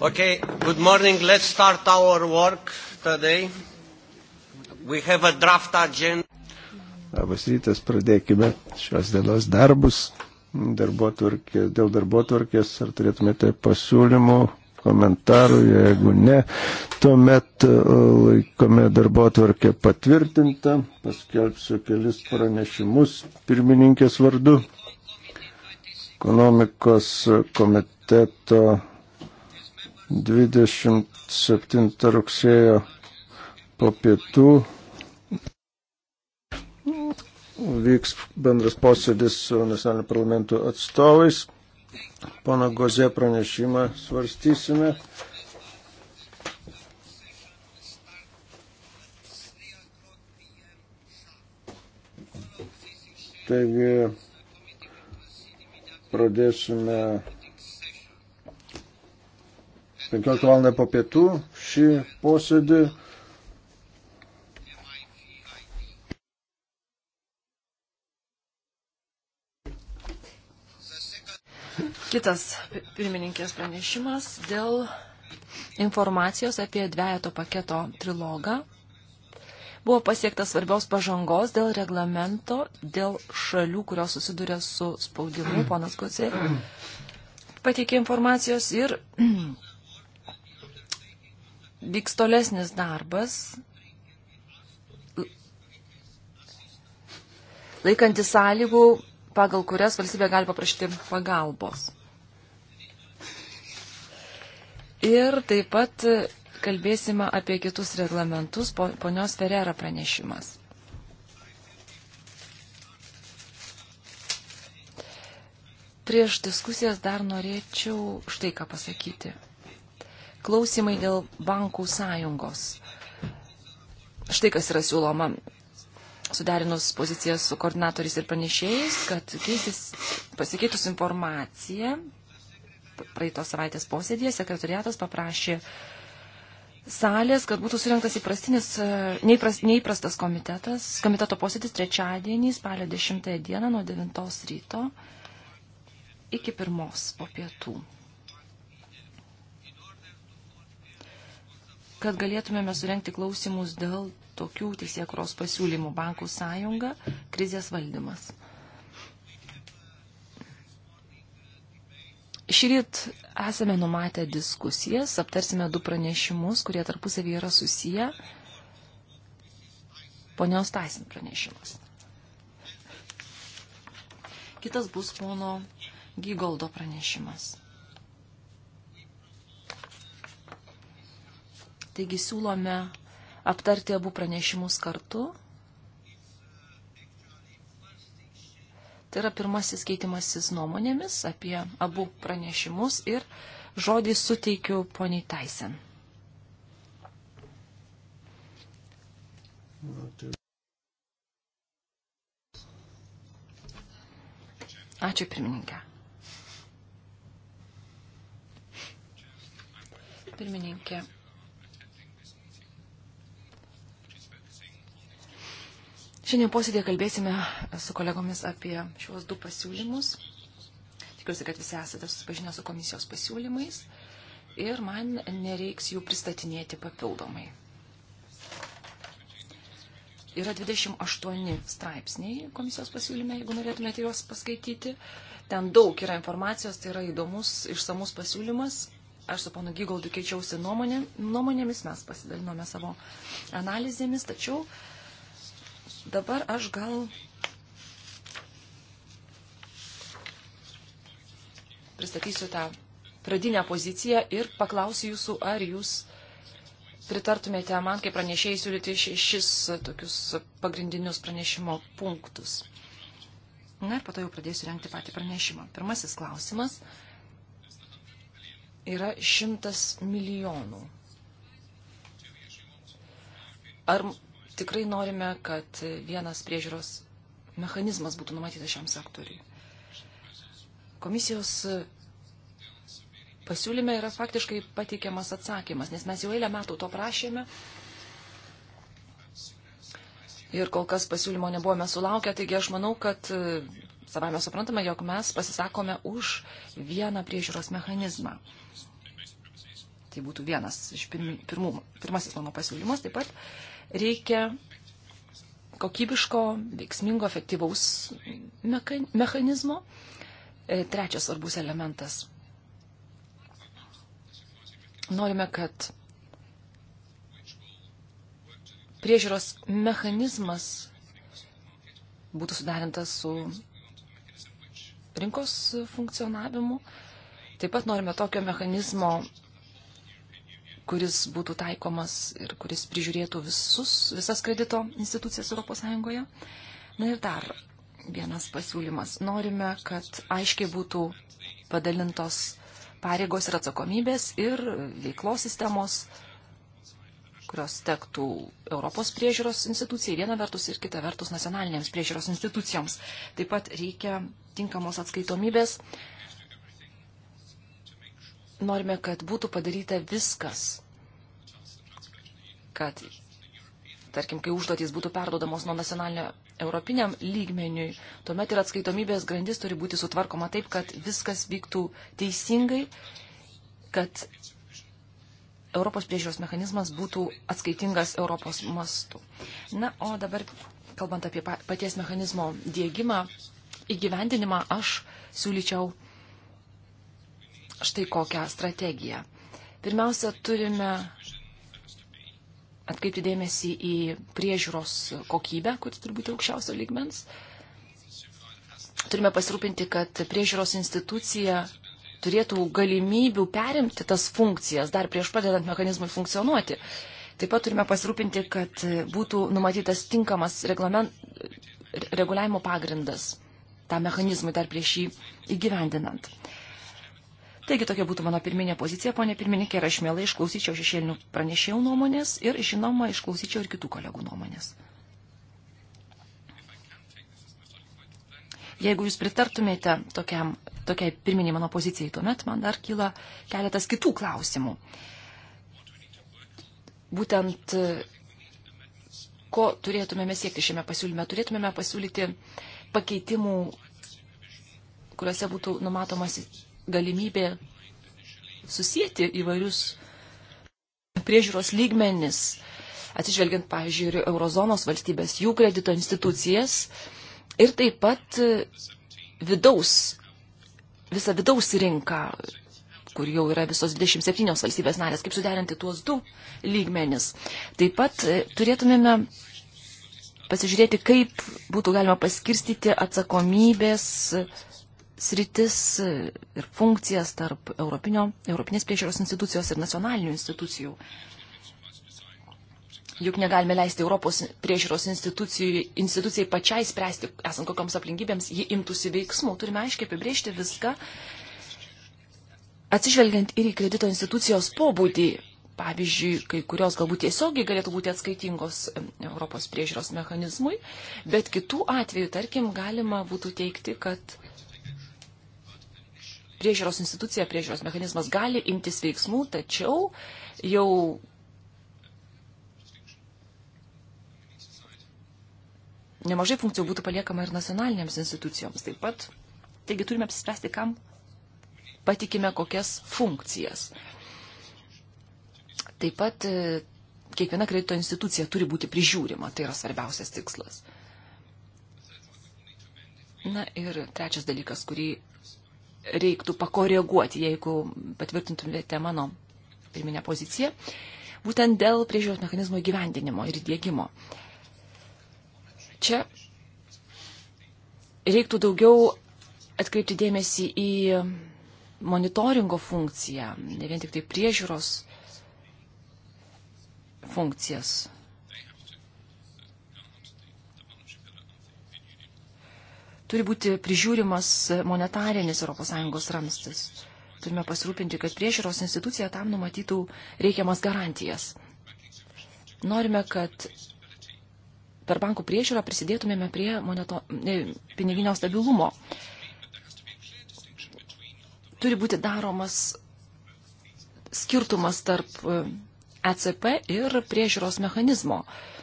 Okay, good morning. Let's start our work today. We have a draft agenda. Labas rytas, pradėkime šios dienos darbus. Darbotvarkė, dėl darbotvarkės, ar turėtumėte pasiūlymų, komentarų, jeigu ne, tuomet e, laikome darbotvarkę patvirtintą, paskelbsiu kelis pranešimus pirmininkės vardu. Ekonomikos komiteto 27 rugsėjo po pietų vyks bendras posėdis su nacionaliniu parlamentu atstovais. Pono Goze pranešimą svarstysime. Taigi pradėsime 15 val. po pietų šį posėdį. Kitas pirmininkės pranešimas dėl informacijos apie dviejato paketo trilogą. Buvo pasiektas svarbios pažangos dėl reglamento, dėl šalių, kurios susiduria su spaudimu, ponas Kucė pateikė informacijos ir vyks tolesnis darbas, laikantis sąlygų, pagal kurias valstybė gali paprašyti pagalbos. Ir taip pat kalbėsime apie kitus reglamentus, ponios Ferrera pranešimas. Prieš diskusijas dar norėčiau štai ką pasakyti klausimai dėl bankų sąjungos. Štai kas yra siūloma suderinus pozicijas su koordinatoriais ir pranešėjais, kad keistis pasikeitus informacija praeitos savaitės posėdėje sekretariatas paprašė salės, kad būtų surinktas įprastinis, neįpras, neįprastas komitetas, komiteto posėdis trečiadienį, spalio 10 dieną nuo 9 ryto iki 1 po pietų. kad galėtumėme surenkti klausimus dėl tokių teisėkros pasiūlymų bankų sąjunga, krizės valdymas. Šįryt esame numatę diskusijas, aptarsime du pranešimus, kurie tarpusavį yra susiję. Ponios Taisin pranešimas. Kitas bus pono Gygoldo pranešimas. Taigi siūlome aptarti abu pranešimus kartu. Tai yra pirmasis keitimasis nuomonėmis apie abu pranešimus ir žodį suteikiu poniai Taisen. Ačiū pirmininkė. Pirmininkė, Šiandien posėdėje kalbėsime su kolegomis apie šiuos du pasiūlymus. Tikiuosi, kad visi esate susipažinę su komisijos pasiūlymais ir man nereiks jų pristatinėti papildomai. Yra 28 straipsniai komisijos pasiūlyme, jeigu norėtumėte juos paskaityti. Ten daug yra informacijos, tai yra įdomus, išsamus pasiūlymas. Aš su panu Gygoldu keičiausi nuomonė, nuomonėmis, mes pasidalinome savo analizėmis, tačiau uh, Dabar aš gal pristatysiu tą pradinę poziciją ir paklausiu jūsų, ar jūs pritartumėte man, kaip pranešėjai, siūlyti šešis tokius pagrindinius pranešimo punktus. Na ir po to jau pradėsiu renkti patį pranešimą. Pirmasis klausimas yra šimtas milijonų. Ar tikrai norime, kad vienas priežiūros mechanizmas būtų numatytas šiam sektoriui. Komisijos pasiūlyme yra faktiškai pateikiamas atsakymas, nes mes jau eilę metų to prašėme. Ir kol kas pasiūlymo nebuvome sulaukę, taigi aš manau, kad e, savai mes suprantame, jog mes pasisakome už vieną priežiūros mechanizmą. Tai būtų vienas iš pirmų, pirmasis mano pasiūlymas. Taip pat Reikia kokybiško, veiksmingo, efektyvaus mechanizmo. E, trečias svarbus elementas. Norime, kad priežiūros mechanizmas būtų sudarintas su rinkos funkcionavimu. Taip pat norime tokio mechanizmo, kuris būtų taikomas ir kuris prižiūrėtų visus, visas kredito institucijas ES. Na ir dar vienas pasiūlymas. Norime, kad aiškiai būtų padalintos pareigos ir atsakomybės ir veiklos sistemos, kurios tektų Europos priežiūros institucijai viena vertus ir kita vertus nacionalinėms priežiūros institucijoms. Taip pat reikia tinkamos atskaitomybės norime, kad būtų padaryta viskas, kad, tarkim, kai užduotys būtų perdodamos nuo nacionalinio europiniam lygmeniui, tuomet ir atskaitomybės grandis turi būti sutvarkoma taip, kad viskas vyktų teisingai, kad Europos priežiūros mechanizmas būtų atskaitingas Europos mastu. Na, o dabar, kalbant apie paties mechanizmo dėgymą, įgyvendinimą, aš siūlyčiau štai kokią strategiją. Pirmiausia, turime atkreipti dėmesį į priežiūros kokybę, kuris turbūt aukščiausio lygmens. Turime pasirūpinti, kad priežiūros institucija turėtų galimybių perimti tas funkcijas dar prieš pradedant mechanizmui funkcionuoti. Taip pat turime pasirūpinti, kad būtų numatytas tinkamas reglament, reguliavimo pagrindas tą mechanizmą dar prieš jį įgyvendinant. Taigi tokia būtų mano pirminė pozicija, ponė pirmininkė, ir aš mielai išklausyčiau šešėlinių pranešėjų nuomonės ir, žinoma, išklausyčiau ir kitų kolegų nuomonės. Jeigu jūs pritartumėte tokiam, tokiai pirminiai mano pozicijai, tuomet man dar kyla keletas kitų klausimų. Būtent ko turėtumėme siekti šiame pasiūlyme? Turėtumėme pasiūlyti pakeitimų, kuriuose būtų numatomas galimybė susijęti įvairius priežiūros lygmenis, atsižvelgiant, pavyzdžiui, ir eurozonos valstybės, jų kredito institucijas ir taip pat vidaus, visą vidaus rinką, kur jau yra visos 27 valstybės narės, kaip suderinti tuos du lygmenis. Taip pat e, turėtumėme pasižiūrėti, kaip būtų galima paskirstyti atsakomybės sritis ir funkcijas tarp Europinio, Europinės priežiūros institucijos ir nacionalinių institucijų. Juk negalime leisti Europos priežiūros institucijai pačiai spręsti, esant kokiams aplinkybėms, ji imtųsi veiksmų. Turime aiškiai apibriežti viską, atsižvelgiant ir į kredito institucijos pobūdį. Pavyzdžiui, kai kurios galbūt tiesiogiai galėtų būti atskaitingos Europos priežiūros mechanizmui, bet kitų atvejų, tarkim, galima būtų teikti, kad priežiūros institucija, priežiūros mechanizmas gali imtis veiksmų, tačiau jau nemažai funkcijų būtų paliekama ir nacionalinėms institucijoms taip pat. Taigi turime apsispręsti, kam patikime kokias funkcijas. Taip pat e, kiekviena kredito institucija turi būti prižiūrima, tai yra svarbiausias tikslas. Na ir trečias dalykas, kurį reiktų pakoreguoti, jeigu patvirtintumėte mano pirminę poziciją, būtent dėl priežiūros mechanizmo įgyvendinimo ir įdėgymo. Čia reiktų daugiau atkreipti dėmesį į monitoringo funkciją, ne vien tik tai priežiūros funkcijas. Turi būti prižiūrimas monetarinis ES ramstis. Turime pasirūpinti, kad priežiūros institucija tam numatytų reikiamas garantijas. Norime, kad per bankų priežiūrą prisidėtumėme prie moneto, ne, piniginio stabilumo. Turi būti daromas skirtumas tarp ECP e ir priežiūros mechanizmo. Uh,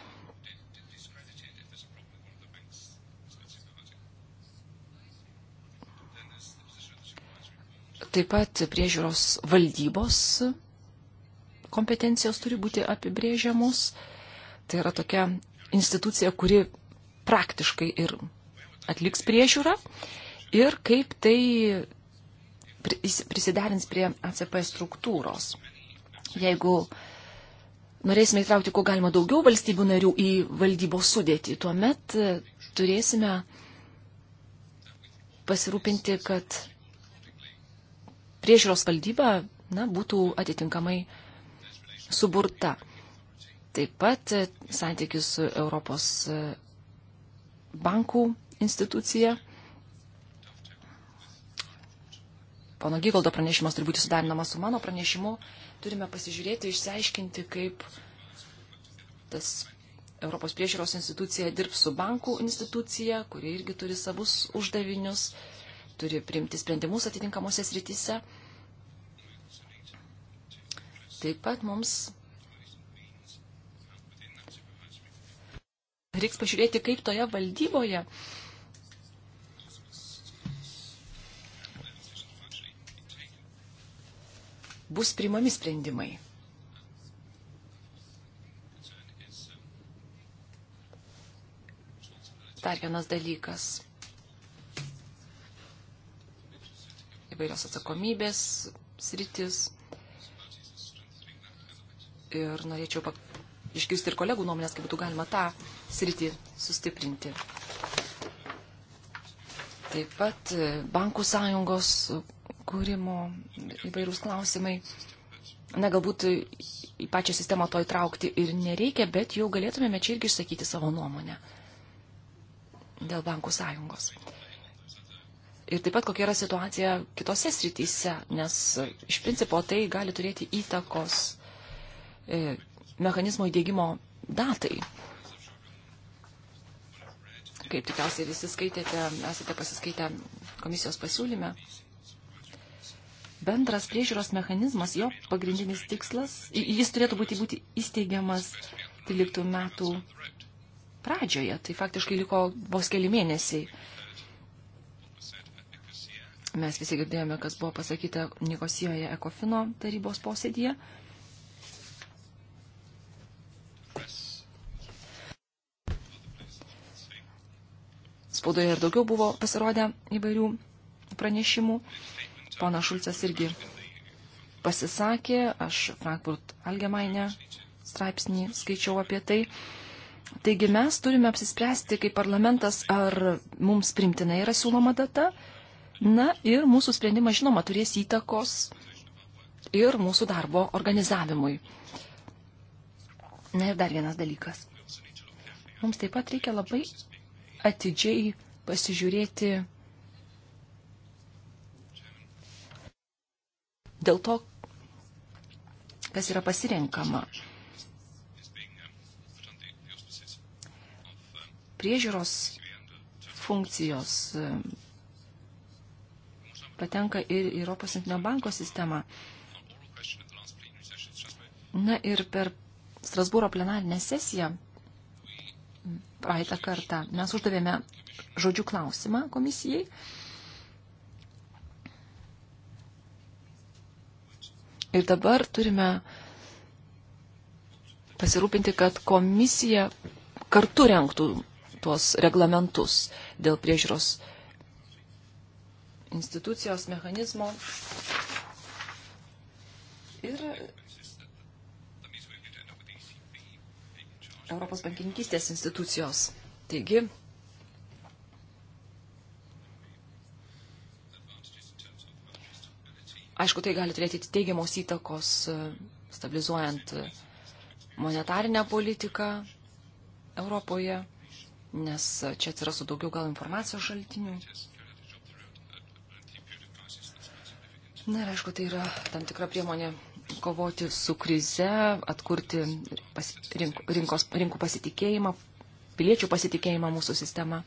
Taip pat priežiūros valdybos kompetencijos turi būti apibrėžiamos. Tai yra tokia institucija, kuri praktiškai ir atliks priežiūrą ir kaip tai prisiderins prie ACP struktūros. Jeigu norėsime įtraukti kuo galima daugiau valstybių narių į valdybos sudėtį, tuomet turėsime pasirūpinti, kad priežiūros valdyba na, būtų atitinkamai suburta. Taip pat e, santykis su Europos e, bankų institucija. Pono Gygaldo pranešimas turi būti sudarinamas su mano pranešimu. Turime pasižiūrėti, išsiaiškinti, kaip tas Europos priežiūros institucija dirbs su bankų institucija, kuri irgi turi savus uždavinius. Uh, turi priimti sprendimus atitinkamosios rytise. Taip pat mums reiks pažiūrėti, kaip toje valdyboje bus primami sprendimai. Dar vienas dalykas. įvairios atsakomybės sritis. Ir norėčiau išgirsti ir kolegų nuomonės, kaip būtų galima tą sritį sustiprinti. Taip pat e, bankų sąjungos kūrimo įvairūs klausimai. Na, galbūt į pačią sistemą to įtraukti ir nereikia, bet jau galėtumėme čia irgi išsakyti savo nuomonę dėl bankų sąjungos. Ir taip pat kokia yra situacija kitose srityse, nes e, iš principo tai gali turėti įtakos e, mechanizmo įdėgymo datai. Kaip tikriausiai visi skaitėte, esate pasiskaitę komisijos pasiūlyme. Bendras priežiūros mechanizmas, jo pagrindinis tikslas, jis turėtų būti, būti įsteigiamas 13 metų pradžioje, tai faktiškai liko vos keli mėnesiai Mes visi girdėjome, kas buvo pasakyta Nikosijoje Ekofino tarybos posėdėje. Spaudoje ir daugiau buvo pasirodę įvairių pranešimų. Pona Šulcas irgi pasisakė, aš Frankfurt Algemainė straipsnį skaičiau apie tai. Taigi mes turime apsispręsti kaip parlamentas, ar mums primtina yra siūloma data, Na ir mūsų sprendimas, žinoma, turės įtakos ir mūsų darbo organizavimui. Na ir dar vienas dalykas. Mums taip pat reikia labai atidžiai pasižiūrėti dėl to, kas yra pasirenkama. Priežiūros funkcijos patenka ir į Europos centrinio banko sistemą. Na ir per Strasbūro plenarinę sesiją praeitą kartą mes uždavėme žodžių klausimą komisijai. Ir dabar turime pasirūpinti, kad komisija kartu renktų tuos reglamentus dėl priežiūros institucijos mechanizmo. Ir Europos bankininkystės institucijos. Taigi, aišku, tai gali turėti teigiamos įtakos e, stabilizuojant e, monetarinę politiką Europoje, nes e, čia atsirastų daugiau gal informacijos šaltinių. Na ir aišku, tai yra tam tikra priemonė kovoti su krize, atkurti pas, rink, rinkos, rinkų pasitikėjimą, piliečių pasitikėjimą mūsų sistema.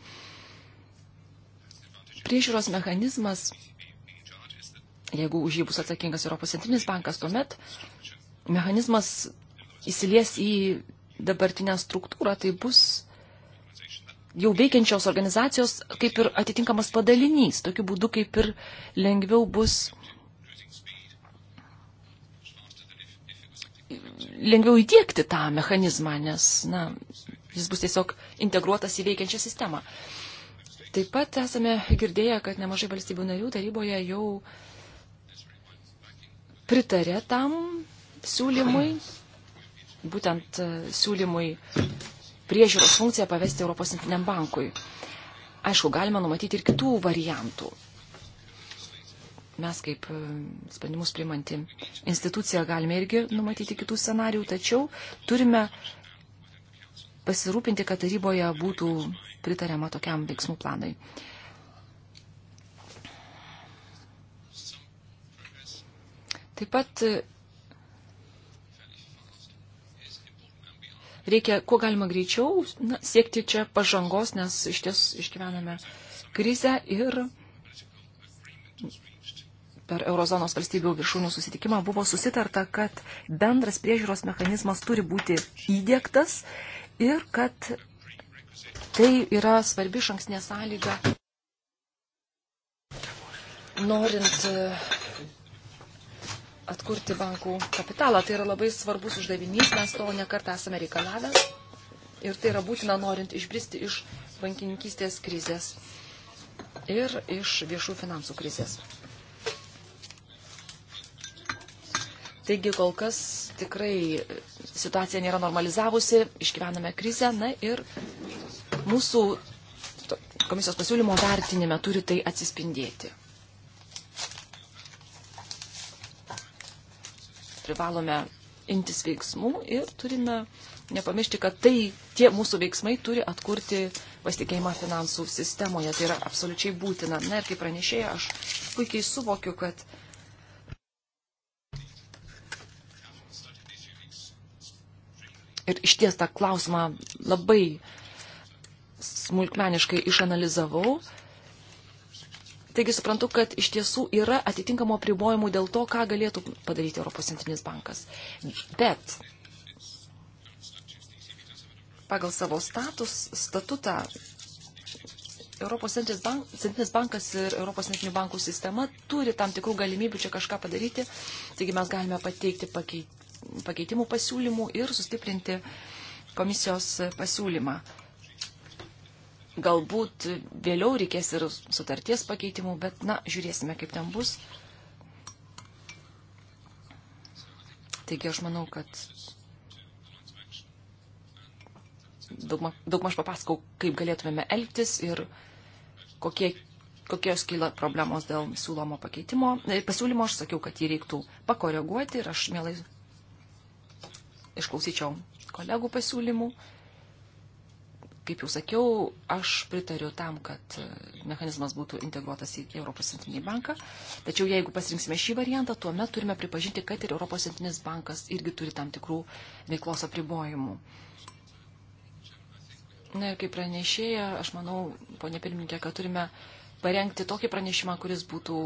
Priežiūros mechanizmas, jeigu už jį bus atsakingas Europos centrinis bankas, tuomet mechanizmas įsilies į dabartinę struktūrą, tai bus jau veikiančios organizacijos kaip ir atitinkamas padalinys. Tokiu būdu kaip ir lengviau bus lengviau įdėkti tą mechanizmą, nes na, jis bus tiesiog integruotas į veikiančią sistemą. Taip pat esame girdėję, kad nemažai valstybių narių taryboje jau pritarė tam siūlymui, būtent e, siūlymui priežiūros funkciją pavesti Europos centriniam bankui. Aišku, galima numatyti ir kitų variantų mes kaip e, sprendimus priimanti institucija galime irgi numatyti kitų scenarių, tačiau turime pasirūpinti, kad taryboje būtų pritariama tokiam veiksmų planui. Taip pat e, reikia, kuo galima greičiau, na, siekti čia pažangos, nes iš ties išgyvename krizę ir per Eurozonos valstybių viršūnių susitikimą buvo susitarta, kad bendras priežiūros mechanizmas turi būti įdėktas ir kad tai yra svarbi šanksnė sąlyga, norint e, atkurti bankų kapitalą. Tai yra labai svarbus uždavinys, mes to nekartą esame reikalavę ir tai yra būtina norint išbristi iš bankininkystės krizės ir iš viešų finansų krizės. Taigi kol kas tikrai situacija nėra normalizavusi, išgyvename krizę, na ir mūsų komisijos pasiūlymo vertinime turi tai atsispindėti. Privalome imtis veiksmų ir turime nepamiršti, kad tai tie mūsų veiksmai turi atkurti pasitikėjimą finansų sistemoje. Tai yra absoliučiai būtina. Na ir kaip pranešėja, aš puikiai suvokiu, kad ir iš ties tą klausimą labai smulkmeniškai išanalizavau. Taigi suprantu, kad iš tiesų yra atitinkamo pribojimų dėl to, ką galėtų padaryti Europos centrinis bankas. Bet pagal savo status, statutą Europos centrinis, bank, centrinis bankas ir Europos centrinių bankų sistema turi tam tikrų galimybių čia kažką padaryti. Taigi mes galime pateikti pakeit, pakeitimų pasiūlymų ir sustiprinti komisijos pasiūlymą. Galbūt vėliau reikės ir sutarties pakeitimų, bet, na, žiūrėsime, kaip ten bus. Taigi aš manau, kad daugmaž daug papasakau, kaip galėtumėme elgtis ir kokie, kokios kyla problemos dėl siūlomo pakeitimo. E, pasiūlymo aš sakiau, kad jį reiktų pakoreguoti ir aš mielai išklausyčiau kolegų pasiūlymų. Kaip jau sakiau, aš pritariu tam, kad mechanizmas būtų integruotas į Europos centrinį banką, tačiau jeigu pasirinksime šį variantą, tuomet turime pripažinti, kad ir Europos centrinis bankas irgi turi tam tikrų veiklos apribojimų. Na ir kaip pranešėja, aš manau, ponė pirmininkė, kad turime parengti tokį pranešimą, kuris būtų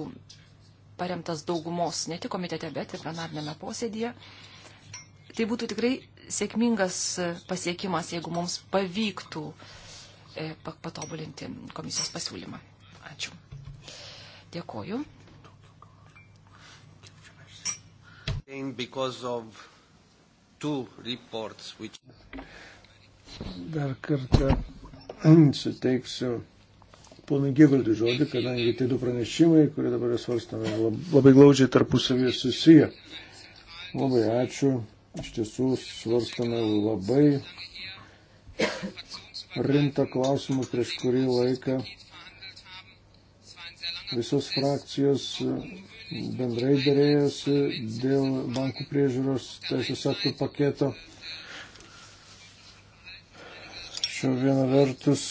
paremtas daugumos ne tik komitete, bet ir plenarnėme posėdėje. Tai būtų tikrai sėkmingas e, pasiekimas, jeigu mums pavyktų e, patobulinti komisijos pasiūlymą. Ačiū. Dėkoju. Dar kartą suteiksiu ponui Gėvaldui žodį, kadangi tai du pranešimai, kurie dabar svarstame, labai glaudžiai tarpusavėje susiję. Labai ačiū iš tiesų svarstame labai rimtą klausimą prieš kurį laiką. Visos frakcijos bendrai dėrėjosi dėl bankų priežiūros teisės aktų paketo. Šiuo viena vertus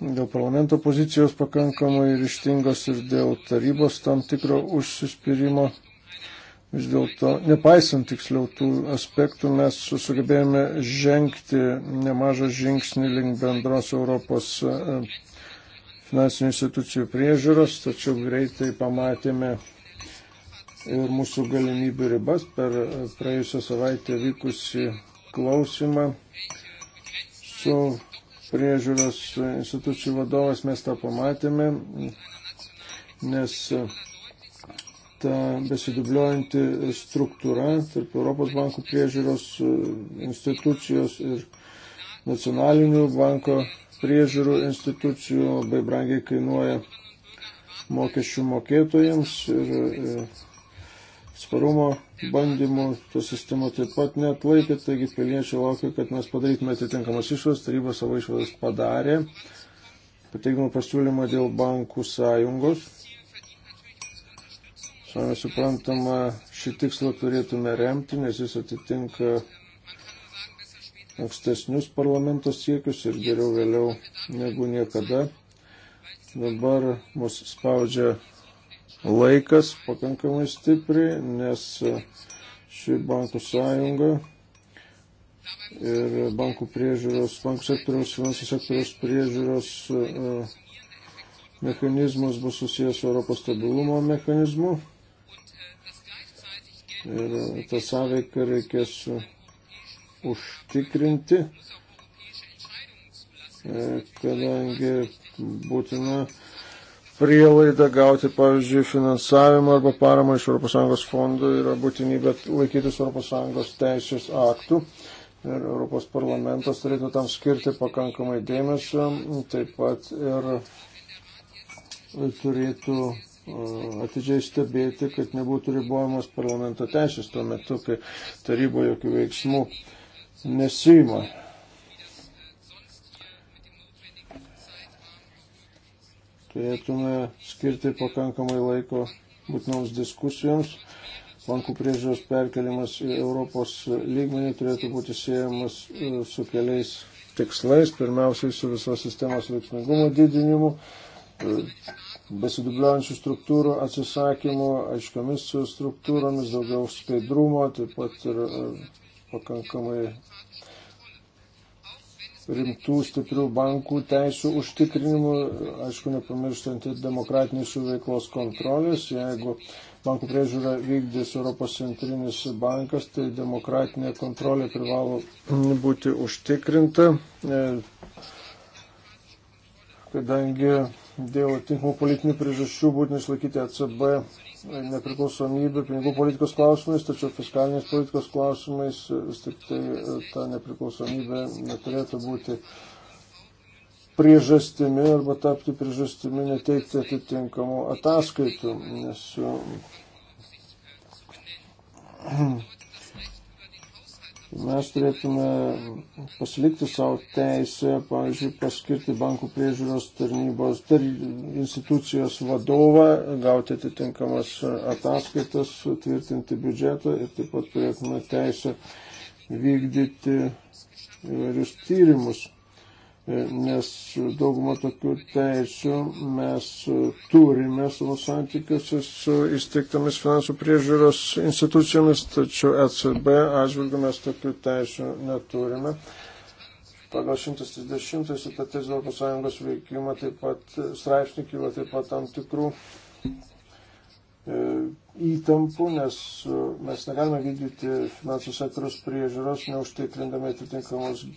dėl parlamento pozicijos pakankamai ryštingos ir dėl tarybos tam tikro užsispyrimo vis dėlto, nepaisant tiksliau tų aspektų, mes sugebėjome žengti nemažą žingsnį link bendros Europos e, finansinių institucijų priežiūros, tačiau greitai pamatėme ir mūsų galimybių ribas per e, praėjusią savaitę vykusi klausimą su priežiūros institucijų vadovas mes tą pamatėme, nes e, ta besidubliuojanti struktūra tarp Europos bankų priežiūros e, institucijos ir nacionalinių banko priežiūrų institucijų labai brangiai kainuoja mokesčių mokėtojams ir e, sparumo bandymų ta sistema taip pat net laikė, taigi piliečiai laukia, kad mes padarytume atitinkamas išvadas, taryba savo išvadas padarė, pateikimo pasiūlymą dėl bankų sąjungos Savai suprantama, šį tikslą turėtume remti, nes jis atitinka ankstesnius parlamento siekius ir geriau vėliau negu niekada. Dabar mus spaudžia laikas pakankamai stipriai, nes ši bankų sąjunga ir bankų priežiūros, bankų sektoriaus, finansų sektoriaus priežiūros e, mechanizmas bus susijęs su Europos stabilumo mechanizmu. Ir e, tą sąveiką reikės e, užtikrinti, e, kadangi būtina prielaida gauti, pavyzdžiui, finansavimą arba paramą iš ES fondų yra būtinybė laikytis ES teisės aktų. Ir Europos parlamentas turėtų tam skirti pakankamai dėmesio, taip pat ir turėtų Mm, atidžiai stebėti, kad nebūtų ribojamos parlamento teisės tuo metu, kai taryba jokių veiksmų nesima. Turėtume skirti pakankamai laiko būtinoms diskusijoms. Bankų priežiūros perkelimas į Europos lygmenį turėtų būti siejamas e, su keliais tikslais. Pirmiausiai su visos sistemos veiksmingumo didinimu e, besidubliuojančių struktūrų atsisakymu, aiškiamis struktūromis, daugiau skaidrumo, taip pat ir e, pakankamai rimtų, stiprių bankų teisų užtikrinimu, aišku, nepamirštant ir demokratinės jų veiklos kontrolės. Jeigu bankų priežiūra vykdys Europos centrinis bankas, tai demokratinė kontrolė privalo būti užtikrinta, e, kadangi dėl tinkamų politinių priežasčių būtina išlaikyti ECB nepriklausomybę pinigų politikos klausimais, tačiau fiskalinės politikos klausimais e, vis tik tai e, ta nepriklausomybė neturėtų būti priežastimi arba tapti priežastimi neteikti atitinkamų ataskaitų, nes e, mes turėtume pasilikti savo teisę, pavyzdžiui, paskirti bankų priežiūros tarnybos tar, institucijos vadovą, gauti atitinkamas ataskaitas, tvirtinti biudžetą ir taip pat turėtume teisę vykdyti įvairius tyrimus. E, nes daugumą tokių teisių mes turime savo santykiuose su įsteigtomis finansų priežiūros institucijomis, tačiau ECB atžvilgiu mes tokių teisių neturime. Pagal 130 sutarties Europos Sąjungos veikimą taip pat straipsnį kyla taip pat tam tikrų E, įtampų, nes e, mes negalime vykdyti finansų sektoriaus priežiūros, neužtikrindami atitinkamos e,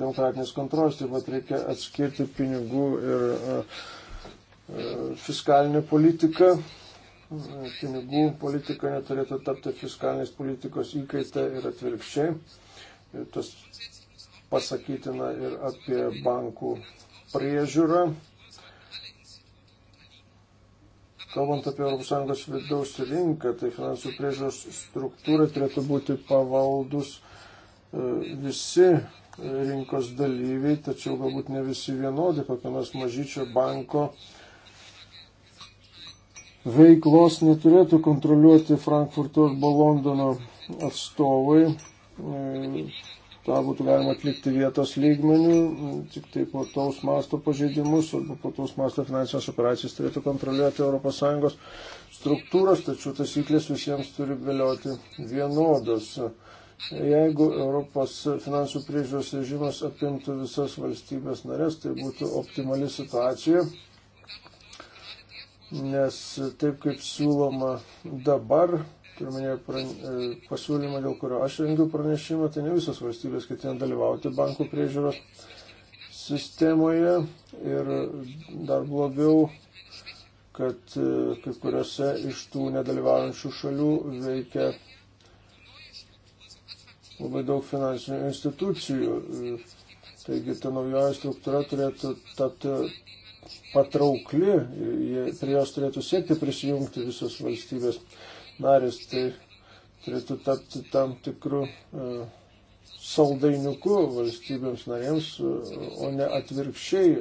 demokratinės kontrolės, taip pat reikia atskirti pinigų ir fiskalinę politiką. Pinigų politika neturėtų tapti fiskalinės politikos įkaitę ir atvirkščiai. Tas pasakytina ir apie bankų priežiūrą. Kalbant apie ES vidaus rinką, tai finansų priežiūros struktūra turėtų būti pavaldus e, visi rinkos dalyviai, tačiau galbūt ne visi vienodi, kokio nors mažyčio banko veiklos neturėtų kontroliuoti Frankfurto arba Londono atstovai. E, tą būtų galima atlikti vietos lygmenių, tik tai plataus masto pažeidimus arba plataus masto finansinės operacijas turėtų kontroliuoti ES struktūros, tačiau taisyklės visiems turi galioti vienodos. Jeigu Europos finansų priežiūros režimas apimtų visas valstybės narės, tai būtų optimali situacija, nes taip kaip siūloma dabar, turiminėje e, pasiūlymą, dėl kurio aš rengiu pranešimą, tai ne visos valstybės ketina dalyvauti bankų priežiūros sistemoje ir dar blogiau, kad e, kai kuriuose iš tų nedalyvaujančių šalių veikia labai daug finansinių institucijų. Taigi ta naujoji struktūra turėtų tapti patraukli, prie jos turėtų siekti prisijungti visos valstybės narės, tai turėtų tapti tam tikrų e, saldainiukų valstybėms narėms, o ne atvirkščiai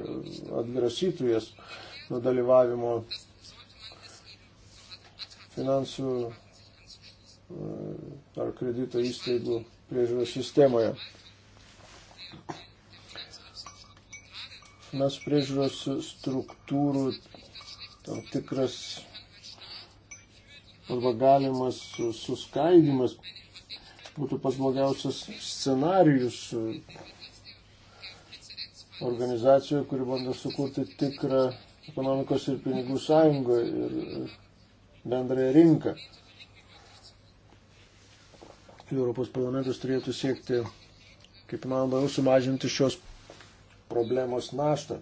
atgrasytų jas nuo dalyvavimo finansų e, ar kredito įstaigų priežiūros sistemoje. Mes priežiūros struktūrų tam tikras arba galimas suskaidimas būtų pas blogiausias scenarius organizacijoje, kuri bando sukurti tikrą ekonomikos ir pinigų sąjungą ir bendrąją rinką. Europos parlamentas turėtų siekti, kaip įmanoma, sumažinti šios problemos naštą.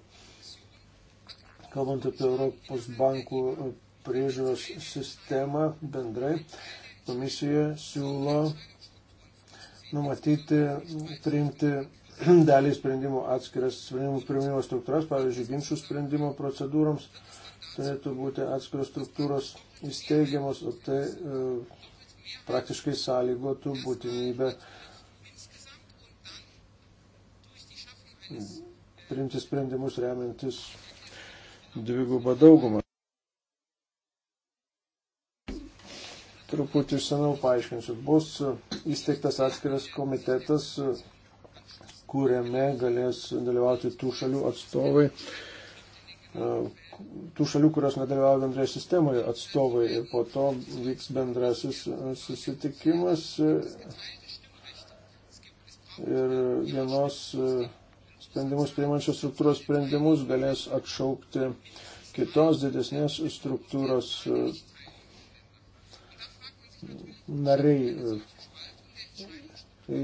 Kalbant apie Europos bankų priežiūros sistemą bendrai, komisija siūlo numatyti, priimti dalį sprendimų atskiras sprendimų priimimo struktūras, pavyzdžiui, ginčių sprendimo procedūroms turėtų būti atskiros struktūros įsteigiamos, o tai e, praktiškai sąlygotų būtinybę priimti sprendimus remiantis dvigubą daugumą. truputį išsameu paaiškinsiu. Bus e, įsteigtas atskiras komitetas, e, kuriame galės dalyvauti tų šalių atstovai, e, tų šalių, kurios nedalyvauja bendroje sistemoje atstovai. Ir po to vyks bendrasis susitikimas ir vienos sprendimus priimančios struktūros sprendimus galės atšaukti kitos didesnės struktūros nariai.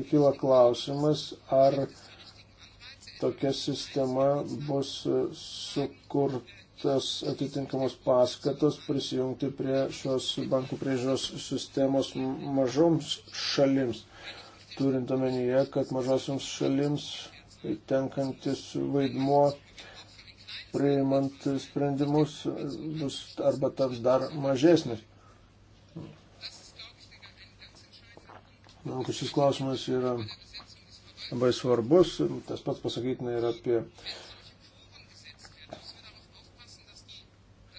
Kyla klausimas, ar tokia sistema bus sukurtas atitinkamos paskatos prisijungti prie šios bankų priežiūros sistemos mažoms šalims, turint omenyje, kad mažosioms šalims tenkantis vaidmuo priimant sprendimus bus arba taps dar mažesnis. Manau, kad šis klausimas yra labai svarbus. Tas pats pasakytina ir apie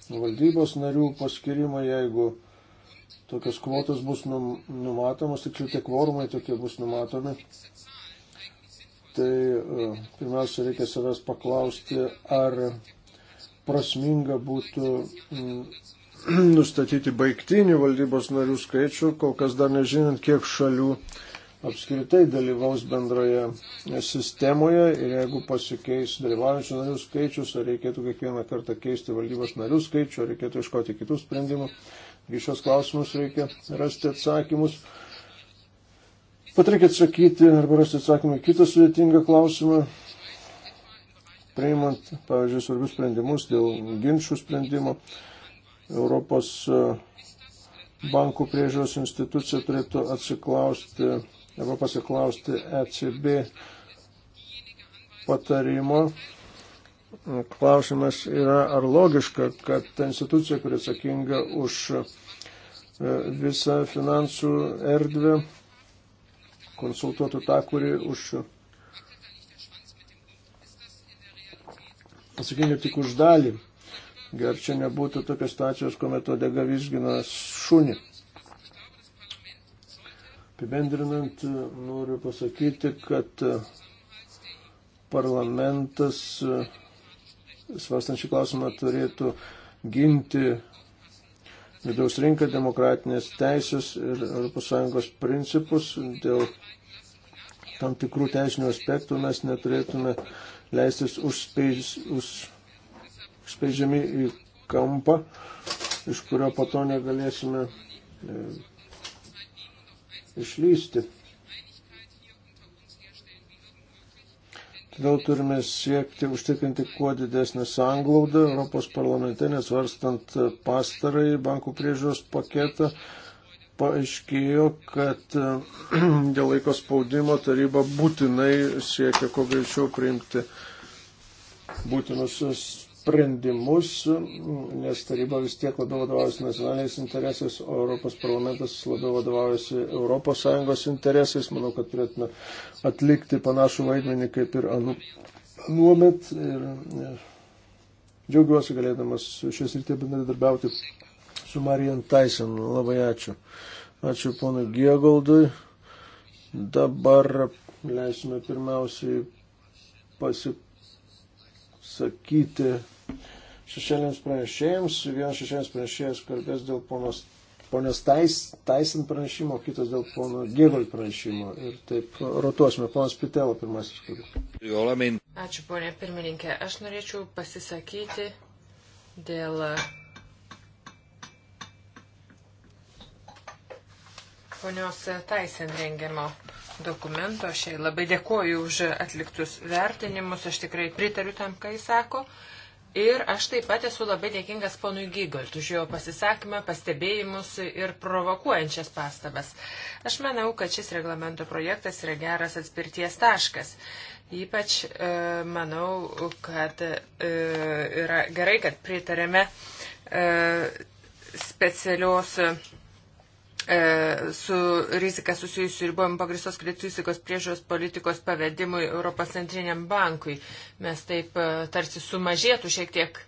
valdybos narių paskirimą, jeigu tokios kvotos bus num, numatomos, tiksliau tie kvorumai tokie bus numatomi. Tai e, pirmiausia, reikia savęs paklausti, ar prasminga būtų nustatyti baigtinį valdybos narių skaičių, kol kas dar nežinant, kiek šalių apskritai dalyvaus bendroje sistemoje ir jeigu pasikeis dalyvaujančių narių skaičius, ar reikėtų kiekvieną kartą keisti valdybos narių skaičių, ar reikėtų iškoti kitų sprendimų. Į šios klausimus reikia rasti atsakymus. Pat reikia atsakyti arba rasti atsakymą į kitą sudėtingą klausimą, priimant, pavyzdžiui, svarbius sprendimus dėl ginčių sprendimo. Europos e, bankų priežiūros institucija turėtų atsiklausti arba pasiklausti ECB patarimo. Klausimas yra, ar logiška, kad ta institucija, kuri atsakinga už e, visą finansų erdvę, konsultuotų tą, kuri už atsakinga tik už dalį Gal čia nebūtų tokios stacijos, kuomet odega visgina šunį. Apibendrinant, noriu pasakyti, kad parlamentas, svarstant šį klausimą, turėtų ginti vidaus rinką, demokratinės teisės ir ES principus. Dėl tam tikrų teisinių aspektų mes neturėtume leistis užspeis, už spaidžiami į kampą, iš kurio po to negalėsime e, išlysti. Todėl turime siekti užtikrinti kuo didesnį sanglaudą Europos parlamente, nesvarstant pastarąjį bankų priežiūros paketą. Paaiškėjo, kad e, dėl laiko spaudimo taryba būtinai siekia kuo greičiau priimti būtinus sprendimus, nes taryba vis tiek labiau vadovaujasi nacionaliniais interesais, o Europos parlamentas labiau vadovaujasi ES interesais. Manau, kad turėtume atlikti panašų vaidmenį kaip ir anu, anuomet. Ir, ir džiaugiuosi galėdamas šios rytė bendradarbiauti su Marijan Tyson. Labai ačiū. Ačiū ponui Giegoldui. Dabar leisime pirmiausiai pasipasakyti šešėlėms pranešėjams. Vienas šešėlėms pranešėjas kalbės dėl ponos, ponios tais, Taisin pranešimo, kitas dėl pono Gėgol pranešimo. Ir taip rotuosime. Ponas Pitelo pirmasis turi. Ačiū, ponė pirmininkė. Aš norėčiau pasisakyti dėl. Ponios Taisen rengiamo dokumento. Aš labai dėkoju už atliktus vertinimus, aš tikrai pritariu tam, ką jis sako. Uh, Ir aš taip pat esu labai dėkingas ponui Gygalt už jo pasisakymą, pastebėjimus ir provokuojančias pastabas. Aš manau, kad šis reglamento projektas yra geras atspirties taškas. Ypač e, manau, kad e, yra gerai, kad pritarėme e, specialios. E, E, su rizika susijusių ribojimu pagristos kreditų įstaigos priežiūros politikos pavedimui Europos centriniam bankui. Mes taip e, tarsi sumažėtų šiek tiek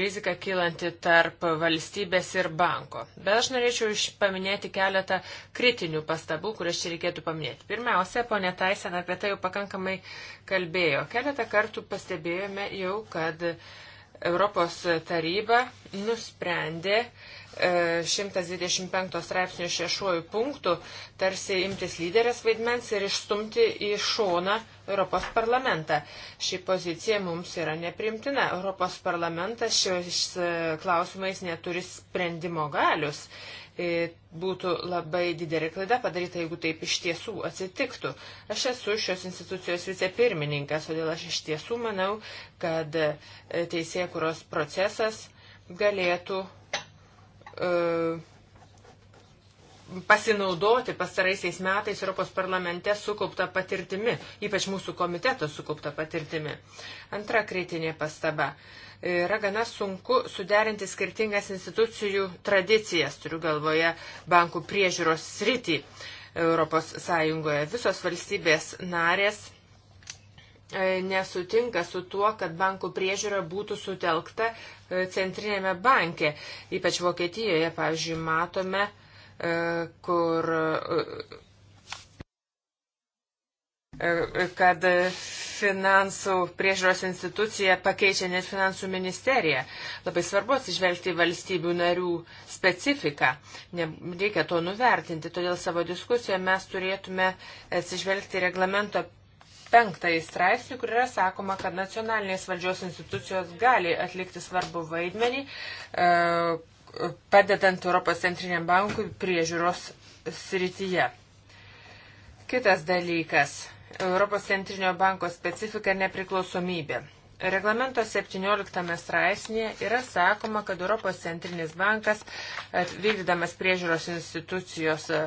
rizika kylanti tarp valstybės ir banko. Bet aš norėčiau paminėti keletą kritinių pastabų, kurias čia reikėtų paminėti. Pirmiausia, ponė Taisen apie tai jau pakankamai kalbėjo. Keletą kartų pastebėjome jau, kad Europos taryba nusprendė uh, 125 e, straipsnio šešuoju punktu tarsi imtis lyderės vaidmens ir išstumti į šoną Europos parlamentą. Ši pozicija mums yra neprimtina. Europos parlamentas šiais e, klausimais neturi sprendimo galius. E, būtų labai didelė klaida padaryta, jeigu taip iš tiesų atsitiktų. Aš esu šios institucijos vicepirmininkas, todėl aš iš tiesų manau, kad teisėkuros procesas galėtų E, pasinaudoti pastaraisiais metais Europos parlamente sukaupta patirtimi, ypač mūsų komiteto sukaupta patirtimi. Antra kritinė pastaba. Yra gana sunku suderinti skirtingas institucijų tradicijas, turiu galvoje bankų priežiūros sritį Europos Sąjungoje. Visos valstybės narės E, nesutinka su tuo, kad bankų priežiūra būtų sutelkta e, centrinėme banke. Ypač Vokietijoje, pavyzdžiui, matome, e, kur kad finansų priežiūros institucija pakeičia net finansų ministeriją. Labai svarbu atsižvelgti valstybių narių specifiką. Ne, reikia to nuvertinti. Todėl savo diskusijoje mes turėtume atsižvelgti reglamento penktąjį straipsnį, kur yra sakoma, kad nacionalinės valdžios institucijos gali atlikti svarbu vaidmenį, e, padedant Europos centriniam bankui priežiūros srityje. Kitas dalykas - Europos centrinio banko specifika ir nepriklausomybė. Reglamento 17 straipsnėje yra sakoma, kad Europos centrinis bankas, vykdydamas priežiūros institucijos e,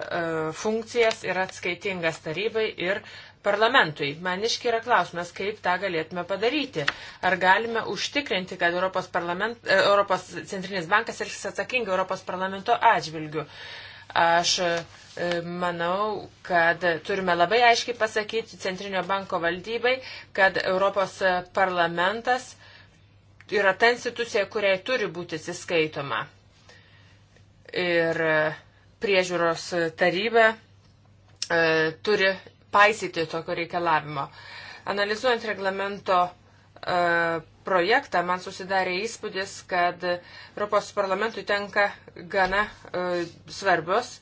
funkcijas, yra atskaitingas tarybai ir parlamentui. Man iškyra klausimas, kaip tą galėtume padaryti. Ar galime užtikrinti, kad Europos, e, Europos centrinis bankas elgsis atsakingai Europos parlamento atžvilgių? Aš e, manau, kad turime labai aiškiai pasakyti Centrinio banko valdybai, kad Europos parlamentas yra ta institucija, kuriai turi būti atsiskaitoma. Ir priežiūros taryba e, turi paisyti tokio reikalavimo. Analizuojant reglamento e, projektą, man susidarė įspūdis, kad Europos parlamentui tenka gana e, svarbios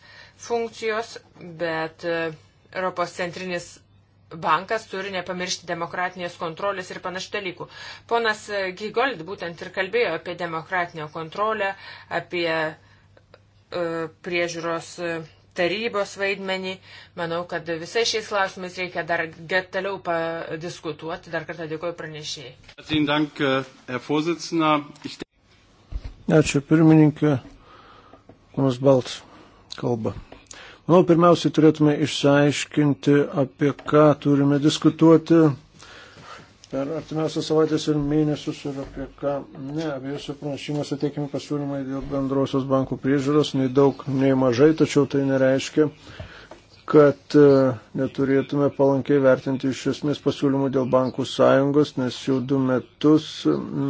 funkcijos, bet e, Europos centrinis bankas turi nepamiršti demokratinės kontrolės ir panašių dalykų. Ponas Gigold būtent ir kalbėjo apie demokratinę kontrolę, apie priežiūros tarybos vaidmenį. Manau, kad visais šiais klausimais reikia dar detaliau padiskutuoti. Dar kartą dėkoju pranešėjai. Äh, Ačiū pirmininkė. Ponas Balts kalba. Manau, pirmiausiai turėtume išsiaiškinti, apie ką turime diskutuoti per artimiausias savaitės ir mėnesius ir apie ką. Ne, abiejose pranešimuose teikiami pasiūlymai dėl bendrosios bankų priežiūros, nei daug, nei mažai, tačiau tai nereiškia, kad e, neturėtume palankiai vertinti iš esmės pasiūlymų dėl bankų sąjungos, nes jau du metus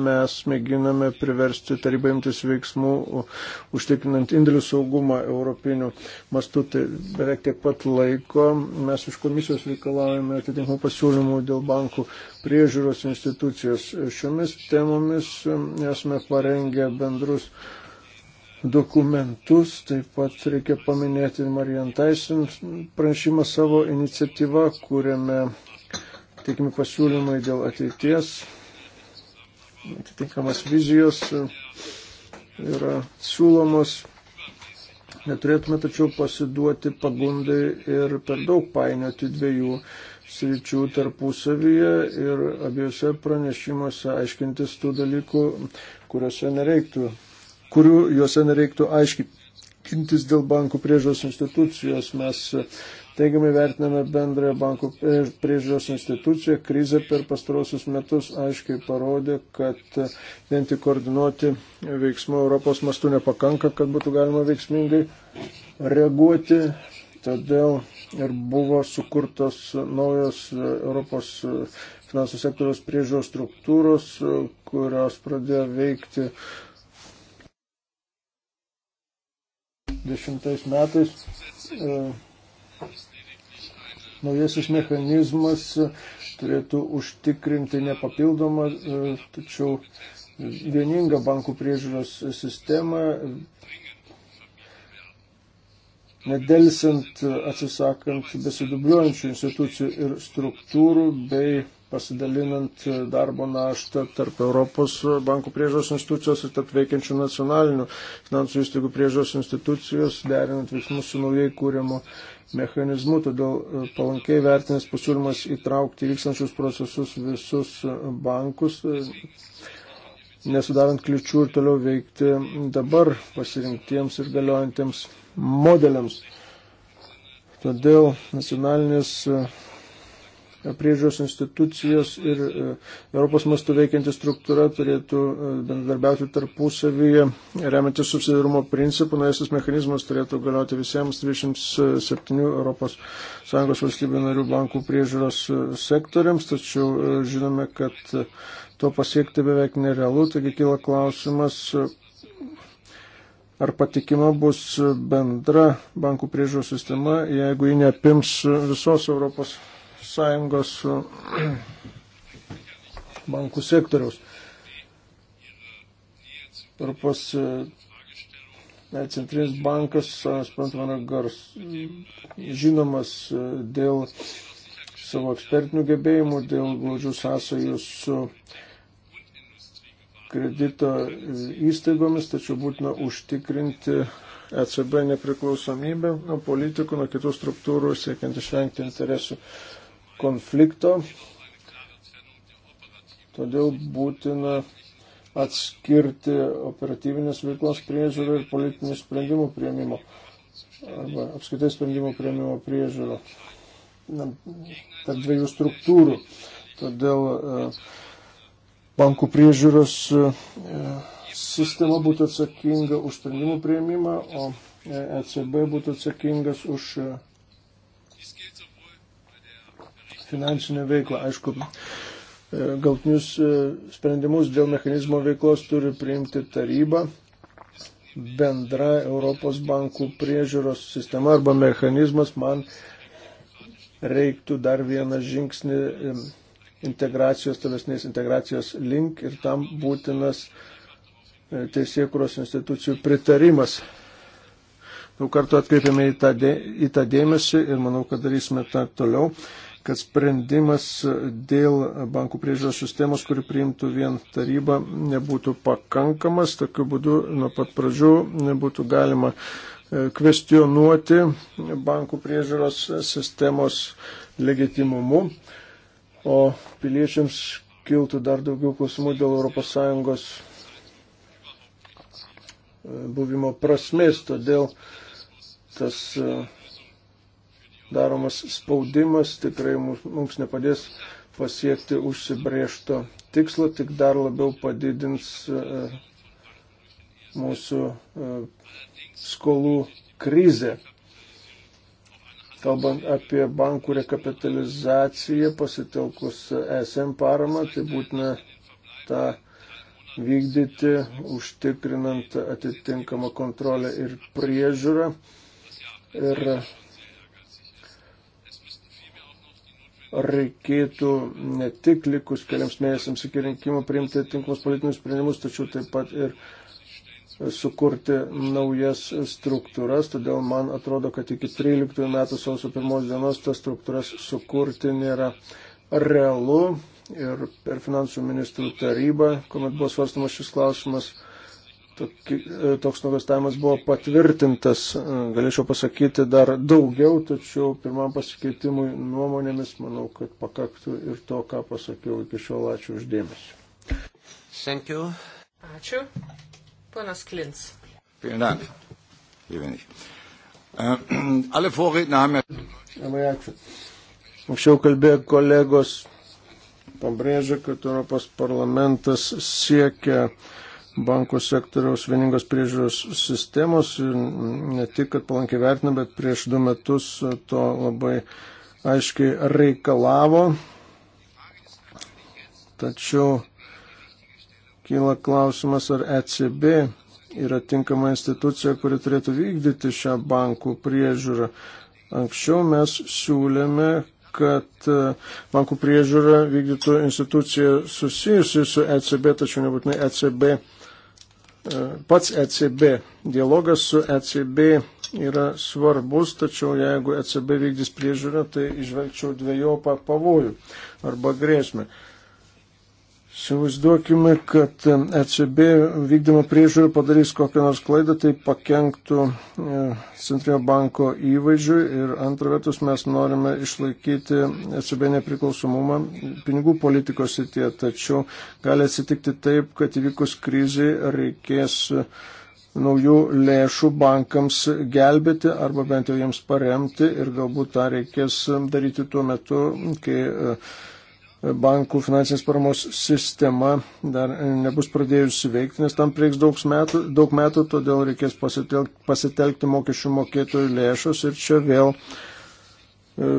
mes mėginame priversti tarybą imtis veiksmų, užtikrinant indėlių saugumą europinių mastų. Tai beveik tiek pat laiko mes iš komisijos reikalavome atitinkamų pasiūlymų dėl bankų priežiūros institucijos. Šiomis temomis e, esame parengę bendrus dokumentus. Taip pat reikia paminėti Marijantaisin pranešimą savo iniciatyvą, kuriame teikimi pasiūlymai dėl ateities, atitinkamas vizijos yra siūlomos. Neturėtume tačiau pasiduoti pagundai ir per daug painioti dviejų sričių tarpusavyje ir abiejose pranešimuose aiškintis tų dalykų, kuriuose nereiktų kurių juose nereiktų aiškintis dėl bankų priežiūros institucijos. Mes e, teigiamai vertiname bendrąją bankų priežiūros instituciją. Krize per pastarosius metus aiškiai parodė, kad e, vien tik koordinuoti veiksmų Europos mastu nepakanka, kad būtų galima veiksmingai reaguoti. Todėl ir buvo sukurtos naujos e, Europos finansų sektoriaus priežiūros struktūros, kurios pradėjo veikti 2010 metais e, naujasis mechanizmas turėtų užtikrinti nepapildomą, e, tačiau vieningą bankų priežiūros sistemą, nedelsiant atsisakant besidubliuojančių institucijų ir struktūrų bei pasidalinant darbo naštą tarp Europos bankų priežos institucijos ir tarp veikiančių nacionalinių finansų įstaigų priežos institucijos, derinant veiksmus su naujai kūrimo mechanizmu. Todėl e, palankiai vertinės pasiūlymas įtraukti vykstančius procesus visus bankus e, nesudarant kliučių ir toliau veikti dabar pasirinktiems ir galiojantiems modeliams. Todėl nacionalinės e, priežiūros institucijos ir e, Europos mastu veikianti struktūra turėtų e, bendarbiauti tarpusavyje, remiantis subsidiarumo principų, naujasis mechanizmas turėtų galioti visiems 27 ES valstybių narių bankų priežiūros e, sektoriams, tačiau žinome, kad to pasiekti beveik nerealu, taigi kyla klausimas, ar patikima bus bendra bankų priežiūros sistema, jeigu ji neapims visos Europos sąjungos bankų sektoriaus. Europos e, centrinis bankas, sprantama, gars žinomas e, dėl savo ekspertinių gebėjimų, dėl glaudžių sąsajų su kredito e, įstaigomis, tačiau būtina užtikrinti ECB nepriklausomybę nuo politikų, nuo kitų struktūrų, siekiant išvengti interesų konflikto. Todėl būtina atskirti operatyvinės veiklos priežiūrą ir politinių sprendimų prieimimo arba apskaitai sprendimų prieimimo priežiūrą tarp dviejų struktūrų. Todėl e, bankų priežiūros e, sistema būtų atsakinga už sprendimų prieimimą, o ECB e būtų atsakingas už finansinę veiklą. Aišku, e, galtinius e, sprendimus dėl mechanizmo veiklos turi priimti taryba. Bendra Europos bankų priežiūros sistema arba mechanizmas man reiktų dar vieną žingsnį e, integracijos, tolesnės integracijos link ir tam būtinas teisėkuros institucijų pritarimas. Daug kartų atkreipiame į tą, dė, į tą dėmesį ir manau, kad darysime tą toliau kad sprendimas dėl bankų priežiūros sistemos, kuri priimtų vien taryba, nebūtų pakankamas. Tokiu būdu nuo pat pradžių būtų galima e, kvestionuoti bankų priežiūros sistemos legitimumu, o piliečiams kiltų dar daugiau klausimų dėl ES e, buvimo prasmės. Todėl tas e, daromas spaudimas tikrai mums nepadės pasiekti užsibriešto tikslo, tik dar labiau padidins e, mūsų e, skolų krizę. Kalbant apie bankų rekapitalizaciją pasitelkus e SM paramą, tai būtina tą vykdyti, užtikrinant atitinkamą kontrolę ir priežiūrą. Ir reikėtų ne tik likus keliams mėnesiams iki rinkimų priimti tinklus politinius sprendimus, tačiau taip pat ir sukurti naujas struktūras. Todėl man atrodo, kad iki 13 metų sausio pirmos dienos tas struktūras sukurti nėra realu. Ir per finansų ministrų tarybą, kuomet buvo svarstamas šis klausimas, Toki, e, toks nuogastavimas buvo patvirtintas, e, galėčiau pasakyti dar daugiau, tačiau pirmam pasikeitimui nuomonėmis manau, kad pakaktų ir to, ką pasakiau iki šiol. Ačiū uždėmesi. Thank you. Ačiū. Ponas Klins. Äh, Labai ačiū. Anksčiau kalbėjo kolegos, pabrėžė, kad Europos parlamentas siekia bankų sektoriaus vieningos priežiūros sistemos ir ne tik, kad palankiai vertina, bet prieš du metus to labai aiškiai reikalavo. Tačiau kyla klausimas, ar ECB yra tinkama institucija, kuri turėtų vykdyti šią bankų priežiūrą. Anksčiau mes siūlėme, kad e, bankų priežiūrą vykdytų institucija susijusi su ECB, tačiau nebūtinai ECB E, pats ECB. Dialogas su ECB yra svarbus, tačiau jeigu ECB vykdys priežiūrą, tai išvelgčiau dviejopą pavojų arba grėsmę. Įsivaizduokime, kad ECB vykdymo priežiūrė padarys kokią nors klaidą, tai pakenktų e, Centrinio banko įvaizdžiui ir antra vertus mes norime išlaikyti ECB nepriklausomumą pinigų politikos sitie, tačiau gali atsitikti taip, kad įvykus krizai reikės naujų lėšų bankams gelbėti arba bent jau jiems paremti ir galbūt tą reikės daryti tuo metu, kai e, bankų finansinės paramos sistema dar nebus pradėjusi veikti, nes tam prieks daug metų, daug metų todėl reikės pasitelkti, pasitelkti mokesčių mokėtojų lėšus ir čia vėl e,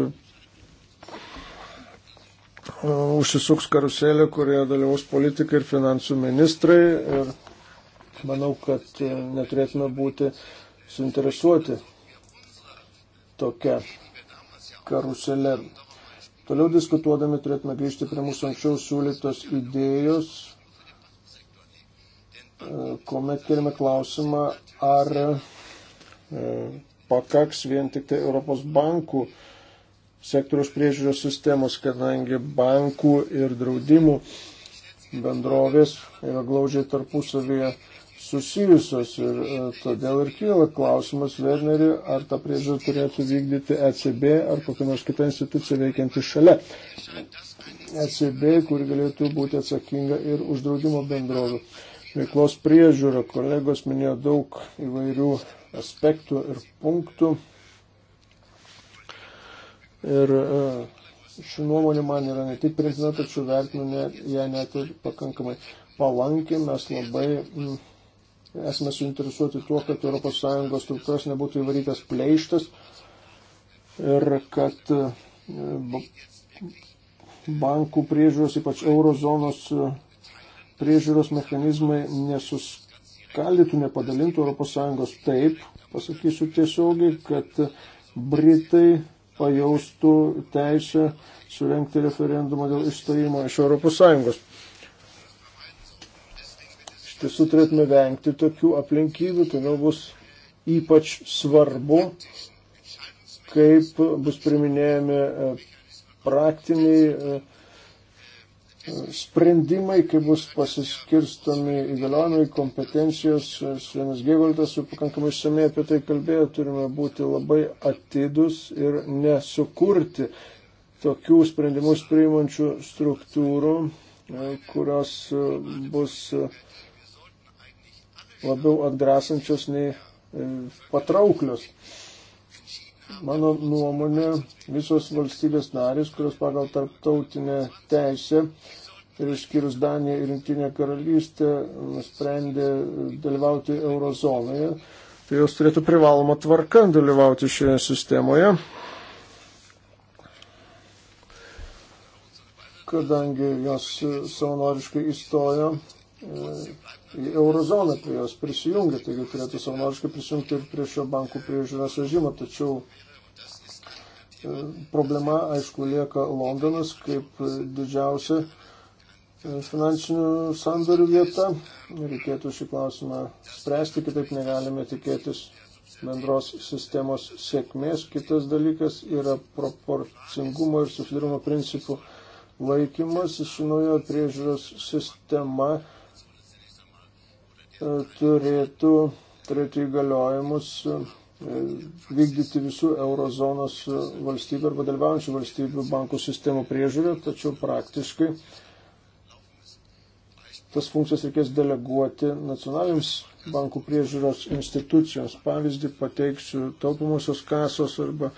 užsisuks karuselė, kurioje dalyvaus politikai ir finansų ministrai ir manau, kad e, neturėtume būti suinteresuoti tokia karuselė. Toliau diskutuodami turėtume grįžti prie mūsų anksčiau siūlytos idėjos, e, kuomet keliame klausimą, ar e, pakaks vien tik tai Europos bankų sektoriaus priežiūros sistemos, kadangi bankų ir draudimų bendrovės yra glaudžiai tarpusavyje susijusios ir e, todėl ir kyla klausimas Werneriui, ar tą priežiūrą turėtų vykdyti ECB ar kokia nors kita institucija veikianti šalia. ECB, kuri galėtų būti atsakinga ir už draudimo bendrovų veiklos priežiūrą. Kolegos minėjo daug įvairių aspektų ir punktų. Ir e, ši nuomonė man yra ne tik priimtina, tačiau vertinu ją net ir pakankamai palankiai. Mes labai mm, esame suinteresuoti tuo, kad ES struktūros nebūtų įvarytas pleištas ir kad e, bankų priežiūros, ypač eurozonos e, priežiūros mechanizmai nesuskaldytų, nepadalintų ES taip, pasakysiu tiesiogiai, kad Britai pajaustų teisę surenkti referendumą dėl išstojimo iš ES. Iš tiesų turėtume vengti tokių aplinkybių, todėl bus ypač svarbu, kaip bus priminėjami e, praktiniai e, e, sprendimai, kaip bus pasiskirstomi įgaliojimai, kompetencijos. Svenas Gėgoltas jau pakankamai išsamei apie tai kalbėjo, turime būti labai atidus ir nesukurti tokių sprendimus priimančių struktūrų, kurios bus labiau atgrasančios nei e, patrauklios. Mano nuomonė, visos valstybės narės, kurios pagal tarptautinę teisę ir išskyrus Daniją ir Junktinę karalystę nusprendė dalyvauti eurozonoje, tai jos turėtų privalomą tvarką dalyvauti šioje sistemoje. Kadangi jos savanoriškai įstojo į eurozoną, prie tai jos prisijungia, taigi turėtų savanoriškai prisijungti ir prie šio bankų priežiūros režimo, tačiau e, problema, aišku, lieka Londonas kaip didžiausia e, finansinių sandorių vieta. Reikėtų šį klausimą spręsti, kitaip negalime tikėtis bendros sistemos sėkmės. Kitas dalykas yra proporcingumo ir susidarimo principų laikymas. Ši nauja priežiūros sistema E, turėtų turėti įgaliojimus e, vykdyti visų eurozonos valstybių arba dalyvaujančių valstybių bankų sistemų priežiūrę, tačiau praktiškai tas funkcijas reikės deleguoti nacionaliniams bankų priežiūros institucijoms. Pavyzdį pateiksiu taupimosios kasos arba e,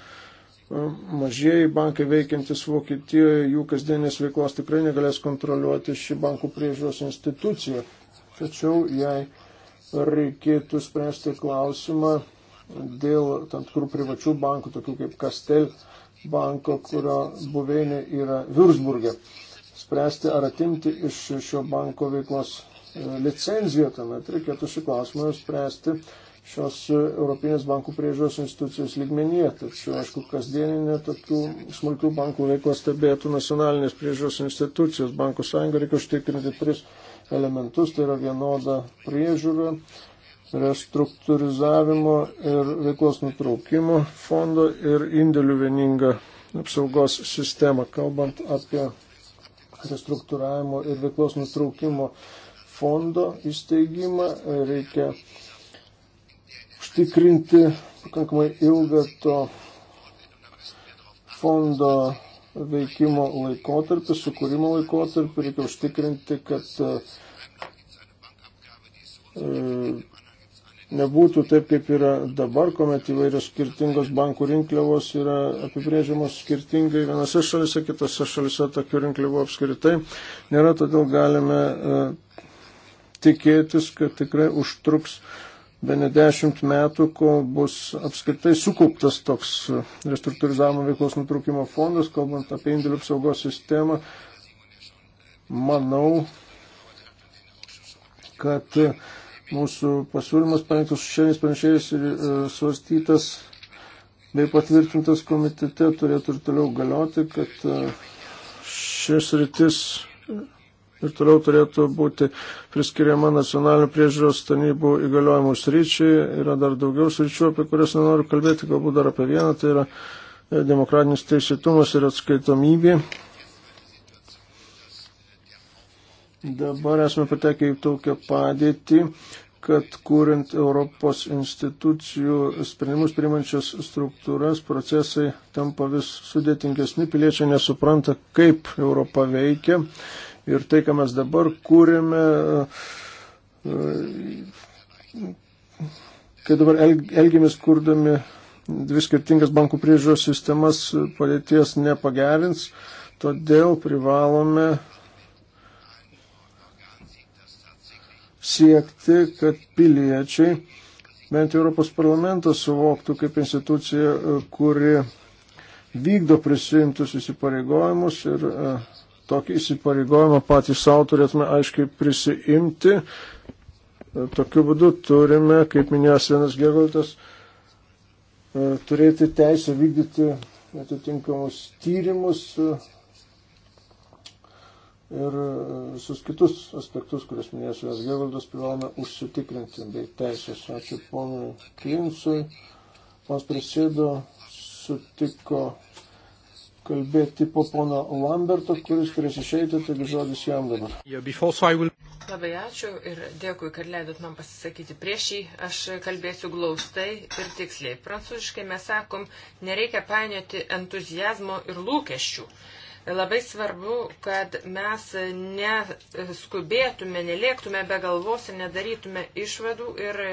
mažieji bankai veikiantis Vokietijoje, jų kasdienės veiklos tikrai negalės kontroliuoti ši bankų priežiūros institucija. Tačiau jei reikėtų spręsti klausimą dėl tam tikrų privačių bankų, tokių kaip Kastel banko, kurio buveinė yra Würzburgė, spręsti ar atimti iš šio banko veiklos e, licenziją, tuomet reikėtų šį klausimą spręsti šios Europinės bankų priežiūros institucijos lygmenyje. Tačiau, aišku, kasdieninė tokių smulkių bankų veiklos stebėtų nacionalinės priežiūros institucijos. Bankų sąjunga reikia užtikrinti tris elementus, tai yra vienoda priežiūra, restruktūrizavimo ir veiklos nutraukimo fondo ir indėlių vieningą apsaugos sistemą. Kalbant apie restruktūravimo ir veiklos nutraukimo fondo įsteigimą, reikia užtikrinti pakankamai ilgą to fondo veikimo laikotarpį, sukūrimo laikotarpį, reikia užtikrinti, kad e, nebūtų taip, kaip yra dabar, kuomet įvairios skirtingos bankų rinkliavos yra apibrėžiamos skirtingai vienose šalise, kitose šalise tokių rinkliavų apskritai nėra, todėl galime e, tikėtis, kad tikrai užtruks uh, be ne dešimt metų, kol bus apskritai sukauptas toks restruktūrizavimo veiklos nutraukimo fondas, kalbant apie indėlių apsaugos sistemą, manau, kad mūsų pasiūlymas parengtas su šiandien pranešėjais ir e, svarstytas bei patvirtintas komitete turėtų ir toliau galioti, kad e, šis rytis ir toliau turėtų būti priskiriama nacionalinių priežiūros tarnybų įgaliojimų sryčiai. Yra dar daugiau sryčių, apie kurias nenoriu kalbėti, galbūt dar apie vieną, tai yra e, demokratinis teisėtumas ir atskaitomybė. Dabar esame patekę į tokią padėtį, kad kūrint Europos institucijų sprendimus primančias struktūras, procesai tampa vis sudėtingesni, piliečiai nesupranta, kaip Europa veikia ir tai, ką mes dabar kūrėme, kai dabar elgiamės kurdami dvi skirtingas bankų priežiūros sistemas padėties nepagerins, todėl privalome siekti, kad piliečiai, bent Europos parlamentas suvoktų kaip institucija, kuri vykdo prisimtus įsipareigojimus ir uh, Tokį įsipareigojimą patys savo turėtume aiškiai prisiimti. Tokiu būdu turime, kaip minėjo Senas Gegoltas, e, turėti teisę vykdyti atitinkamus tyrimus e, ir e, visus kitus aspektus, kuriuos minėjo Senas Gegoltas, privalome užsitikrinti bei teisės. Ačiū ponui Klinsui. Pons prisėdo, sutiko kalbėti po pono Lamberto, kuris prieš išeiti, taigi žodis jam dabar. Labai ačiū ir dėkui, kad leidot man pasisakyti prieš jį. Aš kalbėsiu glaustai ir tiksliai. Prancūziškai mes sakom, nereikia painioti entuzijazmo ir lūkesčių. Labai svarbu, kad mes neskubėtume, nelėktume be galvos ir nedarytume išvadų ir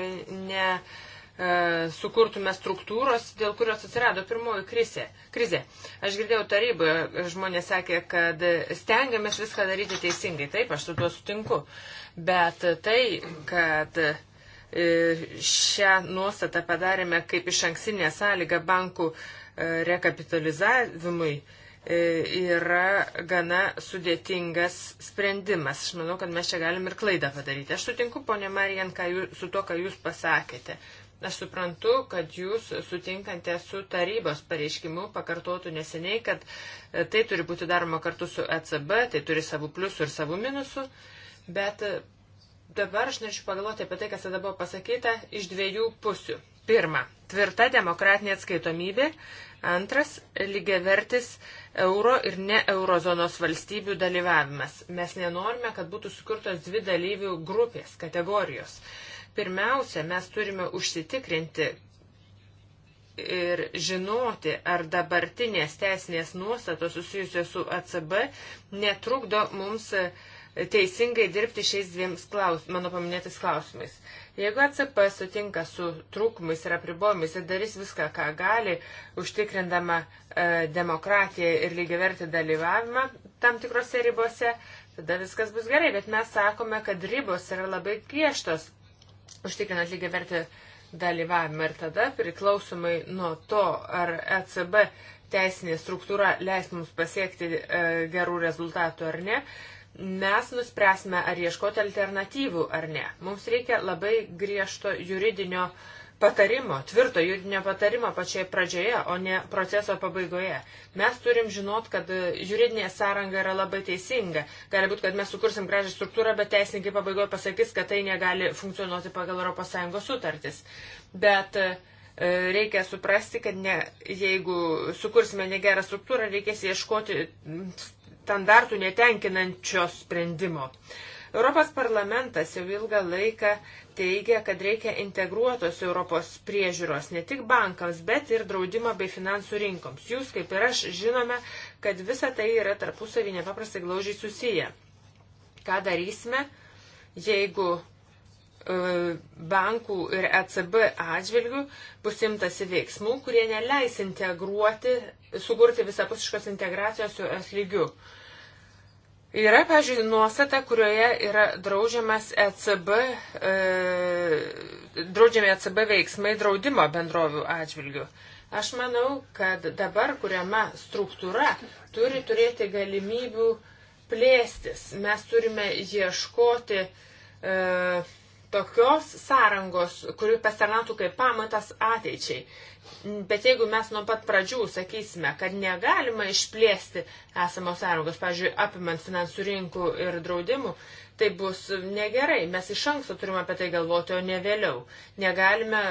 ne. Uh, E, sukurtume struktūros, dėl kurios atsirado pirmoji krizė. krizė. Aš girdėjau taryboje, žmonės sakė, kad stengiamės viską daryti teisingai. Taip, aš su tuo sutinku. Bet tai, kad e, šią nuostatą padarėme kaip iš anksinę sąlygą bankų e, rekapitalizavimui, yra gana sudėtingas sprendimas. Aš manau, kad mes čia galim ir klaidą padaryti. Aš sutinku, ponė Marijan, jūs, su to, ką jūs pasakėte. Aš suprantu, kad jūs sutinkate su tarybos pareiškimu, pakartotų neseniai, kad e, tai turi būti daroma kartu su ECB, tai turi savų pliusų ir savų minusų, bet e, dabar aš norėčiau pagalvoti apie tai, kas tada buvo pasakyta iš dviejų pusių. Pirma, tvirta demokratinė atskaitomybė. Antras, lygiavertis euro ir ne eurozonos valstybių dalyvavimas. Mes nenorime, kad būtų sukurtos dvi dalyvių grupės, kategorijos. Uh, Pirmiausia, mes turime užsitikrinti ir žinoti, ar dabartinės teisinės nuostatos susijusios su ACB netrukdo mums teisingai dirbti šiais dviem klaus, mano paminėtais klausimais. Jeigu ACP sutinka su trūkumais ir apribojimais ir darys viską, ką gali, užtikrindama e, demokratiją ir lygiavertį dalyvavimą tam tikrose ribose, tada viskas bus gerai. Bet mes sakome, kad ribos yra labai griežtos užtikrinant lygiai vertį dalyvavimą ir tada priklausomai nuo to, ar ECB teisinė struktūra leis mums pasiekti e, gerų rezultatų ar ne, mes nuspręsime, ar ieškoti alternatyvų ar ne. Mums reikia labai griežto juridinio e, patarimo, tvirto judinio patarimo pačioje pradžioje, o ne proceso pabaigoje. Mes turim žinot, kad e, juridinė sąranga yra labai teisinga. Gali būti, kad mes sukursim gražią struktūrą, bet teisininkai pabaigoje pasakys, kad tai negali funkcionuoti pagal ES sutartis. Bet e, e, reikia suprasti, kad ne, jeigu sukursime negerą struktūrą, reikės ieškoti standartų netenkinančio sprendimo. Uh, Europos parlamentas jau ilgą laiką teigia, kad reikia integruotos Europos priežiūros ne tik bankams, bet ir draudimo bei finansų rinkoms. Jūs, kaip ir aš, žinome, kad visa tai yra tarpusavį nepaprastai glaužiai susiję. Ką darysime, jeigu e, bankų ir ECB atžvilgių bus imtasi veiksmų, kurie neleis integruoti, sukurti visapusiškos integracijos jos lygių. Yra, pažiūrėjau, nuostata, kurioje yra draudžiamas ECB, e, draudžiami ECB veiksmai draudimo bendrovių atžvilgių. Aš manau, kad dabar kuriama struktūra turi turėti galimybių plėstis. Mes turime ieškoti e, tokios sąrangos, kuri pastarnautų kaip pamatas ateičiai. Bet jeigu mes nuo pat pradžių sakysime, kad negalima išplėsti esamos sąrangos, pavyzdžiui, apimant finansų rinkų ir draudimų, tai bus negerai. Mes iš anksto turime apie tai galvoti, o ne vėliau. Negalime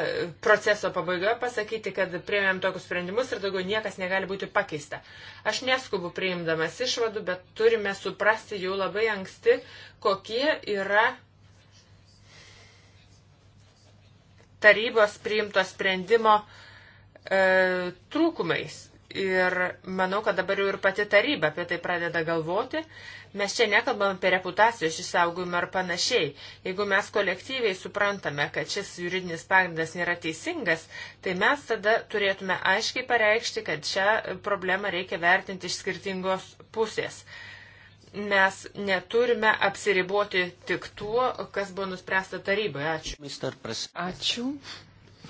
proceso pabaigoje pasakyti, kad priėmėm tokius sprendimus ir daugiau niekas negali būti pakeista. Aš neskubu priimdamas išvadų, bet turime suprasti jau labai anksti, kokie yra tarybos priimto sprendimo e, trūkumais. Ir manau, kad dabar jau ir pati taryba apie tai pradeda galvoti. Mes čia nekalbam apie reputacijos išsaugojimą ar panašiai. Jeigu mes kolektyviai suprantame, kad šis juridinis pagrindas nėra teisingas, tai mes tada turėtume aiškiai pareikšti, kad šią problemą reikia vertinti iš skirtingos pusės. E, mes neturime apsiriboti tik tuo, kas buvo nuspręsta taryboje. Ačiū. Ačiū.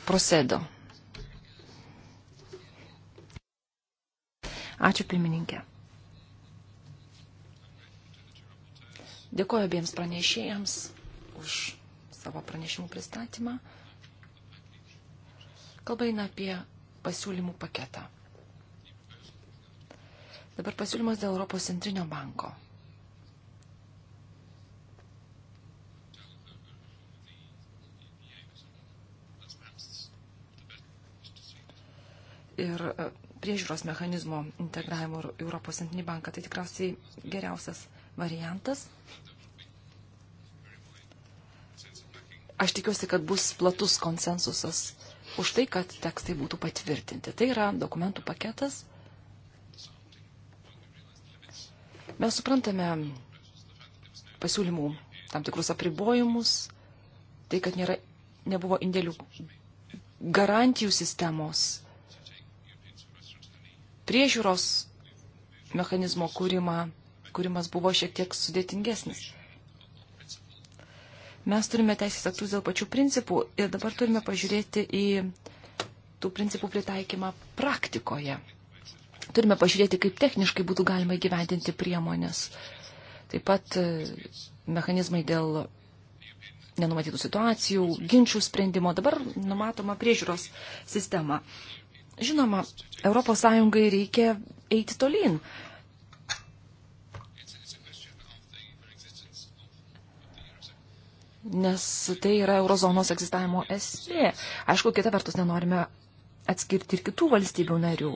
Prosedo. Ačiū pirmininkė. Dėkoju abiems pranešėjams už savo pranešimų pristatymą. Kalba eina apie pasiūlymų paketą. Dabar pasiūlymas dėl Europos centrinio banko. ir e, priežiūros mechanizmo integravimo Europos centrinį banką. Tai tikriausiai geriausias variantas. Aš tikiuosi, kad bus platus konsensusas už tai, kad tekstai būtų patvirtinti. Tai yra dokumentų paketas. Mes suprantame pasiūlymų tam tikrus apribojimus, tai, kad nėra, nebuvo indėlių garantijų sistemos priežiūros mechanizmo kūrimą, kūrimas buvo šiek tiek sudėtingesnis. Mes turime teisės aktus dėl pačių principų ir dabar turime pažiūrėti į tų principų pritaikymą praktikoje. Turime pažiūrėti, kaip techniškai būtų galima įgyvendinti priemonės. Taip pat e, mechanizmai dėl nenumatytų situacijų, ginčių sprendimo. Dabar numatoma priežiūros sistema. Žinoma, ES reikia eiti tolyn. Nes tai yra eurozonos egzistavimo esmė. Aišku, kita vertus nenorime atskirti ir kitų valstybių narių.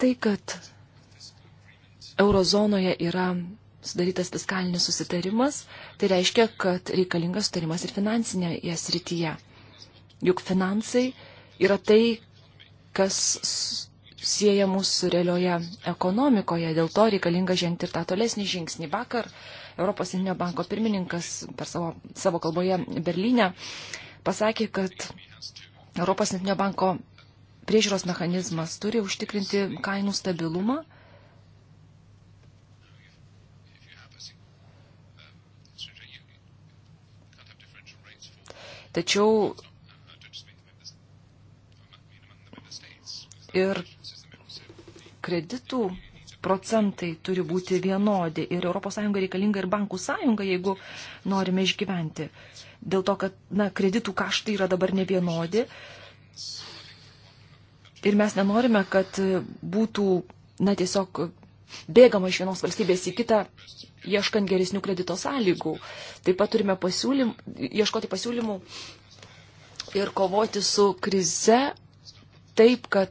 Tai, kad eurozonoje yra sudarytas fiskalinis susitarimas, tai reiškia, kad reikalingas sutarimas ir finansinėje srityje. Juk finansai yra tai, kas sieja mūsų realioje ekonomikoje. Dėl to reikalinga žengti ir tą tolesnį žingsnį. Vakar Europos Centrinio banko pirmininkas per savo, savo kalboje Berlyne pasakė, kad Europos Centrinio banko priežiūros mechanizmas turi užtikrinti kainų stabilumą. Tačiau ir kreditų procentai turi būti vienodi ir ES reikalinga ir bankų sąjunga, jeigu norime išgyventi. Dėl to, kad na, kreditų kaštai yra dabar ne vienodi ir mes nenorime, kad būtų na, tiesiog bėgama iš vienos valstybės į kitą, ieškant geresnių kredito sąlygų. Taip pat turime pasiūlym, ieškoti pasiūlymų ir kovoti su krize taip, kad,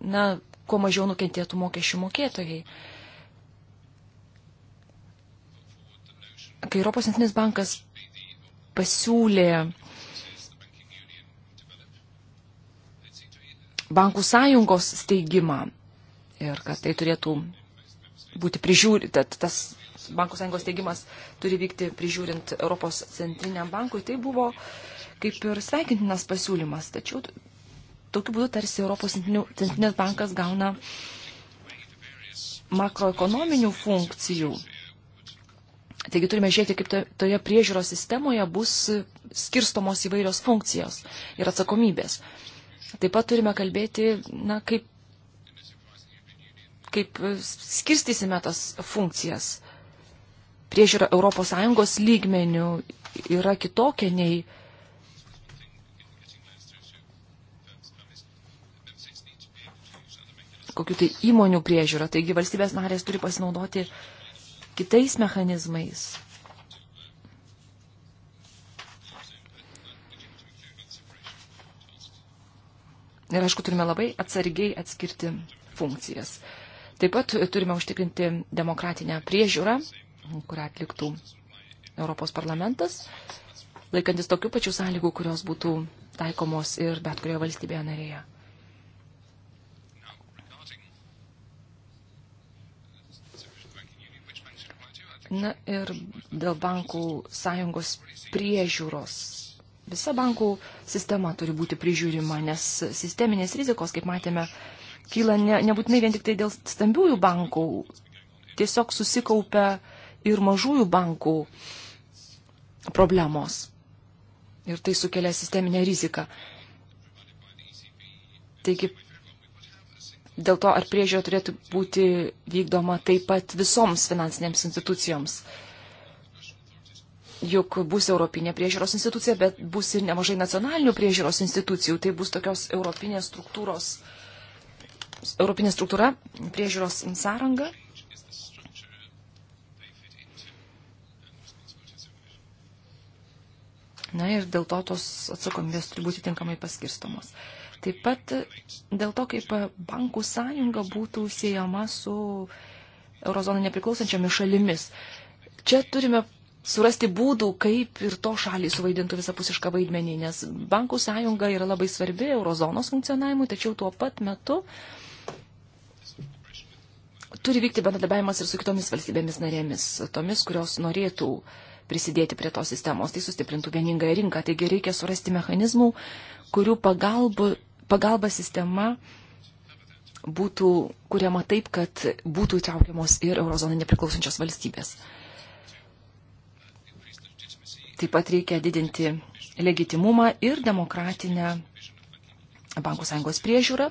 na, kuo mažiau nukentėtų mokesčių mokėtojai. Kai Europos Centrinis bankas pasiūlė bankų sąjungos steigimą ir kad tai turėtų būti prižiūrėta, tas bankų sąjungos steigimas turi vykti prižiūrint Europos centriniam bankui, tai buvo kaip ir sveikintinas pasiūlymas, tačiau tokiu būdu tarsi Europos centrinis bankas gauna makroekonominių funkcijų. Taigi turime žiūrėti, kaip toje priežiūros sistemoje bus skirstomos įvairios funkcijos ir atsakomybės. Taip pat turime kalbėti, na, kaip, kaip skirstysime tas funkcijas. Priežiūra ES lygmenių yra kitokia nei uh, kažkokiu tai įmonių priežiūra. Taigi valstybės narės turi pasinaudoti kitais mechanizmais. Ir aišku, turime labai atsargiai atskirti funkcijas. Taip pat turime užtikrinti demokratinę priežiūrą, kurią atliktų Europos parlamentas, laikantis tokių pačių sąlygų, kurios būtų taikomos ir bet kurioje valstybėje narėje. Na ir dėl bankų sąjungos priežiūros. Visa bankų sistema turi būti prižiūrima, nes sisteminės rizikos, kaip matėme, kyla ne, nebūtinai vien tik tai dėl stambiųjų bankų, tiesiog susikaupia ir mažųjų bankų problemos. Ir tai sukelia sisteminę riziką. Taigi dėl to, ar priežiūra turėtų būti vykdoma taip pat visoms finansinėms institucijoms. Juk bus Europinė priežiūros institucija, bet bus ir nemažai nacionalinių priežiūros institucijų. Tai bus tokios Europinės struktūros, Europinė struktūra, priežiūros sąranga. Na ir dėl to tos atsakomybės turi būti tinkamai paskirstomos. Uh, Taip pat dėl to, kaip bankų sąjunga būtų siejama su eurozono nepriklausančiomis šalimis. Čia turime surasti būdų, kaip ir to šalį suvaidintų visapusišką vaidmenį, nes bankų sąjunga yra labai svarbi eurozonos funkcionavimui, tačiau tuo pat metu turi vykti bendradarbiavimas ir su kitomis valstybėmis narėmis, tomis, kurios norėtų prisidėti prie tos sistemos, tai sustiprintų vieningąją rinką. Taigi reikia surasti mechanizmų, kurių pagalba pagalba sistema būtų kuriama taip, kad būtų įtraukiamos ir eurozonai nepriklausančios valstybės. Taip pat reikia didinti legitimumą ir demokratinę bankų sąjungos priežiūrą.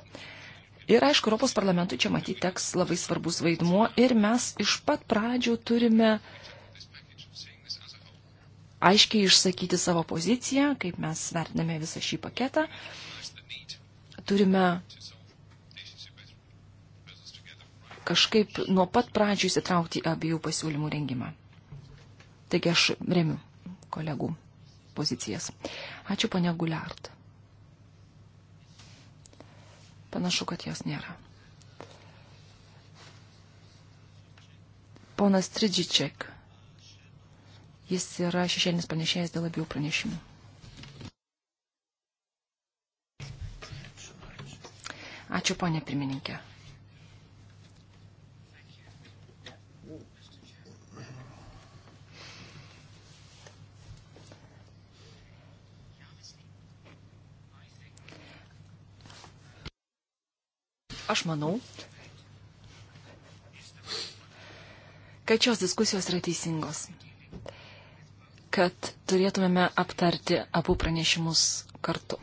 Ir aišku, Europos parlamentui čia matyti teks labai svarbus vaidmuo ir mes iš pat pradžių turime aiškiai išsakyti savo poziciją, kaip mes vertiname visą šį paketą. Uh, turime kažkaip nuo pat pradžių įsitraukti į abiejų pasiūlymų rengimą. Taigi aš remiu kolegų pozicijas. Ačiū, ponia Guliart. Panašu, kad jos nėra. Ponas Tridžiček. Jis yra šešėlinis pranešėjas dėl abiejų pranešimų. Ačiū, ponė pirmininkė. Aš manau, kad šios diskusijos yra teisingos, kad turėtumėme aptarti abu pranešimus kartu.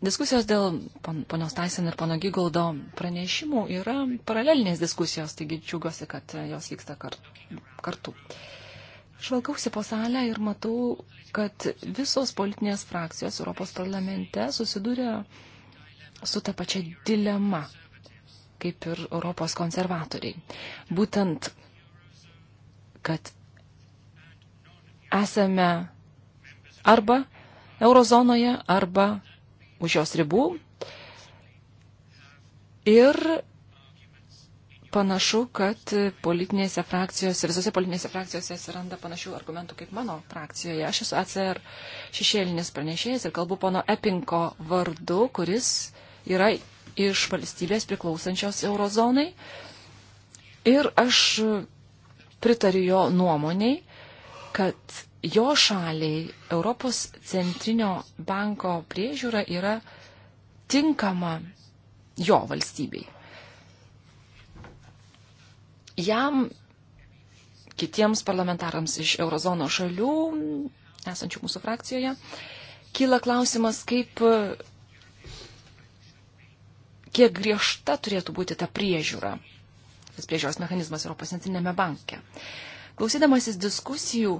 Diskusijos dėl ponios Taisen ir pono Gygoldo pranešimų yra paralelinės diskusijos, taigi džiugosi, kad e, jos vyksta kartu. Švalkausi po salę ir matau, kad visos politinės frakcijos Europos parlamente susidūrė su ta pačia dilema, kaip ir Europos konservatoriai. Būtent, kad esame arba eurozonoje, arba už jos ribų. Ir panašu, kad politinėse frakcijose, visose politinėse frakcijose atsiranda panašių argumentų kaip mano frakcijoje. Aš esu ACR šešėlinis pranešėjas ir kalbu pono Epinko vardu, kuris yra iš valstybės priklausančios eurozonai. Ir aš pritariu jo nuomoniai, kad jo šaliai Europos centrinio banko priežiūra yra tinkama jo valstybei. Jam kitiems parlamentarams iš eurozono šalių, esančių mūsų frakcijoje, kyla klausimas, kaip kiek griežta turėtų būti ta priežiūra, tas priežiūros mechanizmas Europos centrinėme banke. Klausydamasis diskusijų,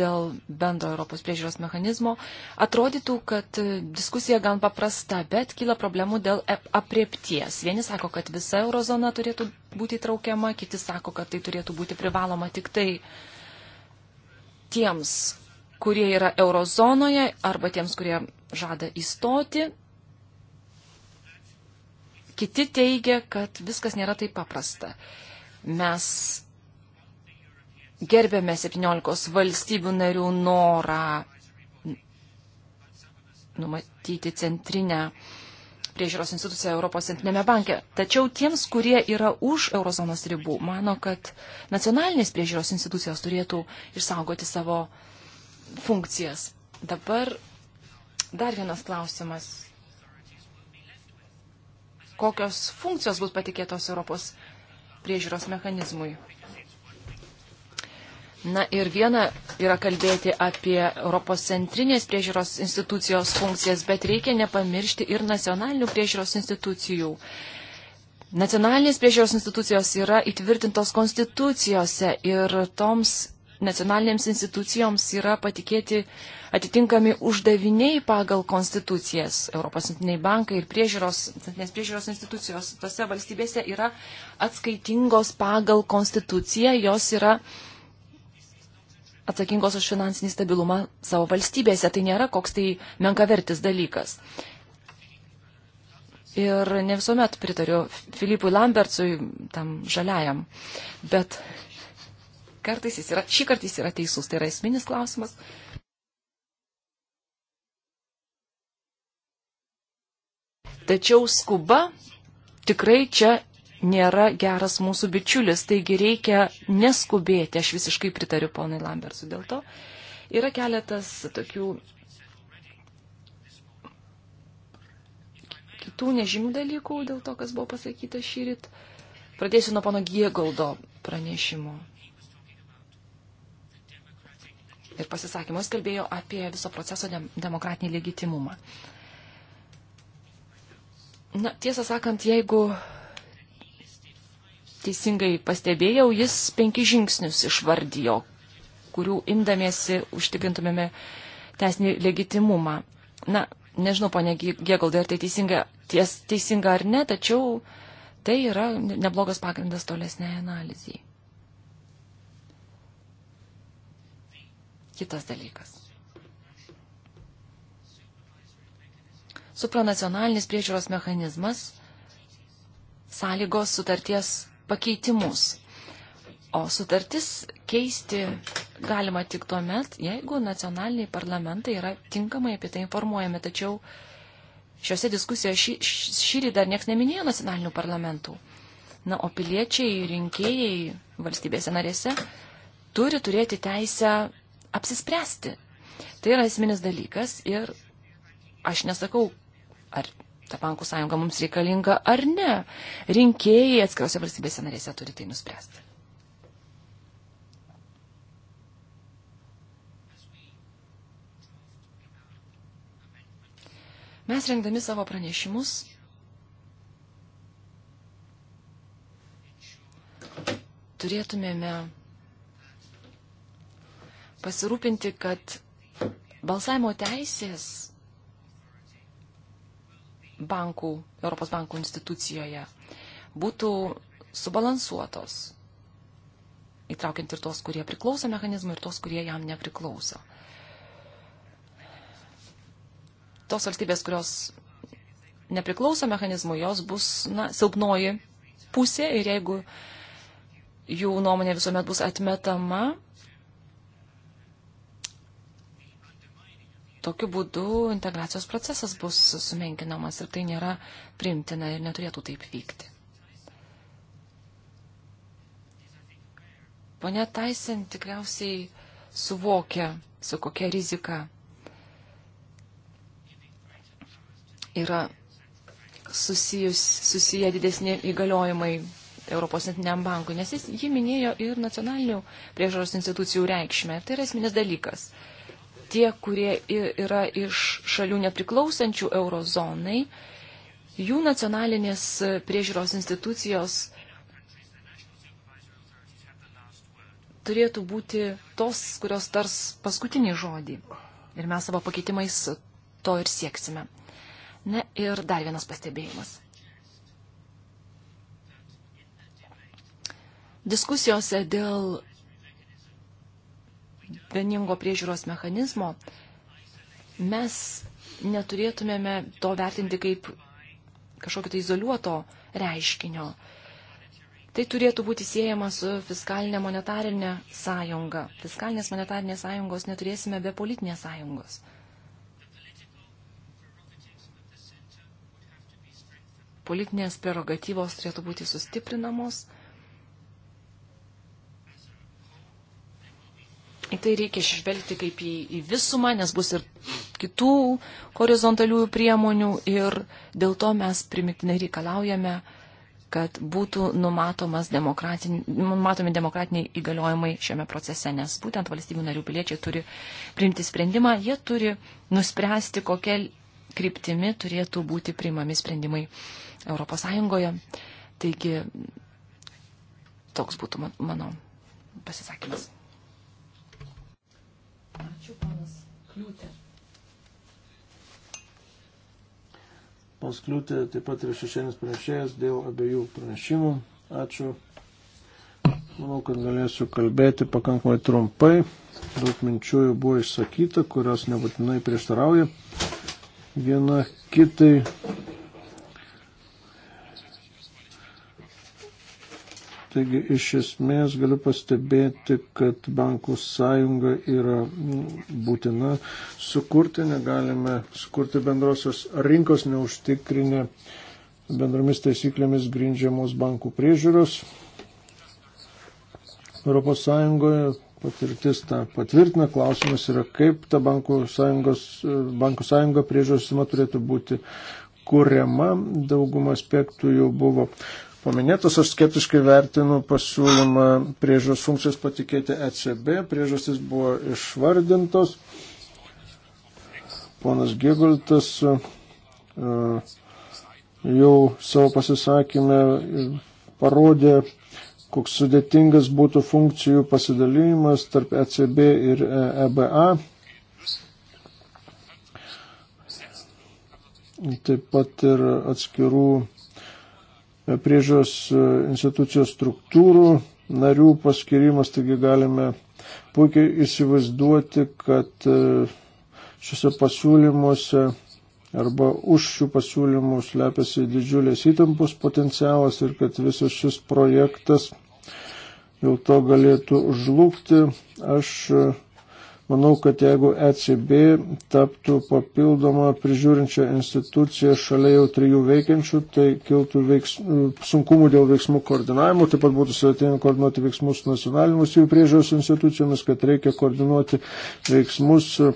dėl bendro Europos priežiūros mechanizmo, atrodytų, kad diskusija gan paprasta, bet kyla problemų dėl apriepties. Vieni sako, kad visa eurozona turėtų būti įtraukiama, kiti sako, kad tai turėtų būti privaloma tik tai tiems, kurie yra eurozonoje arba tiems, kurie žada įstoti Kiti teigia, kad viskas nėra taip paprasta. Mes gerbėme 17 valstybių narių norą numatyti centrinę priežiūros instituciją Europos centrinėme banke. Tačiau tiems, kurie yra už eurozonos ribų, mano, kad nacionalinės priežiūros institucijos turėtų išsaugoti savo funkcijas. Dabar dar vienas klausimas kokios funkcijos bus patikėtos Europos priežiūros mechanizmui. Na ir viena yra kalbėti apie Europos centrinės priežiūros institucijos funkcijas, bet reikia nepamiršti ir nacionalinių priežiūros institucijų. Nacionalinės priežiūros institucijos yra įtvirtintos konstitucijose ir toms nacionalinėms institucijoms yra patikėti atitinkami uždaviniai pagal konstitucijas. Europos centriniai bankai ir priežiūros, nes priežiūros institucijos tose valstybėse yra atskaitingos pagal konstituciją, jos yra atsakingos už finansinį stabilumą savo valstybėse. Tai nėra koks tai menkavertis dalykas. Ir ne visuomet pritariu Filipui Lambertsui, tam žaliajam, bet kartais jis yra, šį kartą jis yra teisus, tai yra esminis klausimas. Tačiau skuba tikrai čia nėra geras mūsų bičiulis, taigi reikia neskubėti, aš visiškai pritariu ponui Lambertsui dėl to. Yra keletas tokių kitų nežymių dalykų dėl to, kas buvo pasakyta šyrit. Pradėsiu nuo pono Giegoldo pranešimo ir pasisakymu. Jis kalbėjo apie viso proceso demokratinį legitimumą. Na, tiesą sakant, jeigu teisingai pastebėjau, jis penki žingsnius išvardijo, kurių imdamiesi užtikrintumėme teisinį legitimumą. Na, nežinau, ponė Giegoldai, ar tai teisinga, ties, teisinga ar ne, tačiau tai yra neblogas pagrindas tolesnei analizai. kitas dalykas. Supranacionalinis priežiūros mechanizmas sąlygos sutarties pakeitimus. O sutartis keisti galima tik tuo met, jeigu nacionaliniai parlamentai yra tinkamai apie tai informuojami. Tačiau šiuose diskusijose šį, šį rytą dar niekas neminėjo nacionalinių parlamentų. Na, o piliečiai, rinkėjai valstybėse narėse turi turėti teisę apsispręsti. Tai yra esminis dalykas ir aš nesakau, ar ta bankų sąjunga mums reikalinga ar ne. Rinkėjai atskiriuose valstybėse narėse turi tai nuspręsti. Mes rengdami savo pranešimus turėtumėme pasirūpinti, kad balsavimo teisės bankų, Europos bankų institucijoje būtų subalansuotos, įtraukiant ir tos, kurie priklauso mechanizmui, ir tos, kurie jam nepriklauso. Tos valstybės, kurios nepriklauso mechanizmui, jos bus na, silpnoji pusė ir jeigu jų nuomonė visuomet bus atmetama, Tokiu būdu integracijos procesas bus sumenkinamas ir tai nėra primtina ir neturėtų taip vykti. Pone Taisen tikriausiai suvokia, su kokia rizika yra susijus, susiję didesni įgaliojimai Europos centriniam bankui, nes jis jį minėjo ir nacionalinių priežaros institucijų reikšmę. Tai yra esminis dalykas tie, kurie yra iš šalių nepriklausančių eurozonai, jų nacionalinės priežiūros institucijos turėtų būti tos, kurios tars paskutinį žodį. Ir mes savo pakeitimais to ir sieksime. Na ir dar vienas pastebėjimas. Diskusijose dėl vieningo priežiūros mechanizmo, mes neturėtumėme to vertinti kaip kažkokio tai izoliuoto reiškinio. Tai turėtų būti siejama su fiskalinė monetarinė sąjunga. Fiskalinės monetarinės sąjungos neturėsime be politinės sąjungos. Politinės prerogatyvos turėtų būti sustiprinamos į tai reikia išvelgti kaip į, į visumą, nes bus ir kitų horizontaliųjų priemonių ir dėl to mes primiktinai reikalaujame, kad būtų demokratin, numatomi demokratiniai įgaliojimai šiame procese, nes būtent valstybių narių piliečiai turi priimti sprendimą, jie turi nuspręsti, kokia kryptimi turėtų būti priimami sprendimai ES. Taigi toks būtų mano pasisakymas. Ačiū, panas Kliūtė. Panas Kliūtė taip pat yra šešienis pranešėjas dėl abiejų pranešimų. Ačiū. Manau, kad galėsiu kalbėti pakankamai trumpai. Daug minčių jau buvo išsakyta, kurios nebūtinai prieštarauja viena kitai Taigi iš esmės galiu pastebėti, kad bankų sąjunga yra mm, būtina sukurti, negalime sukurti bendrosios rinkos neužtikrinę bendromis taisyklėmis grindžiamos bankų priežiūros. Europos Sąjungoje patirtis tą patvirtina. Klausimas yra, kaip ta bankų, sąjungos, bankų sąjunga priežiūros sistema turėtų būti kuriama. Daugumą aspektų jau buvo paminėtas, aš skeptiškai vertinu pasiūlymą priežos funkcijas patikėti ECB, priežastis buvo išvardintos. Ponas Gigultas e, jau savo pasisakymę parodė, koks sudėtingas būtų funkcijų pasidalymas tarp ECB ir EBA. Taip pat ir atskirų priežiūros e, institucijos struktūrų narių paskirimas, taigi galime puikiai įsivaizduoti, kad e, šiuose pasiūlymuose arba už šių pasiūlymų slepiasi didžiulės įtampos potencialas ir kad visas šis projektas dėl to galėtų žlugti. Aš e, Manau, kad jeigu ECB taptų papildomą prižiūrinčią instituciją šalia jau trijų veikiančių, tai kiltų veiks, sunkumų dėl veiksmų koordinavimo, taip pat būtų sudėtinga koordinuoti veiksmus nacionalinimus jų priežiūros institucijomis, kad reikia koordinuoti veiksmus e,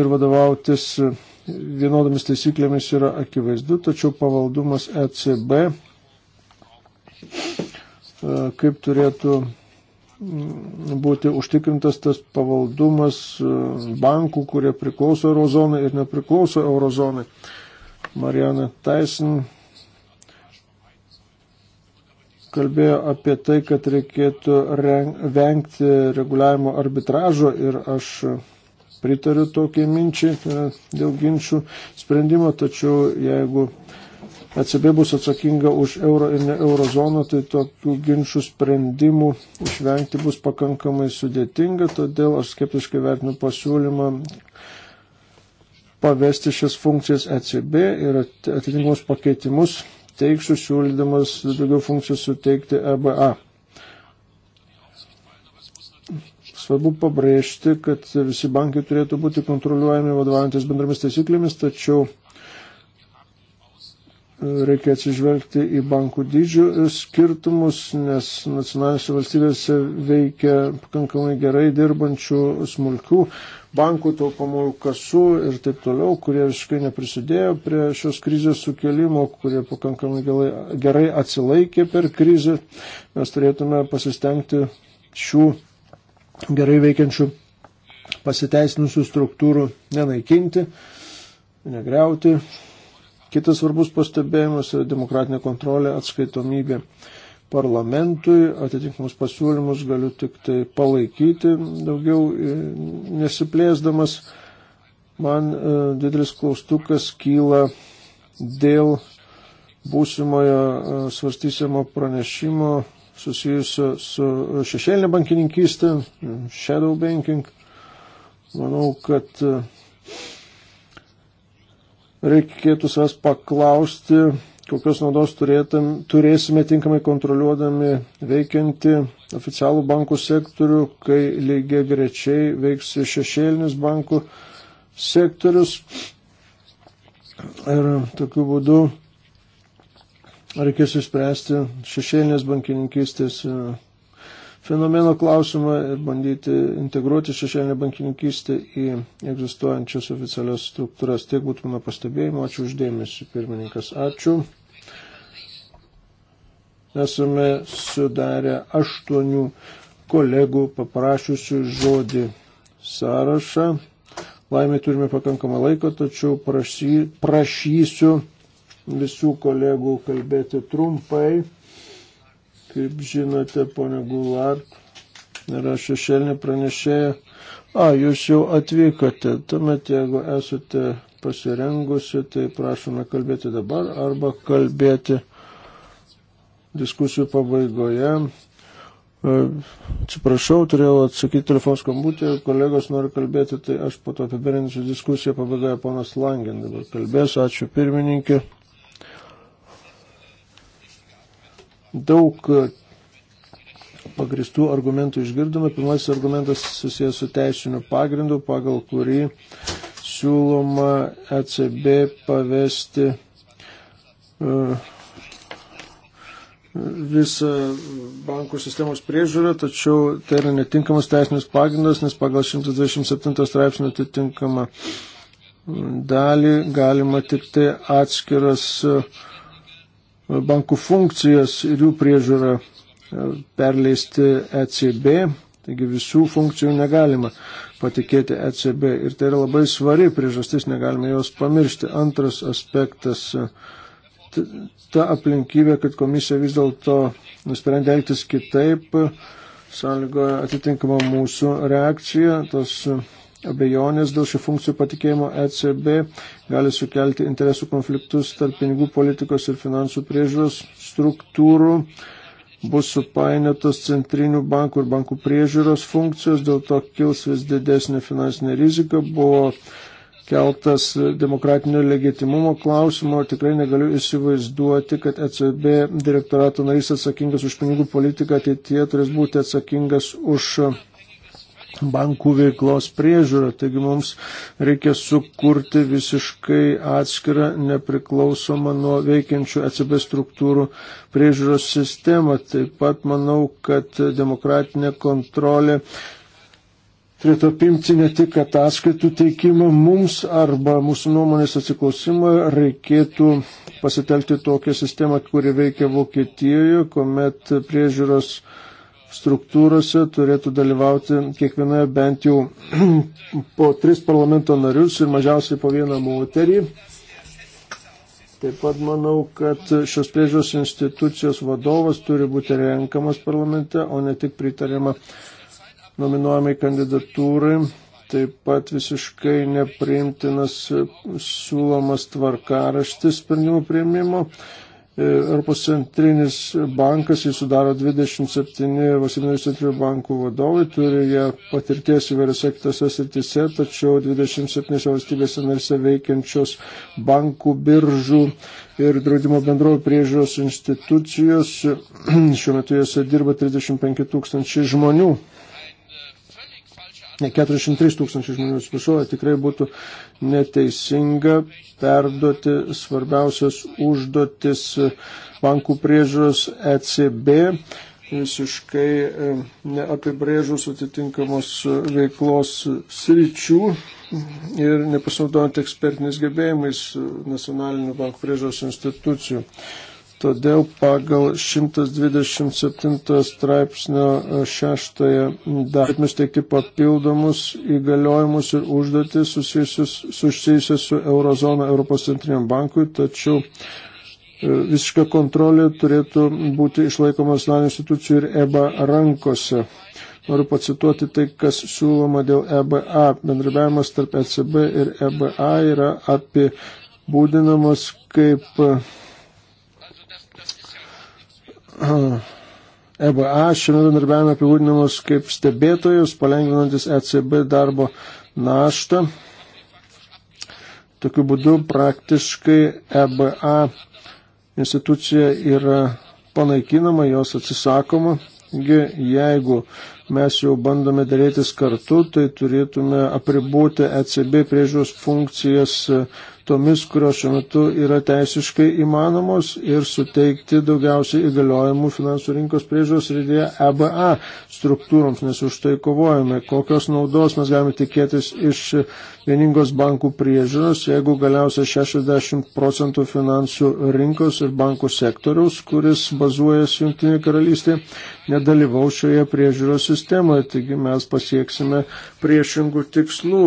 ir vadovautis e, vienodomis taisyklėmis yra akivaizdu, tačiau pavaldumas ECB e, kaip turėtų būti užtikrintas tas pavaldumas e, bankų, kurie priklauso eurozonai ir nepriklauso eurozonai. Mariana Tyson kalbėjo apie tai, kad reikėtų vengti reguliavimo arbitražo ir aš pritariu tokiai minčiai e, dėl ginčių sprendimo, tačiau jeigu ECB bus atsakinga už euro ir ne eurozoną, tai tokių ginčių sprendimų išvengti bus pakankamai sudėtinga, todėl aš skeptiškai vertinu pasiūlymą pavesti šias funkcijas ECB ir atitinkamus pakeitimus teiksiu siūlydamas daugiau funkcijų suteikti EBA. Svarbu pabrėžti, kad visi bankai turėtų būti kontroliuojami vadovaujantis bendromis taisyklėmis, tačiau reikia atsižvelgti į bankų dydžių skirtumus, nes nacionalinėse valstybėse veikia pakankamai gerai dirbančių smulkių bankų, taupamųjų kasų ir taip toliau, kurie visiškai neprisidėjo prie šios krizės sukelimo, kurie pakankamai gerai atsilaikė per krizę. Mes turėtume pasistengti šių gerai veikiančių pasiteisinusių struktūrų nenaikinti, negriauti Kitas svarbus pastebėjimas yra demokratinė kontrolė, atskaitomybė parlamentui, atitinkamus pasiūlymus galiu tik tai palaikyti, daugiau e, nesiplėsdamas. Man e, didelis klaustukas kyla dėl būsimojo e, svarstysimo pranešimo susijusio su šešėlinė bankininkystė, shadow banking. Manau, kad reikėtų savęs paklausti, kokios naudos turėtum, turėsime tinkamai kontroliuodami veikianti oficialų bankų sektorių, kai lygiai grečiai veiks šešėlinis bankų sektorius. Ir tokiu būdu reikės išspręsti šešėlinės bankininkystės fenomeno klausimą ir bandyti integruoti šešėlinę bankininkystę į egzistuojančias oficialias struktūras. Tiek būtų mano pastebėjimo. Ačiū uždėmesi, pirmininkas. Ačiū. Esame sudarę aštuonių kolegų paprašiusių žodį sąrašą. Laimė turime pakankamą laiko, tačiau prašy, prašysiu visų kolegų kalbėti trumpai Kaip žinote, ponė Gular yra šešėlinė pranešėja. A, jūs jau atvykote. Tuomet, jeigu esate pasirengusi, tai prašome kalbėti dabar arba kalbėti diskusijų pabaigoje. E, atsiprašau, turėjau atsakyti telefonos skambutį, kolegos nori kalbėti, tai aš po to apibendrinsiu diskusiją pabaigoje, ponas Langin dabar kalbės, ačiū pirmininkė. daug pagristų argumentų išgirdome. Pirmasis argumentas susijęs su teisiniu pagrindu, pagal kurį siūloma ECB pavesti e, visą bankų sistemos priežiūrą, tačiau tai yra netinkamas teisinis pagrindas, nes pagal 127 straipsnį atitinkamą dalį galima tik tai atskiras uh, bankų funkcijas ir jų priežiūrą e, perleisti ECB, taigi visų funkcijų negalima patikėti ECB ir tai yra labai svari priežastis, negalime jos pamiršti. Antras aspektas e, ta aplinkybė, kad komisija vis dėlto nusprendė elgtis kitaip, sąlygoja atitinkamą mūsų reakciją, tos abejonės dėl šių funkcijų patikėjimo ECB gali sukelti interesų konfliktus tarp pinigų politikos ir finansų priežiūros struktūrų, bus supainiotos centrinių bankų ir bankų priežiūros funkcijos, dėl to kils vis didesnė finansinė rizika, buvo keltas demokratinio legitimumo klausimo, tikrai negaliu įsivaizduoti, kad ECB direktorato narys atsakingas už pinigų politiką ateityje turės būti atsakingas už bankų veiklos priežiūra. Taigi mums reikia sukurti visiškai atskirą nepriklausomą nuo veikiančių ECB struktūrų priežiūros sistemą. Taip pat manau, kad demokratinė kontrolė turėtų apimti ne tik ataskaitų teikimą mums arba mūsų nuomonės atsiklausimą, reikėtų pasitelkti tokią sistemą, kuri veikia Vokietijoje, kuomet priežiūros uh, struktūrose turėtų dalyvauti kiekvienoje bent jau po tris parlamento narius ir mažiausiai po vieną moterį. Taip pat manau, kad šios priežiūros institucijos vadovas turi būti renkamas parlamente, o ne tik pritariama nominuojamai kandidatūrai. Taip pat visiškai nepriimtinas siūlomas tvarkaraštis sprendimų prieimimo. prieimimo Europos centrinis bankas, jis sudaro 27 valstybinės centrinių bankų vadovai, turi jie patirties įvairiose kitose srityse, tačiau 27 valstybėse narse veikiančios bankų, biržų ir draudimo bendrovų priežiūros institucijos, šiuo metu jose dirba 35 tūkstančiai žmonių. 403 tūkstančių žmonių atsiprašau, tikrai būtų neteisinga perduoti svarbiausias užduotis bankų priežiūros ECB visiškai e, neapibrėžus atitinkamos veiklos sričių ir nepasinaudojant ekspertiniais gebėjimais nacionalinių bankų priežos institucijų. Todėl pagal 127 straipsnio 6 dalį mes teikti papildomus įgaliojimus ir užduotis susijusias su Eurozona Europos centriniam bankui, tačiau e, visiška kontrolė turėtų būti išlaikoma nacionalinių institucijų ir EBA rankose. Noriu pacituoti tai, kas siūloma dėl EBA. Bendrabiavimas tarp ECB ir EBA yra apibūdinamas kaip EBA šiame bendarbiavime apibūdinamos kaip stebėtojus, palengvinantis ECB darbo naštą. Tokiu būdu praktiškai EBA institucija yra panaikinama, jos atsisakoma. Jeigu mes jau bandome dėrėtis kartu, tai turėtume apribūti ECB priežiūros funkcijas tomis, kurios šiuo metu yra teisiškai įmanomos ir suteikti daugiausiai įgaliojimų finansų rinkos priežiūros rydėje EBA struktūroms, nes už tai kovojame. Kokios naudos mes galime tikėtis iš vieningos bankų priežiūros, jeigu galiausiai 60 procentų finansų rinkos ir bankų sektoriaus, kuris bazuojasi Junktinė karalystė, nedalyvau šioje priežiūros sistemoje. Taigi mes pasieksime priešingų tikslų,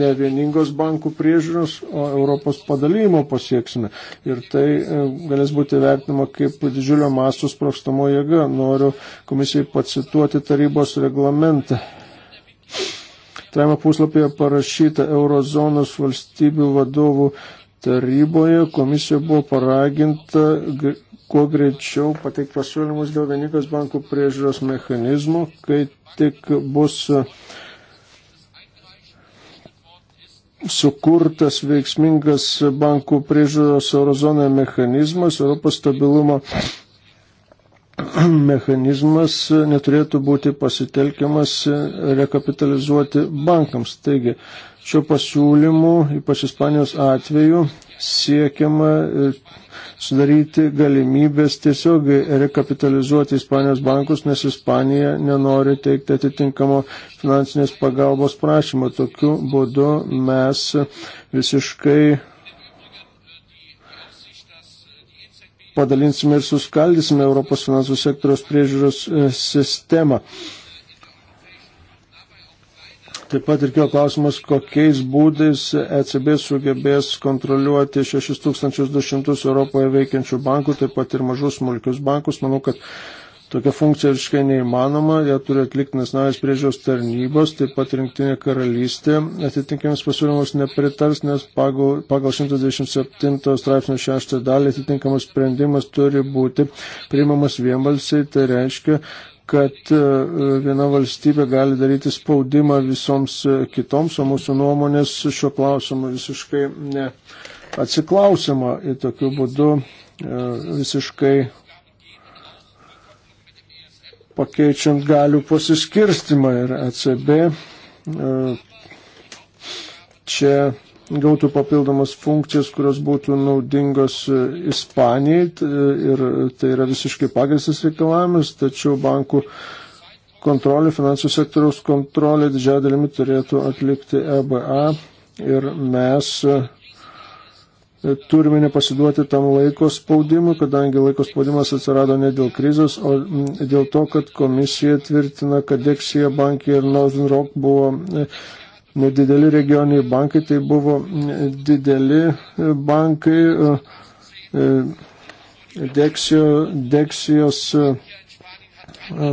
ne vieningos bankų priežiūros, o Europos padalymo pasieksime. Ir tai e, galės būti vertinama kaip didžiulio mastų sprokstamo jėga. Noriu komisijai pacituoti tarybos reglamentą. Tame puslapyje parašyta Eurozonos valstybių vadovų taryboje komisija buvo paraginta kuo greičiau pateikti pasiūlymus dėl vienybės bankų priežiūros mechanizmo, kai tik bus uh, sukurtas veiksmingas bankų priežiūros eurozonoje mechanizmas, Europos stabilumo mechanizmas neturėtų būti pasitelkiamas rekapitalizuoti bankams. Taigi, šio pasiūlymu, ypač Ispanijos atveju, siekiama e, sudaryti galimybės tiesiogiai rekapitalizuoti Ispanijos bankus, nes Ispanija nenori teikti atitinkamo finansinės pagalbos prašymo. Tokiu būdu mes visiškai padalinsime ir suskaldysime Europos finansų sektoriaus priežiūros e, sistemą. Taip pat ir kėl klausimas, kokiais būdais ECB sugebės kontroliuoti 6200 Europoje veikiančių bankų, taip pat ir mažus smulkius bankus. Manau, kad tokia funkcija visiškai neįmanoma, ją turi atlikti nacionalinės priežiūros tarnybos, taip pat rinktinė karalystė atitinkamus pasiūlymus nepritars, nes pagal, pagal 127 straipsnio 6 dalį atitinkamas sprendimas turi būti priimamas vienbalsiai, tai reiškia, kad e, viena valstybė gali daryti spaudimą visoms e, kitoms, o mūsų nuomonės šiuo klausimu visiškai neatsiklausima. Ir tokiu būdu e, visiškai pakeičiant galių pasiskirstimą ir ECB čia gautų papildomas funkcijas, kurios būtų naudingos e, Ispanijai e, ir tai yra visiškai pagristas reikalavimas, tačiau bankų kontrolė, finansų sektoriaus kontrolė didžiąją dalimi turėtų atlikti EBA ir mes e, turime nepasiduoti tam laiko spaudimui, kadangi laiko spaudimas atsirado ne dėl krizės, o dėl to, kad komisija tvirtina, kad Dexia bankė ir Northern Rock buvo nedideli regioniniai bankai, tai buvo dideli bankai, e, e, deksio, deksijos e,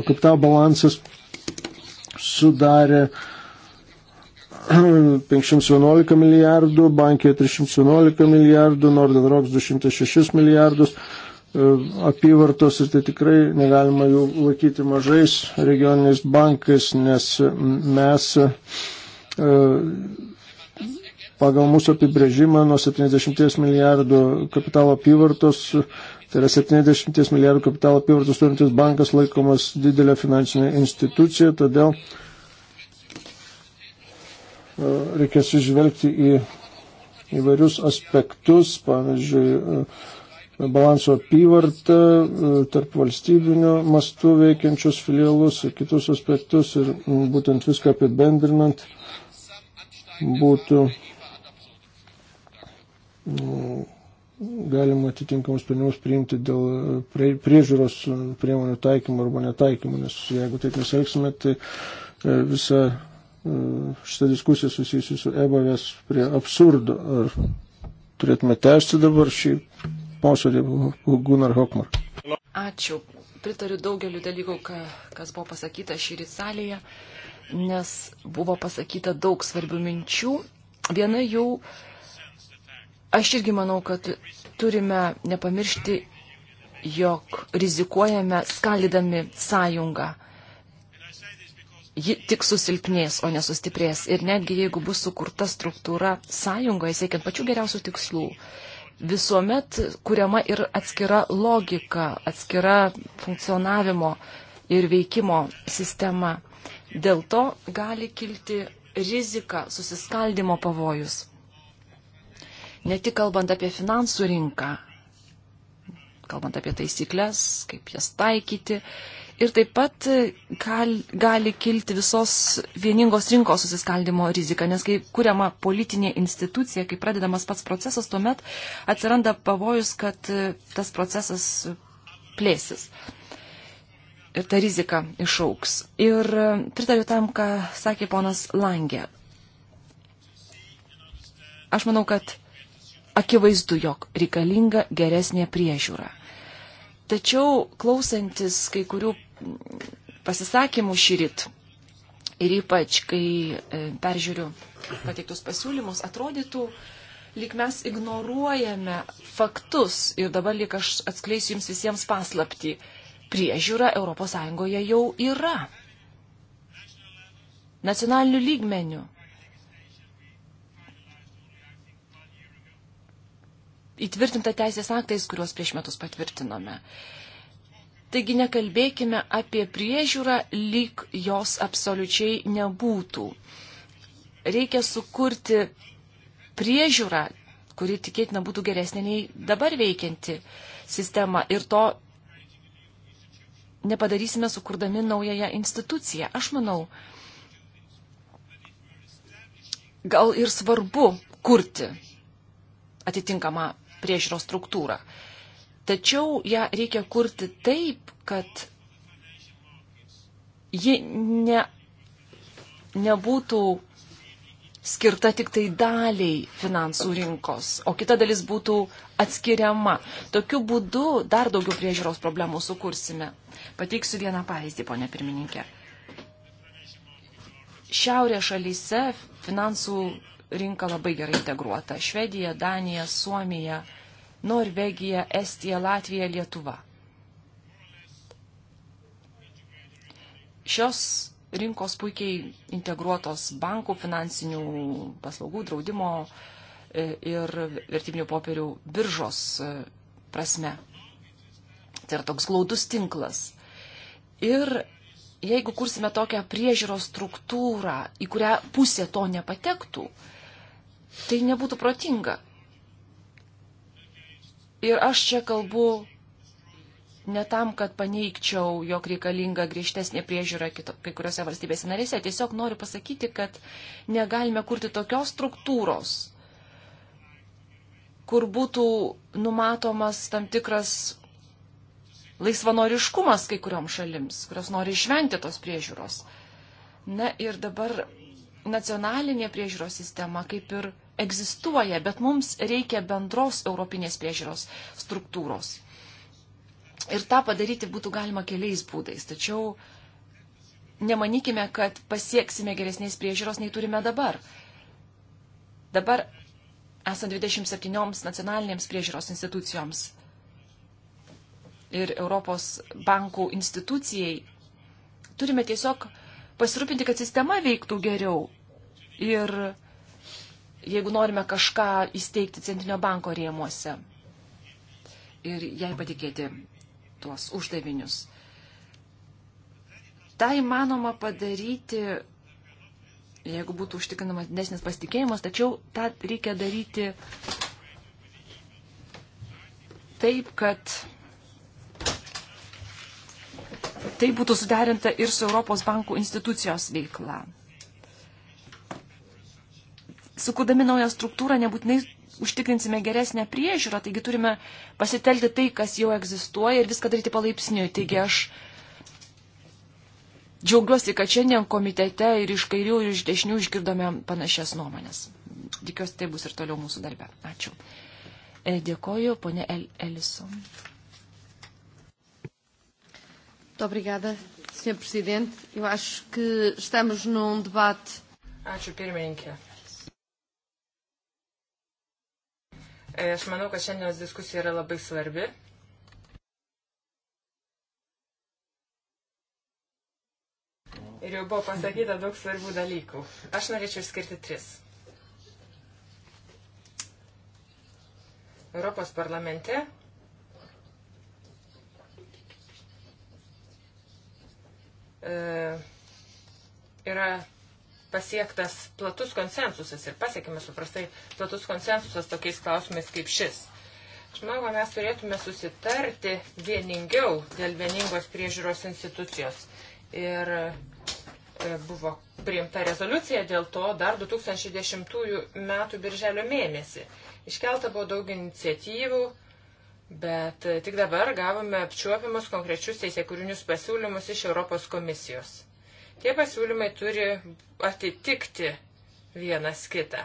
kapitalo balansas sudarė 511 milijardų, bankė 311 milijardų, Northern Rocks 206 milijardus apyvartos ir tai tikrai negalima jų laikyti mažais regioniniais bankais, nes mes E, pagal mūsų apibrėžimą nuo 70 milijardų kapitalo apyvartos, tai yra 70 milijardų kapitalo apyvartos turintis bankas laikomas didelė finansinė institucija, todėl e, reikės išvelgti į įvairius aspektus, pavyzdžiui, e, balanso apyvartą, tarp valstybinių mastų veikiančius filialus ir kitus aspektus ir būtent viską apibendrinant būtų mm, galima atitinkamus sprendimus priimti dėl priežiūros priemonių taikymo arba netaikymo, nes jeigu taip nesielgsime, tai e, visa e, šitą diskusiją susijusi su ebavės prie absurdo. Ar turėtume tęsti dabar šį posėdį Gunnar Hokmar? Ačiū. Pritariu daugeliu dalykų, kas buvo pasakyta šį rytą salėje nes buvo pasakyta daug svarbių minčių. Viena jau, aš irgi manau, kad turime nepamiršti, jog rizikuojame skaldydami sąjungą. Ji tik susilpnės, o nesustiprės. Ir netgi jeigu bus sukurta struktūra sąjungoje, siekiant pačių geriausių tikslų, visuomet kuriama ir atskira logika, atskira funkcionavimo ir veikimo sistema. Dėl to gali kilti rizika, susiskaldimo pavojus. Ne tik kalbant apie finansų rinką, kalbant apie taisyklės, kaip jas taikyti. Ir taip pat gal, gali kilti visos vieningos rinkos susiskaldimo rizika, nes kai kuriama politinė institucija, kai pradedamas pats procesas, tuomet atsiranda pavojus, kad tas procesas plėsis ir ta rizika išauks. Ir pritariu tam, ką sakė ponas Langė. Aš manau, kad akivaizdu, jog reikalinga geresnė priežiūra. Tačiau klausantis kai kurių pasisakymų šyrit ir ypač, kai e, peržiūriu pateiktus pasiūlymus, atrodytų, lyg mes ignoruojame faktus ir dabar lyg aš atskleisiu jums visiems paslapti priežiūra ES jau yra. Nacionalinių lygmenių. Įtvirtinta teisės aktais, kuriuos prieš metus patvirtinome. Taigi nekalbėkime apie priežiūrą, lyg jos absoliučiai nebūtų. Reikia sukurti priežiūrą, kuri tikėtina būtų geresnė nei dabar veikianti sistema. Ir to nepadarysime sukurdami naująją instituciją. Aš manau, gal ir svarbu kurti atitinkamą priežiūros struktūrą. Tačiau ją reikia kurti taip, kad ji ne, nebūtų skirta tik tai daliai finansų rinkos, o kita dalis būtų atskiriama. Tokiu būdu dar daugiau priežiūros problemų sukursime. Pateiksiu vieną pavyzdį, ponė pirmininkė. Šiaurės šalyse finansų rinka labai gerai integruota. Švedija, Danija, Suomija, Norvegija, Estija, Latvija, Lietuva. Šios rinkos puikiai integruotos bankų, finansinių paslaugų, draudimo e, ir vertybinių popierių biržos e, prasme. Tai yra toks glaudus tinklas. Ir jeigu kursime tokią priežiūros struktūrą, į kurią pusė to nepatektų, tai nebūtų protinga. Ir aš čia kalbu ne tam, kad paneigčiau, jog reikalinga griežtesnė priežiūra kito, kai kuriuose valstybėse narėse. Tiesiog noriu pasakyti, kad negalime kurti tokios struktūros, kur būtų numatomas tam tikras laisvanoriškumas kai kuriom šalims, kurios nori išvengti tos priežiūros. Na ir dabar nacionalinė priežiūros sistema kaip ir egzistuoja, bet mums reikia bendros europinės priežiūros struktūros. Ir tą padaryti būtų galima keliais būdais. Tačiau nemanykime, kad pasieksime geresnės priežiūros, nei turime dabar. Dabar esant 27 nacionalinėms priežiūros institucijoms ir Europos bankų institucijai, turime tiesiog pasirūpinti, kad sistema veiktų geriau. Ir jeigu norime kažką įsteigti Centrinio banko rėmuose ir jai patikėti tuos uždavinius. Tai manoma padaryti, jeigu būtų užtikrinamas didesnis pasitikėjimas, tačiau tą reikia daryti taip, kad tai būtų suderinta ir su Europos bankų institucijos veikla. Sukūdami naują struktūrą nebūtinai užtikrinsime geresnę priežiūrą, taigi turime pasitelkti tai, kas jau egzistuoja ir viską daryti palaipsniui. Taigi aš džiaugiuosi, kad šiandien komitete ir iš kairių, ir iš dešinių išgirdome panašias nuomonės. Tikiuosi, tai bus ir toliau mūsų darbe. Ačiū. E, dėkoju, ponė El Elison. Obrigada, Sr. Presidente. Eu acho que estamos num debate. Ačiū pirmininkė. E, aš manau, kad šiandienos diskusija yra labai svarbi. Ir jau buvo pasakyta daug svarbių dalykų. Aš norėčiau išskirti tris. Europos parlamente e, yra pasiektas platus konsensusas ir pasiekimas suprastai platus konsensusas tokiais klausimais kaip šis. Aš manau, kad mes turėtume susitarti vieningiau dėl vieningos priežiūros institucijos. Ir e, buvo priimta rezoliucija dėl to dar 2010 metų birželio mėnesį. Iškelta buvo daug iniciatyvų, bet e, tik dabar gavome apčiuopimus konkrečius teisėkūrinius pasiūlymus iš Europos komisijos. Tie pasiūlymai turi atitikti vienas kitą.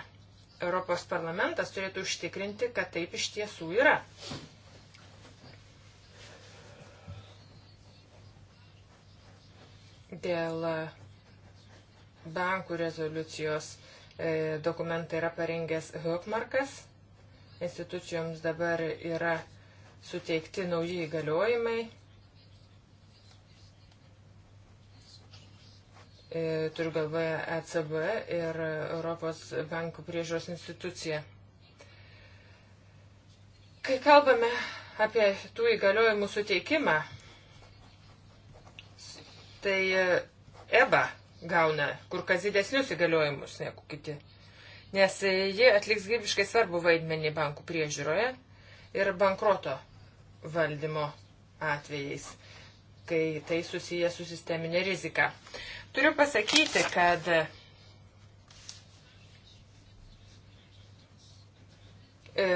Europos parlamentas turėtų užtikrinti, kad taip iš tiesų yra. Dėl bankų rezoliucijos e, dokumentą yra parengęs Hökmarkas. Institucijoms dabar yra suteikti nauji įgaliojimai E, turiu galvoje ECB ir Europos bankų priežiūros instituciją. Kai kalbame apie tų įgaliojimų suteikimą, tai EBA gauna kur kas didesnius įgaliojimus negu kiti, nes ji atliks gyviškai svarbu vaidmenį bankų priežiūroje ir bankroto valdymo atvejais, kai tai susiję su sisteminė rizika. Uh, Turiu pasakyti, kad e,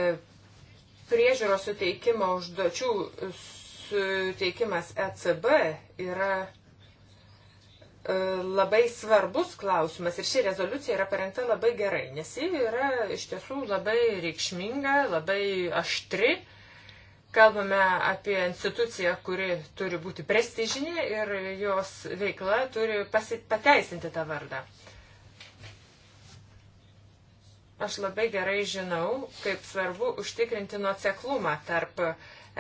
priežiūros suteikimo užduočių suteikimas ECB yra e, labai svarbus klausimas ir ši rezoliucija yra parengta labai gerai, nes ji yra iš tiesų labai reikšminga, labai aštri Kalbame apie instituciją, kuri turi būti prestižinė ir jos veikla turi pateisinti tą vardą. Aš labai gerai žinau, kaip svarbu užtikrinti nuoseklumą tarp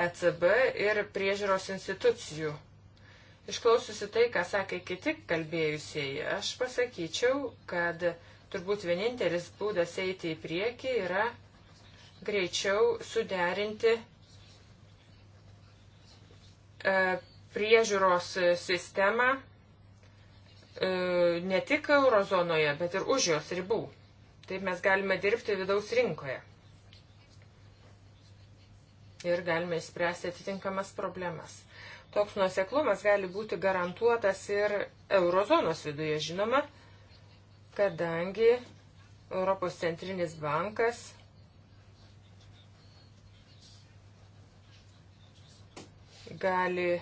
ECB ir priežiūros institucijų. Išklausiusi tai, ką sakė kiti kalbėjusieji, aš pasakyčiau, kad turbūt vienintelis būdas eiti į priekį yra greičiau suderinti E, priežiūros sistemą e, ne tik eurozonoje, bet ir už jos ribų. Taip mes galime dirbti vidaus rinkoje. Ir galime išspręsti atitinkamas problemas. Toks nuoseklumas gali būti garantuotas ir eurozonos viduje, žinoma, kadangi Europos centrinis bankas gali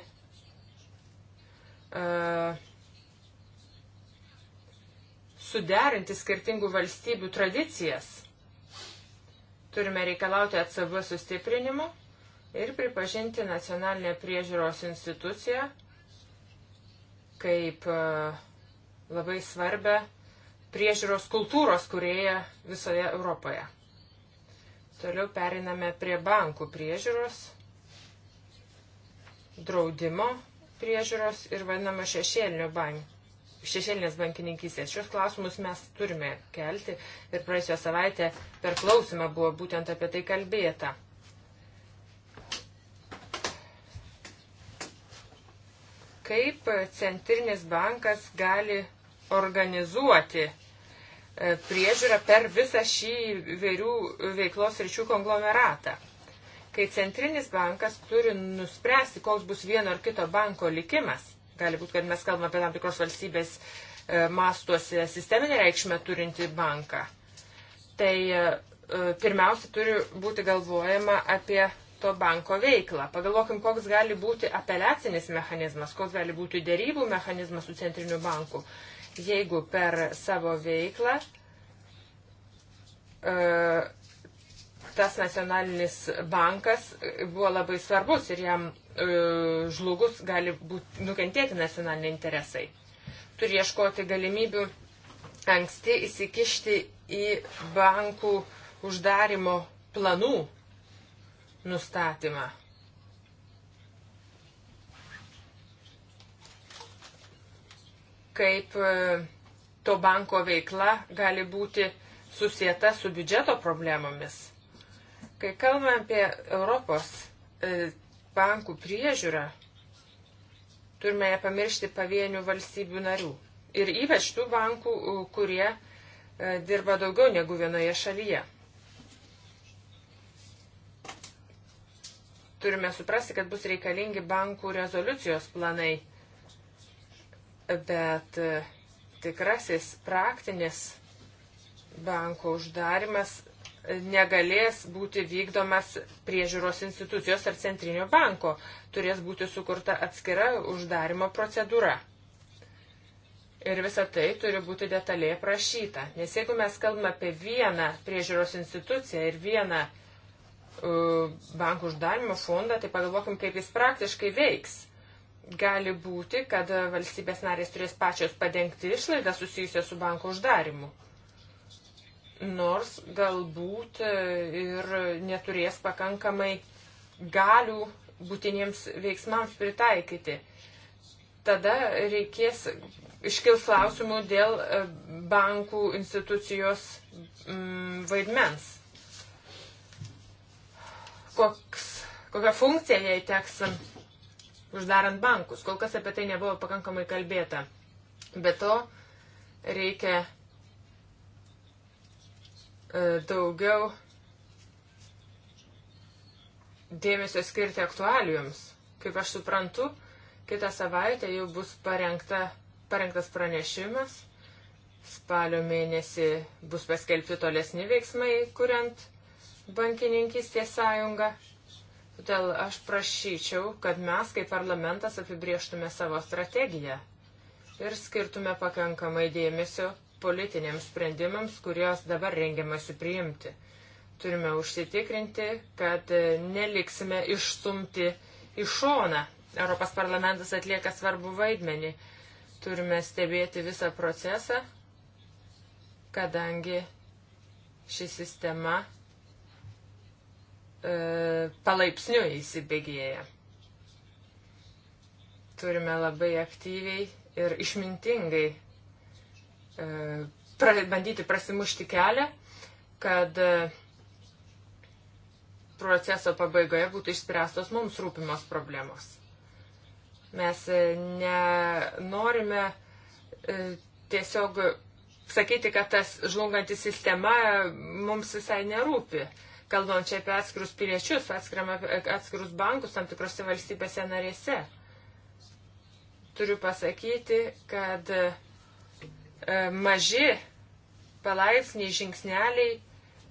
uh, suderinti skirtingų valstybių tradicijas. Turime reikalauti ECB sustiprinimo ir pripažinti nacionalinę priežiūros instituciją kaip uh, labai svarbę priežiūros kultūros kurieje visoje Europoje. Toliau periname prie bankų priežiūros draudimo priežiūros ir vadinamo šešėlinio bank, šešėlinės bankininkysės. Šios klausimus mes turime kelti ir praėjusią savaitę per klausimą buvo būtent apie tai kalbėta. Kaip centrinis bankas gali organizuoti e, priežiūrą per visą šį vairių veiklos ryčių konglomeratą? kai centrinis bankas turi nuspręsti, koks bus vieno ar kito banko likimas. Gali būti, kad mes kalbame apie tam tikros valstybės e, mastuose sisteminę reikšmę turinti banką. Tai e, e, pirmiausia turi būti galvojama apie to banko veiklą. Pagalvokim, koks gali būti apeliacinis mechanizmas, koks gali būti dėrybų mechanizmas su centriniu banku. Jeigu per savo veiklą e, tas nacionalinis bankas buvo labai svarbus ir jam e, žlugus gali būt, nukentėti nacionaliniai interesai. Turi ieškoti galimybių anksti įsikišti į bankų uždarimo planų nustatymą. Kaip e, to banko veikla gali būti susieta su biudžeto problemomis. Kai kalbame apie Europos e, bankų priežiūrą, turime nepamiršti pavienių valstybių narių. Ir ypač tų bankų, e, kurie e, dirba daugiau negu vienoje šalyje. Turime suprasti, kad bus reikalingi bankų rezoliucijos planai, bet tikrasis praktinis banko uždarimas negalės būti vykdomas priežiūros institucijos ar centrinio banko. Turės būti sukurta atskira uždarimo procedūra. Ir visa tai turi būti detaliai aprašyta. Nes jeigu mes kalbame apie vieną priežiūros instituciją ir vieną uh, bankų uždarimo fondą, tai pagalvokim, kaip jis praktiškai veiks. Gali būti, kad valstybės narės turės pačios padengti išlaidą susijusią su banko uždarimu nors galbūt e, ir neturės pakankamai galių būtiniems veiksmams pritaikyti. Tada reikės iškils klausimų dėl e, bankų institucijos mm, vaidmens. Koks, kokią funkciją jai teks uždarant bankus. Kol kas apie tai nebuvo pakankamai kalbėta. Be to reikia E, daugiau dėmesio skirti aktualijoms. Kaip aš suprantu, kitą savaitę jau bus parengta, parengtas pranešimas, spalio mėnesį bus paskelbti tolesni veiksmai, kuriant bankininkystės sąjungą. Todėl aš prašyčiau, kad mes kaip parlamentas apibrieštume savo strategiją ir skirtume pakankamai dėmesio politiniams sprendimams, kuriuos dabar rengiamasi priimti. Turime užsitikrinti, kad e, neliksime išstumti į šoną. Europos parlamentas atlieka svarbu vaidmenį. Turime stebėti visą procesą, kadangi ši sistema e, palaipsniui įsibėgėja. Turime labai aktyviai ir išmintingai E, bandyti prasimušti kelią, kad e, proceso pabaigoje būtų išspręstos mums rūpimos problemos. Mes e, nenorime tiesiog sakyti, kad tas žlunganti sistema mums visai nerūpi. Kalbam čia apie atskirus piliečius, atskirus bankus tam tikrose valstybėse narėse. Turiu pasakyti, kad E, maži palaipsniai žingsneliai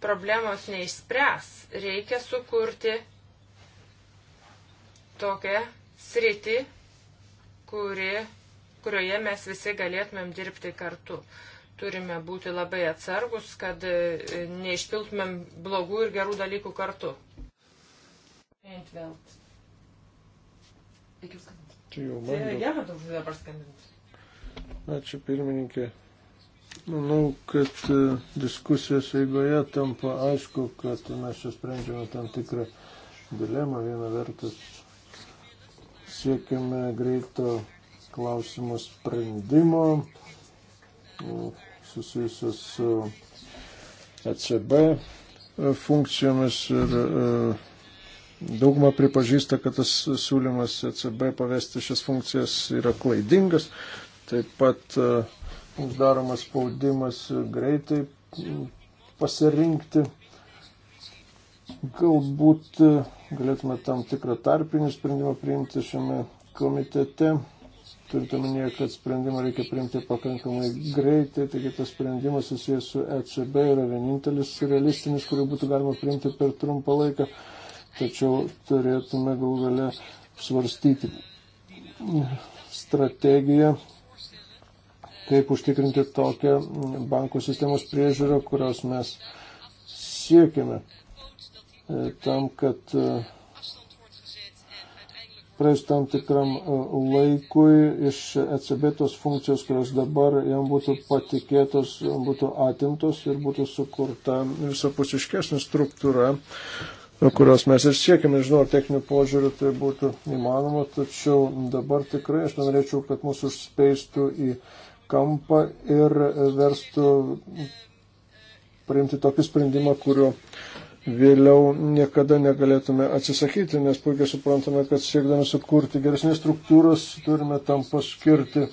problemos neišspręs. Reikia sukurti tokią sritį, kuri, kurioje mes visi galėtumėm dirbti kartu. Turime būti labai atsargus, kad e, neišpiltumėm blogų ir gerų dalykų kartu. Entvelt. Čia jau man. Tai yra gera daug dabar skambinti. Ačiū pirmininkė. Manau, kad e, diskusijos eigoje tampa aišku, kad mes čia sprendžiame tam tikrą dilemą. Viena vertus siekiame greito klausimo sprendimo e, susijusio su ECB e, funkcijomis ir dauguma pripažįsta, kad tas siūlymas ECB pavesti šias funkcijas yra klaidingas. Taip pat e, mums daromas spaudimas greitai pasirinkti. Galbūt e, galėtume tam tikrą tarpinį sprendimą priimti šiame komitete. Turint omenyje, kad sprendimą reikia priimti pakankamai greitai, taigi tas sprendimas susijęs su ECB yra vienintelis realistinis, kurį būtų galima priimti per trumpą laiką, tačiau turėtume gal galę svarstyti strategiją kaip užtikrinti tokią mm, bankų sistemos priežiūrą, kurios mes siekime e, tam, kad e, praėjus tam tikram e, laikui iš ECB tos funkcijos, kurios dabar jam būtų patikėtos, būtų atimtos ir būtų sukurta visapusiškesnė struktūra, kurios mes ir siekime, žinau, techninių požiūrių tai būtų įmanoma, tačiau dabar tikrai aš norėčiau, kad mūsų užspeistų į kampą ir verstų priimti tokį sprendimą, kurio vėliau niekada negalėtume atsisakyti, nes puikiai suprantame, kad siekdami sukurti geresnės struktūros turime tam paskirti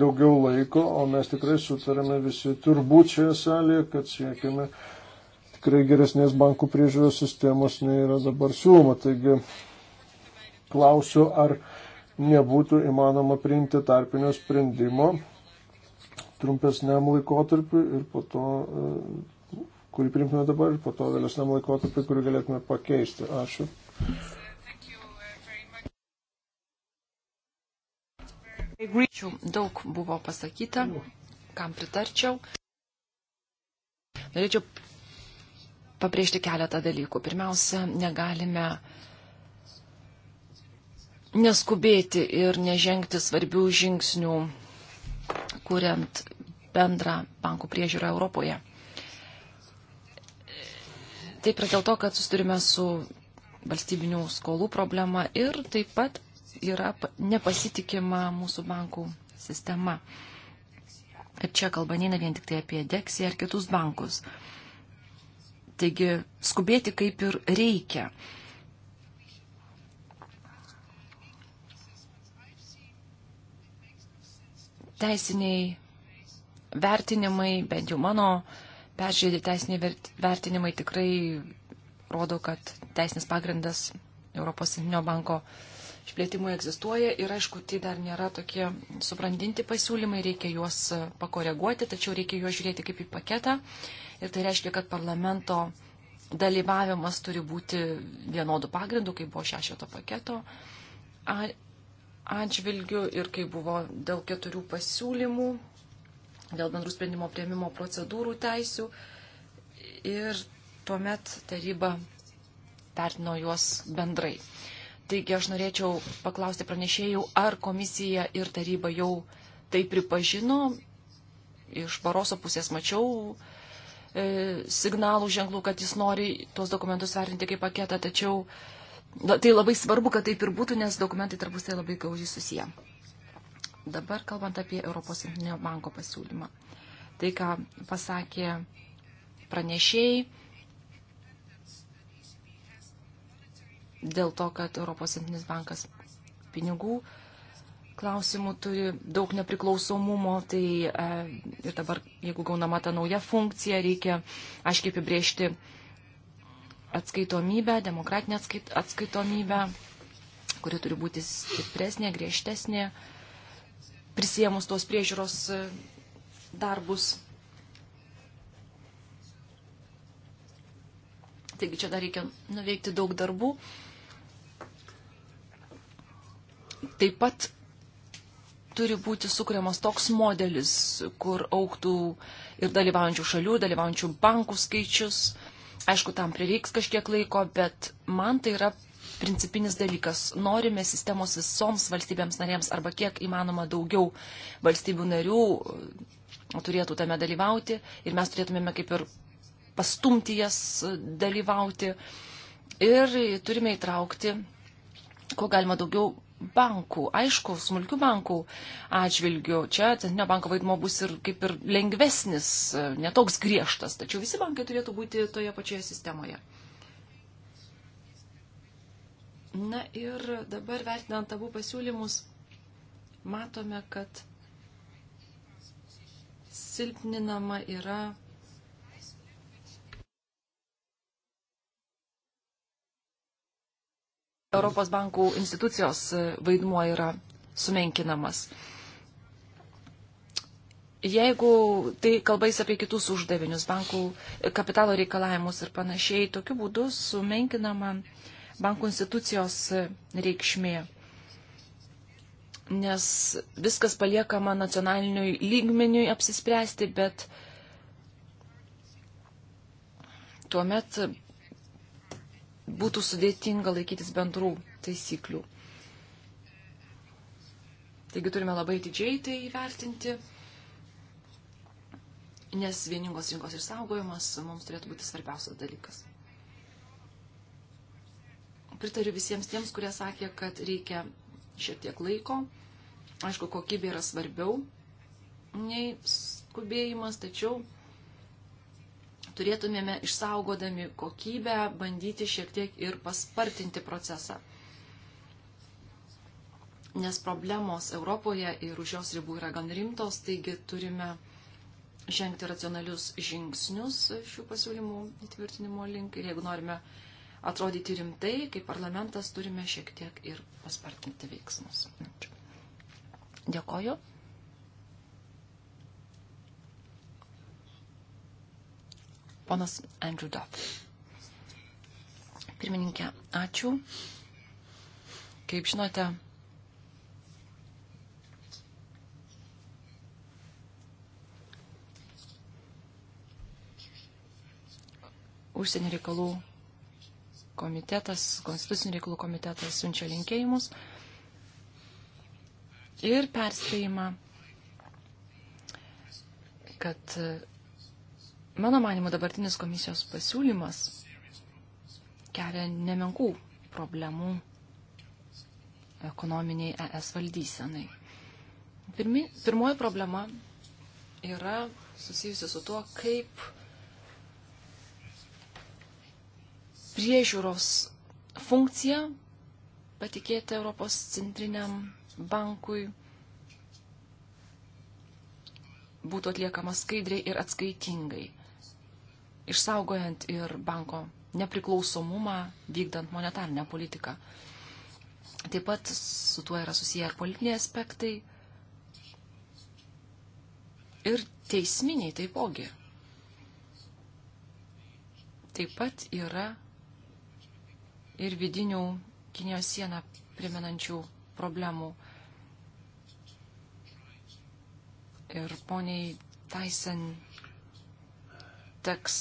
daugiau laiko, o mes tikrai sutarėme visi turbūt šioje salėje, kad siekime tikrai geresnės bankų priežiūros sistemos nei yra dabar siūloma. Taigi klausiu, ar nebūtų įmanoma priimti tarpinio sprendimo, trumpesniam laikotarpiu ir po to, e, kurį primtume dabar ir po to vėlesniam laikotarpiu, kurį galėtume pakeisti. Ačiū. Greičių daug buvo pasakyta, kam pritarčiau. Norėčiau pabrėžti keletą dalykų. Pirmiausia, negalime neskubėti ir nežengti svarbių žingsnių, kuriant bendrą bankų priežiūrą Europoje. Taip yra dėl to, kad susidurime su valstybinių skolų problema ir taip pat yra nepasitikima mūsų bankų sistema. Ir čia kalba neina vien tik tai apie Deksiją ar kitus bankus. Taigi skubėti kaip ir reikia. Teisiniai vertinimai, bent jau mano peržiūrėti teisiniai vertinimai tikrai rodo, kad teisinis pagrindas Europos Centrinio banko išplėtimui egzistuoja ir aišku, tai dar nėra tokie subrandinti pasiūlymai, reikia juos pakoreguoti, tačiau reikia juos žiūrėti kaip į paketą ir tai reiškia, kad parlamento dalyvavimas turi būti vienodų pagrindų, kaip buvo šešeto paketo atžvilgių ir kaip buvo dėl keturių pasiūlymų dėl bendrų sprendimo prieimimo procedūrų teisių ir tuomet taryba vertino juos bendrai. Taigi aš norėčiau paklausti pranešėjų, ar komisija ir taryba jau tai pripažino. Iš Baroso pusės mačiau e, signalų ženklų, kad jis nori tuos dokumentus vertinti kaip paketą, tačiau na, tai labai svarbu, kad taip ir būtų, nes dokumentai tarpusai labai gaužiai susiję. Dabar kalbant apie Europos centrinio banko pasiūlymą. Tai, ką pasakė pranešėjai, dėl to, kad Europos centrinis bankas pinigų klausimų turi daug nepriklausomumo, tai e, ir dabar, jeigu gaunama ta nauja funkcija, reikia aiškiai apibriežti atskaitomybę, demokratinę atskait, atskaitomybę, kuri turi būti stipresnė, griežtesnė. E, prisėmus tos priežiūros e, darbus. Taigi čia dar reikia nuveikti daug darbų. Taip pat turi būti sukūriamas toks modelis, kur auktų ir dalyvaujančių šalių, dalyvaujančių bankų skaičius. Aišku, tam prireiks kažkiek laiko, bet man tai yra principinis dalykas. Norime sistemos visoms valstybėms narėms arba kiek įmanoma daugiau valstybių narių uh, turėtų tame dalyvauti ir mes turėtumėme kaip ir pastumti jas uh, dalyvauti ir turime įtraukti, kuo galima daugiau bankų, aišku, smulkių bankų atžvilgių. Čia centrinio banko vaidmo bus ir kaip ir lengvesnis, uh, netoks griežtas, tačiau visi bankai turėtų būti toje pačioje sistemoje. Na ir dabar vertinant abu pasiūlymus, matome, kad silpninama yra Europos bankų institucijos vaidmuo yra sumenkinamas. Jeigu tai kalbais apie kitus uždavinius, bankų kapitalo reikalavimus ir panašiai, tokiu būdu sumenkinama uh, bankų institucijos reikšmė, nes viskas paliekama nacionaliniui lygmeniui apsispręsti, bet tuomet būtų sudėtinga laikytis bendrų taisyklių. Taigi turime labai didžiai tai įvertinti nes vieningos rinkos išsaugojimas mums turėtų būti svarbiausias dalykas. Pritariu visiems tiems, kurie sakė, kad reikia šiek tiek laiko. Aišku, kokybė yra svarbiau nei skubėjimas, tačiau turėtumėme išsaugodami kokybę bandyti šiek tiek ir paspartinti procesą. Nes problemos Europoje ir už jos ribų yra gan rimtos, taigi turime žengti racionalius žingsnius šių pasiūlymų įtvirtinimo link ir jeigu norime atrodyti rimtai, kaip parlamentas turime šiek tiek ir paspartinti veiksmus. Ačiū. Dėkoju. Ponas Andrew Duff. Pirmininkė, ačiū. Kaip žinote, užsienio reikalų komitetas, konstitucinių reikalų komitetas siunčia linkėjimus ir perspėjimą, kad e, mano manimo dabartinis komisijos pasiūlymas kelia nemenkų problemų ekonominiai ES valdysenai. Pirmi, pirmoji problema yra susijusi su tuo, kaip priežiūros funkcija patikėta Europos centriniam bankui būtų atliekama skaidriai ir atskaitingai, išsaugojant ir banko nepriklausomumą vykdant monetarinę politiką. Taip pat su tuo yra susiję ir politiniai aspektai ir teisminiai taipogi. Taip pat yra ir vidinių Kinijos sieną primenančių problemų. Ir poniai Tyson teks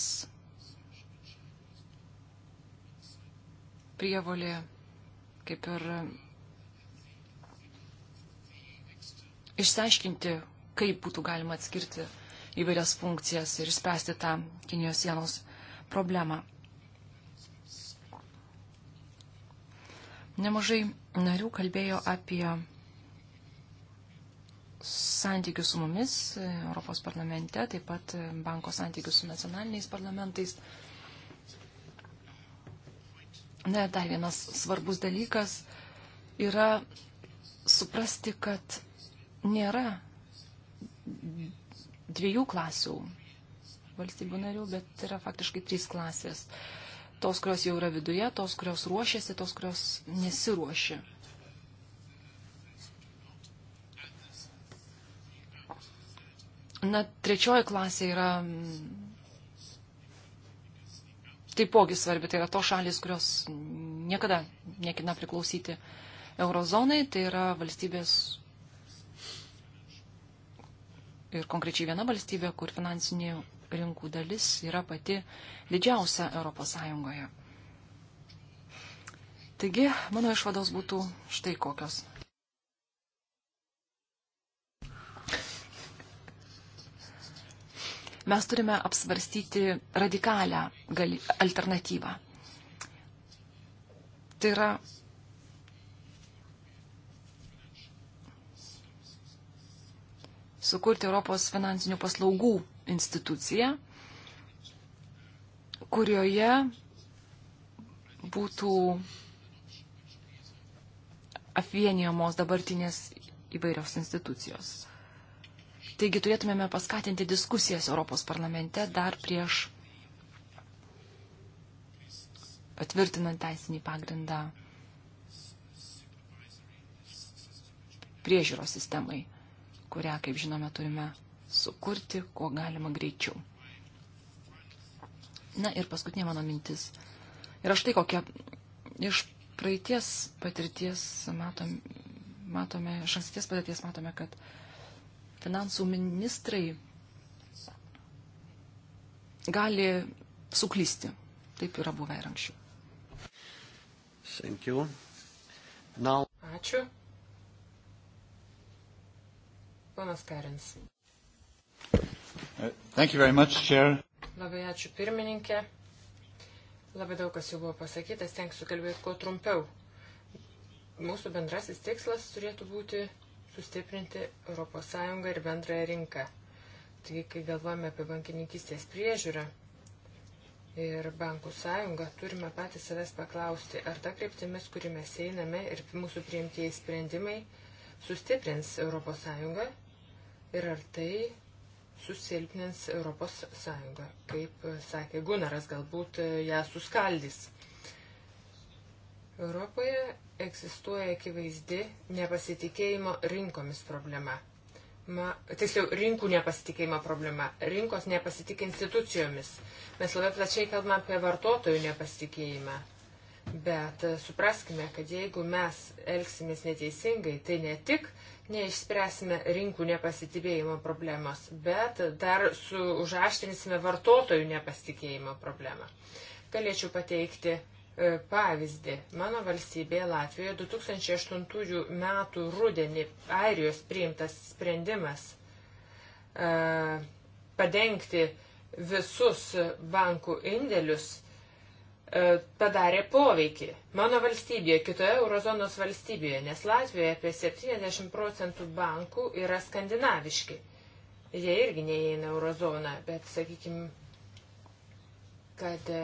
prievolė, kaip ir išsiaiškinti, kaip būtų galima atskirti įvairias funkcijas ir spręsti tą Kinijos sienos problemą. Nemažai narių kalbėjo apie santykius su mumis Europos parlamente, taip pat banko santykius su nacionaliniais parlamentais. Na, dar vienas svarbus dalykas yra suprasti, kad nėra dviejų klasių valstybių narių, bet yra faktiškai trys klasės. Uh, tos, kurios jau yra viduje, tos, kurios ruošiasi, tos, kurios nesiruošia. Na, trečioji klasė yra mm, taipogi svarbi, tai yra to šalis, kurios niekada nekina priklausyti eurozonai, tai yra valstybės ir konkrečiai viena valstybė, kur finansinė rinkų dalis yra pati didžiausia ES. Taigi, mano išvados būtų štai kokios. Mes turime apsvarstyti radikalią gali, alternatyvą. Tai yra sukurti Europos finansinių paslaugų instituciją, kurioje būtų apvienijamos dabartinės įvairios institucijos. Taigi turėtumėme paskatinti diskusijas Europos parlamente dar prieš patvirtinant teisinį pagrindą priežiūros sistemai, kurią, kaip žinome, turime sukurti, kuo galima greičiau. Na ir paskutinė mano mintis. Ir aš tai kokia iš praeities patirties matom, matome, iš ankstyties patirties matome, kad finansų ministrai gali suklysti. Taip yra buvę ir anksčiau. Thank you. Now... Ačiū. Ponas Karins. Thank you very much, Chair. Labai ačiū pirmininkė. Labai daug kas jau buvo pasakytas, tenksiu kalbėti kuo trumpiau. Mūsų bendrasis tikslas turėtų būti sustiprinti ES ir bendrąją rinką. Taigi, kai galvojame apie bankininkistės priežiūrą ir bankų sąjungą, turime patys savęs paklausti, ar ta kryptimis, kuri mes einame ir mūsų priimtieji sprendimai sustiprins ES ir ar tai susilpnins Europos Sąjungą. Kaip sakė Gunaras, galbūt e, ją suskaldys. Europoje egzistuoja akivaizdi nepasitikėjimo rinkomis problema. Ma, tiksliau, rinkų nepasitikėjimo problema. Rinkos nepasitikė institucijomis. Mes labai plačiai kalbame apie vartotojų nepasitikėjimą. Bet e, supraskime, kad jeigu mes elgsimės neteisingai, tai ne tik neišspręsime rinkų nepasitikėjimo problemos, bet dar su, užaštinsime vartotojų nepasitikėjimo problemą. Galėčiau pateikti e, pavyzdį. Mano valstybėje Latvijoje 2008 metų rudenį Airijos priimtas sprendimas e, padengti visus bankų indėlius E, padarė poveikį mano valstybėje, kitoje eurozonos valstybėje, nes Latvijoje apie 70 procentų bankų yra skandinaviški. Jie irgi neįeina eurozoną, bet sakykime, kad e,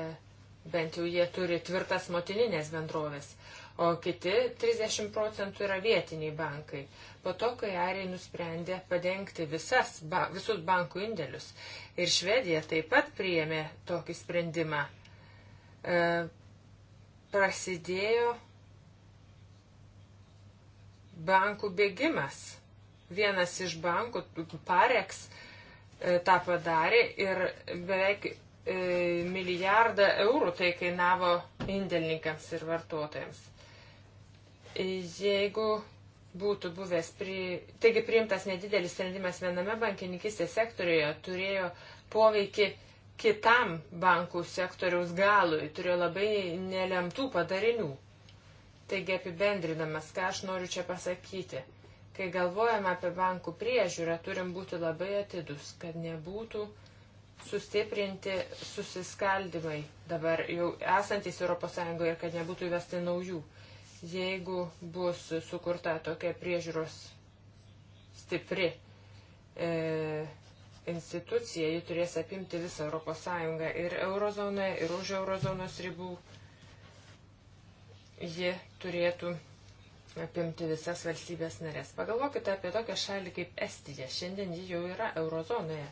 bent jau jie turi tvirtas motininės bendrovės, o kiti 30 procentų yra vietiniai bankai. Po to, kai Airiai nusprendė padengti visas, ba, visus bankų indėlius ir Švedija taip pat priėmė tokį sprendimą E, prasidėjo bankų bėgimas. Vienas iš bankų, Pareks, e, tą padarė ir beveik e, milijardą eurų tai kainavo indėlininkams ir vartotojams. Jeigu būtų buvęs, pri... taigi priimtas nedidelis sprendimas viename bankininkistės sektorijoje turėjo poveikį kitam bankų sektoriaus galui turėjo labai nelemtų padarinių. Taigi apibendrinamas, ką aš noriu čia pasakyti. Kai galvojame apie bankų priežiūrą, turim būti labai atidus, kad nebūtų sustiprinti susiskaldimai dabar jau esantis ES ir kad nebūtų įvesti naujų. Jeigu bus sukurta tokia priežiūros stipri e, institucija, ji turės apimti visą ES ir eurozoną, ir už eurozonos ribų. Ji turėtų apimti visas valstybės narės. Pagalvokite apie tokią šalį kaip Estija. Šiandien ji jau yra eurozonoje,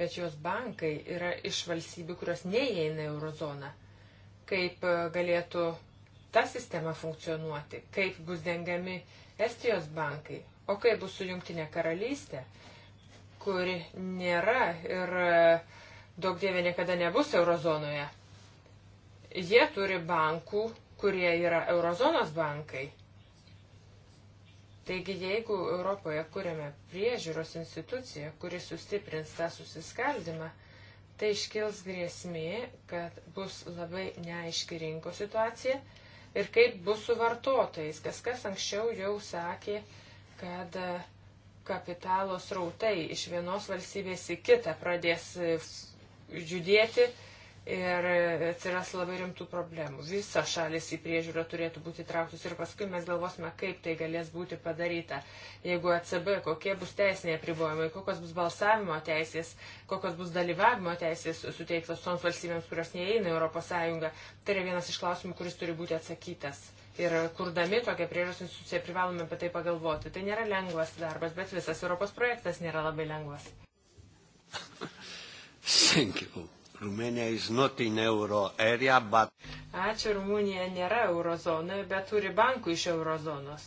bet jos bankai yra iš valstybių, kurios neįeina eurozoną. Kaip e, galėtų ta sistema funkcionuoti, kaip bus dengiami Estijos bankai, o kaip bus su Junktinė karalystė, kuri nėra ir e, daug dievė niekada nebus eurozonoje. Jie turi bankų, kurie yra eurozonos bankai. Taigi, jeigu Europoje kūrėme priežiūros instituciją, kuri sustiprins tą susiskaldimą, tai iškils grėsmė, kad bus labai neaiški rinko situacija ir kaip bus su vartotojais. Kas kas anksčiau jau sakė, kad uh, kapitalo srautai iš vienos valstybės į kitą pradės e, judėti ir e, atsiras labai rimtų problemų. Visa šalis į priežiūrą turėtų būti trauktus ir paskui mes galvosime, kaip tai galės būti padaryta. Jeigu ACB, e kokie bus teisiniai apribojimai, kokios bus balsavimo teisės, kokios bus dalyvavimo teisės suteiktos toms valstybėms, kurios neįeina Europos Sąjungą, tai yra vienas iš klausimų, kuris turi būti atsakytas. Ir kurdami tokią priežas instituciją privalome apie tai pagalvoti. Tai nėra lengvas darbas, bet visas Europos projektas nėra labai lengvas. Thank you. Rumunija is not in euro area, but... Ačiū, Rumunija nėra eurozonoje, bet turi bankų iš eurozonos.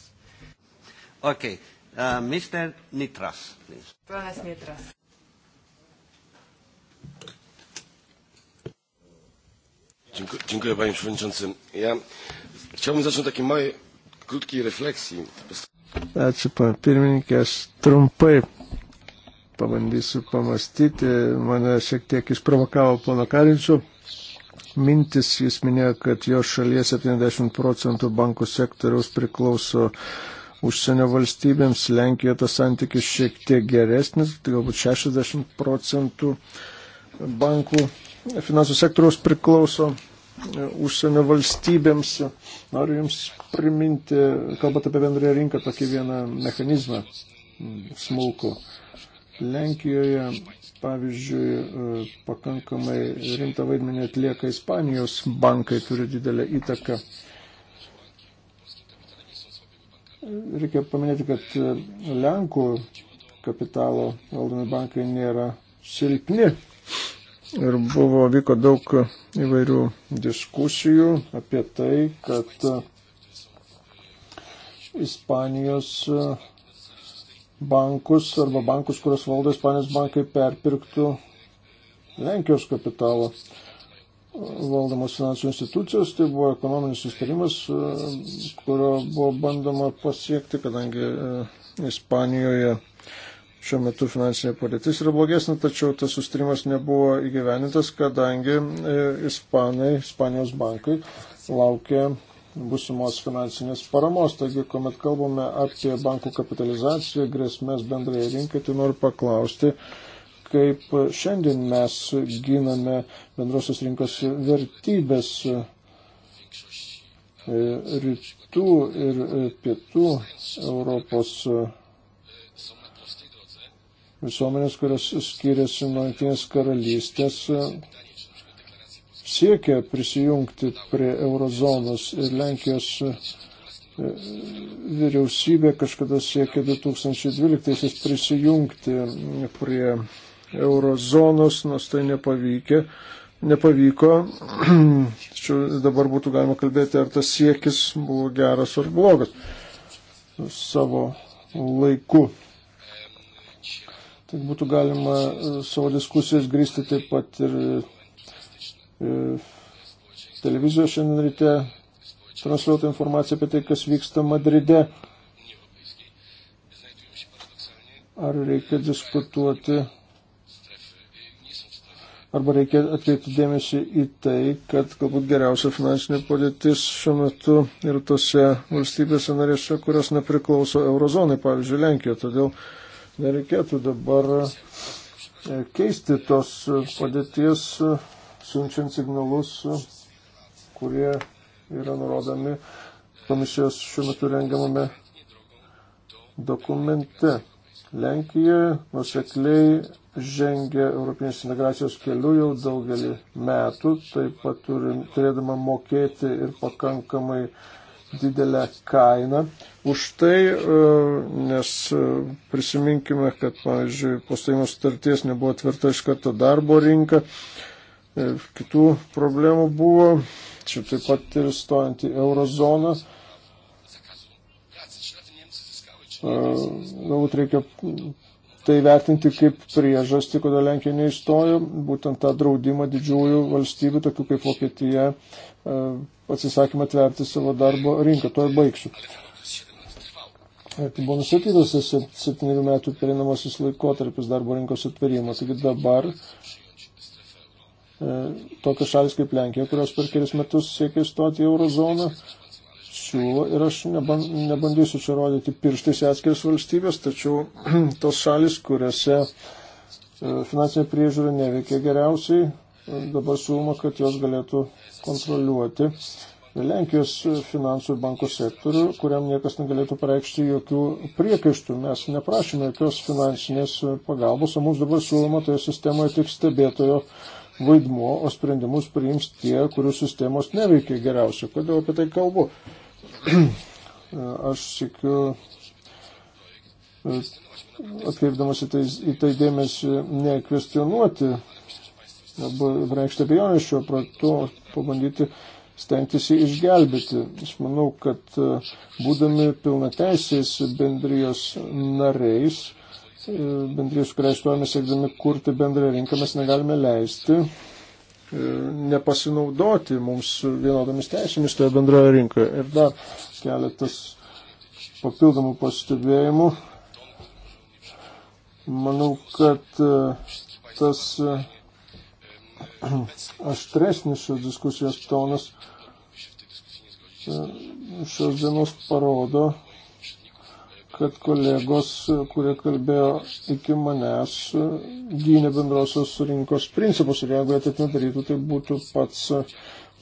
Ok, uh, Mr. Nitras. Please. Panas Nitras. Dziękuję, dziękuję Panie Przewodniczący. Ja Chciałbym zacząć takiej mojej krótkiej refleksji. Ačiū, pirmininkė, aš trumpai pabandysiu pamastyti. Mane šiek tiek išprovokavo pono Karinčio mintis. Jis minėjo, kad jo šalyje 70 procentų bankų sektoriaus priklauso užsienio valstybėms. Lenkijoje tas santykis šiek tiek geresnis, tai galbūt 60 procentų bankų finansų sektoriaus priklauso E, užsienio valstybėms. Noriu Jums priminti, kalbant apie bendrąją rinką, tokį vieną mechanizmą smulkų. Lenkijoje, pavyzdžiui, e, pakankamai rimtą vaidmenį atlieka Ispanijos bankai, turi didelę įtaką. Reikia paminėti, kad e, Lenkų kapitalo valdomi bankai nėra silpni. Ir buvo, vyko daug įvairių diskusijų apie tai, kad e, Ispanijos e, bankus arba bankus, kurios valdo Ispanijos bankai, perpirktų Lenkijos kapitalo valdomos finansų institucijos, tai buvo ekonominis sustarimas, e, kurio buvo bandoma pasiekti, kadangi Ispanijoje šiuo metu finansinė padėtis yra blogesnė, tačiau tas sustarimas nebuvo įgyvenintas, kadangi e, Ispanai, Ispanijos bankai laukia būsimos finansinės paramos. Taigi, kuomet kalbame apie bankų kapitalizaciją, grėsmės bendrai rinkai, tai noriu paklausti, kaip šiandien mes giname bendrosios rinkos vertybės e, rytų ir e, pietų Europos visuomenės, kurios skiriasi nuo Antinės karalystės, siekia prisijungti prie eurozonos ir Lenkijos e, vyriausybė kažkada siekė 2012 prisijungti prie eurozonos, nors tai nepavykė. Nepavyko, tačiau dabar būtų galima kalbėti, ar tas siekis buvo geras ar blogas savo laiku. Tad būtų galima e, savo diskusijas grįsti taip pat ir e, televizijos šiandien ryte transliuota informacija apie tai, kas vyksta Madride. Ar reikia diskutuoti, arba reikia atkreipti dėmesį į tai, kad galbūt geriausia finansinė padėtis šiuo metu ir tose valstybėse narėse, kurios nepriklauso eurozonai, pavyzdžiui, Lenkijoje. Todėl Nereikėtų dabar e, keisti tos e, padėties, e, siunčiant signalus, kurie yra nurodami komisijos šiuo metu rengiamame dokumente. Lenkija nusekliai žengia Europinės integracijos keliu jau daugelį metų, taip pat turim, turėdama mokėti ir pakankamai didelę kainą už tai, e, nes e, prisiminkime, kad, pavyzdžiui, po stojimo sutarties nebuvo tvirta iš karto darbo rinka, e, kitų problemų buvo, čia taip pat ir stojant į eurozoną. Galbūt reikia tai vertinti kaip priežastį, kodėl Lenkija neįstojo, būtent tą draudimą didžiųjų valstybių, tokių kaip Vokietija, atsisakymą tverti savo darbo rinką. To ir baigsiu kai e, buvo nusatytas 7 metų pereinamasis laikotarpis darbo rinkos atverimo. Taigi dabar e, tokios šalis kaip Lenkija, kurios per kelius metus siekia įstoti į eurozoną, siūlo ir aš neban, nebandysiu čia rodyti pirštais į atskiras valstybės, tačiau tos šalis, kuriuose e, finansinė priežiūra neveikia geriausiai, e, dabar siūloma, kad jos galėtų kontroliuoti. E, Lenkijos finansų ir bankų sektorių, kuriam niekas negalėtų pareikšti jokių priekaištų. Mes neprašome jokios finansinės pagalbos, o mums dabar siūloma toje sistemoje tik stebėtojo vaidmuo, o sprendimus priims tie, kurių sistemos neveikia geriausiai. Kodėl apie tai kalbu? Aš sėkiu atkreipdamas į tai, į tai dėmesį nekvestionuoti arba reikšti abejonę šiuo projektu, pabandyti stengtis jį išgelbėti. Aš manau, kad e, būdami pilnateisiais bendrijos nariais, e, bendrijos, kurią stojame siekdami kurti bendrą rinką, mes negalime leisti e, nepasinaudoti mums vienodomis teisėmis toje bendroje rinkoje. Ir dar keletas papildomų pastebėjimų. Manau, kad tas aštresnis šios diskusijos tonas e, šios dienos parodo, kad kolegos, kurie kalbėjo iki manęs, gynė bendrosios rinkos principus ir jeigu jie taip nedarytų, tai būtų pats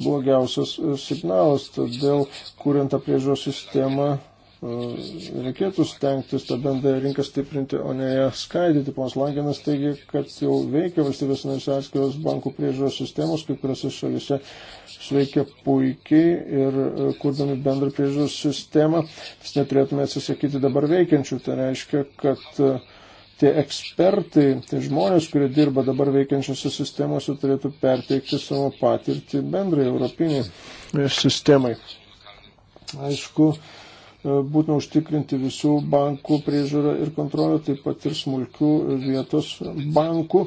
blogiausias signalas. Todėl, kuriant tą priežiūros sistemą, E, reikėtų stengtis tą bendrąją rinką stiprinti, o ne ją skaidyti. Pons Langenas teigia, kad jau veikia valstybės narės atskiros bankų priežiūros sistemos, kai kuriuose šalise veikia puikiai ir e, kurdami bendrą priežiūros sistemą, mes neturėtume atsisakyti dabar veikiančių. Tai reiškia, kad e, tie ekspertai, tie žmonės, kurie dirba dabar veikiančiose sistemose, turėtų perteikti savo patirtį bendrai europiniai sistemai. Aišku, E, būtina užtikrinti visų bankų priežiūrą ir kontrolę, taip pat ir smulkių vietos bankų.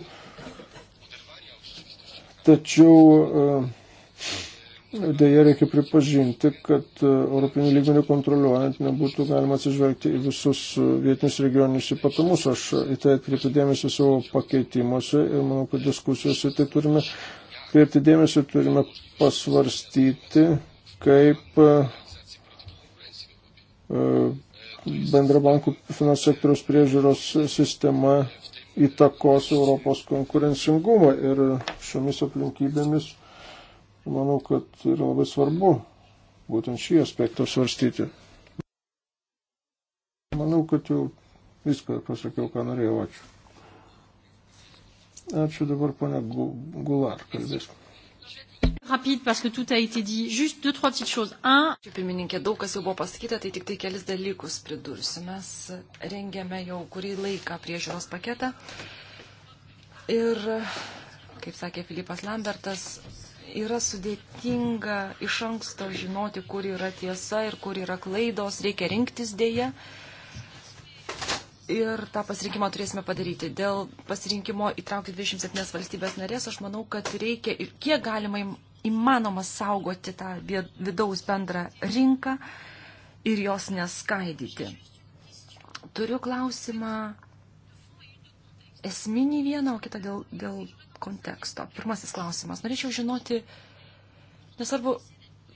Tačiau e, dėja reikia pripažinti, kad e, Europinių lygmenių kontroliuojant nebūtų galima atsižvelgti į visus vietinius regioninius ypatumus. Aš į tai atkreipiu dėmesį savo pakeitimuose ir manau, kad diskusijose tai turime kreipti dėmesį, turime pasvarstyti, kaip E, bendra bankų finansų sektoriaus priežiūros sistema įtakos Europos konkurencingumą ir šiomis aplinkybėmis manau, kad yra labai svarbu būtent šį aspektą svarstyti. Manau, kad jau viską pasakiau, ką norėjau. Ačiū. Ačiū dabar, ponia Gular, kalbėsiu rapide parce que tout a été dit. Juste deux, trois petites choses. Un. Pirmininkė, daug kas jau buvo pasakyta, tai tik tai kelis dalykus pridursiu. Mes rengiame jau kurį laiką priežiūros paketą. Ir, kaip sakė Filipas Lambertas, yra sudėtinga iš anksto žinoti, kur yra tiesa ir kur yra klaidos. Reikia rinktis dėje. Ir tą pasirinkimą turėsime padaryti. Dėl pasirinkimo įtraukti 27 valstybės narės, aš manau, kad reikia ir kiek galima įmanoma saugoti tą vidaus bendrą rinką ir jos neskaidyti. Turiu klausimą esminį vieną, o kitą dėl, dėl konteksto. Pirmasis klausimas. Norėčiau žinoti, nesvarbu,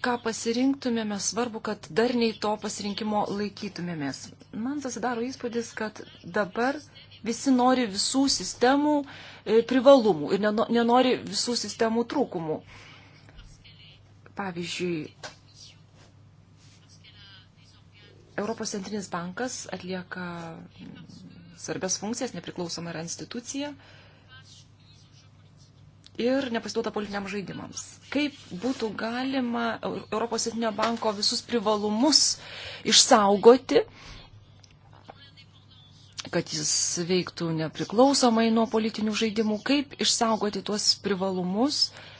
ką pasirinktumėme, svarbu, kad dar nei to pasirinkimo laikytumėmės. Man susidaro įspūdis, kad dabar visi nori visų sistemų e, privalumų ir nenori visų sistemų trūkumų. Pavyzdžiui, Europos centrinis bankas atlieka svarbias funkcijas, nepriklausoma yra institucija ir nepasiduota politiniam žaidimams. Kaip būtų galima Europos Centrinio banko visus privalumus išsaugoti, kad jis veiktų nepriklausomai nuo politinių žaidimų, kaip išsaugoti tuos privalumus, uh,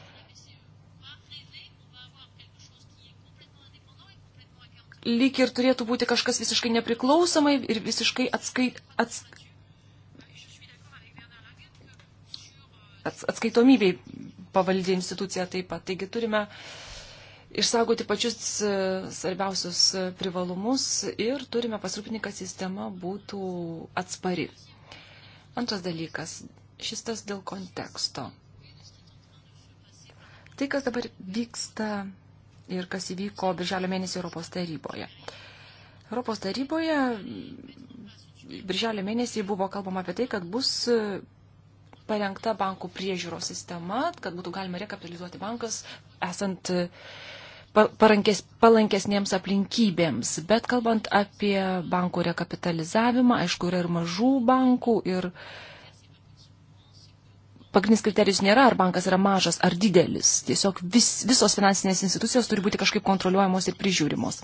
lyg ir turėtų būti kažkas visiškai nepriklausomai ir visiškai atskai, ats, ats, atskaitomybei pavaldi institucija taip pat. Taigi turime išsaugoti pačius e, svarbiausius e, privalumus ir turime pasirūpinti, kad sistema būtų atspari. Antras dalykas, šis tas dėl konteksto. Tai, kas dabar vyksta ir kas įvyko birželio mėnesį Europos taryboje. Europos taryboje mm, birželio mėnesį buvo kalbama apie tai, kad bus e, parengta bankų priežiūros sistema, kad būtų galima rekapitalizuoti bankas esant e, parankės, palankesniems aplinkybėms. Bet kalbant apie bankų rekapitalizavimą, aišku, yra ir mažų bankų, ir uh, pagrindinis kriterijus nėra, ar bankas yra mažas ar didelis. Tiesiog vis, visos finansinės institucijos turi būti kažkaip kontroliuojamos ir prižiūrimos.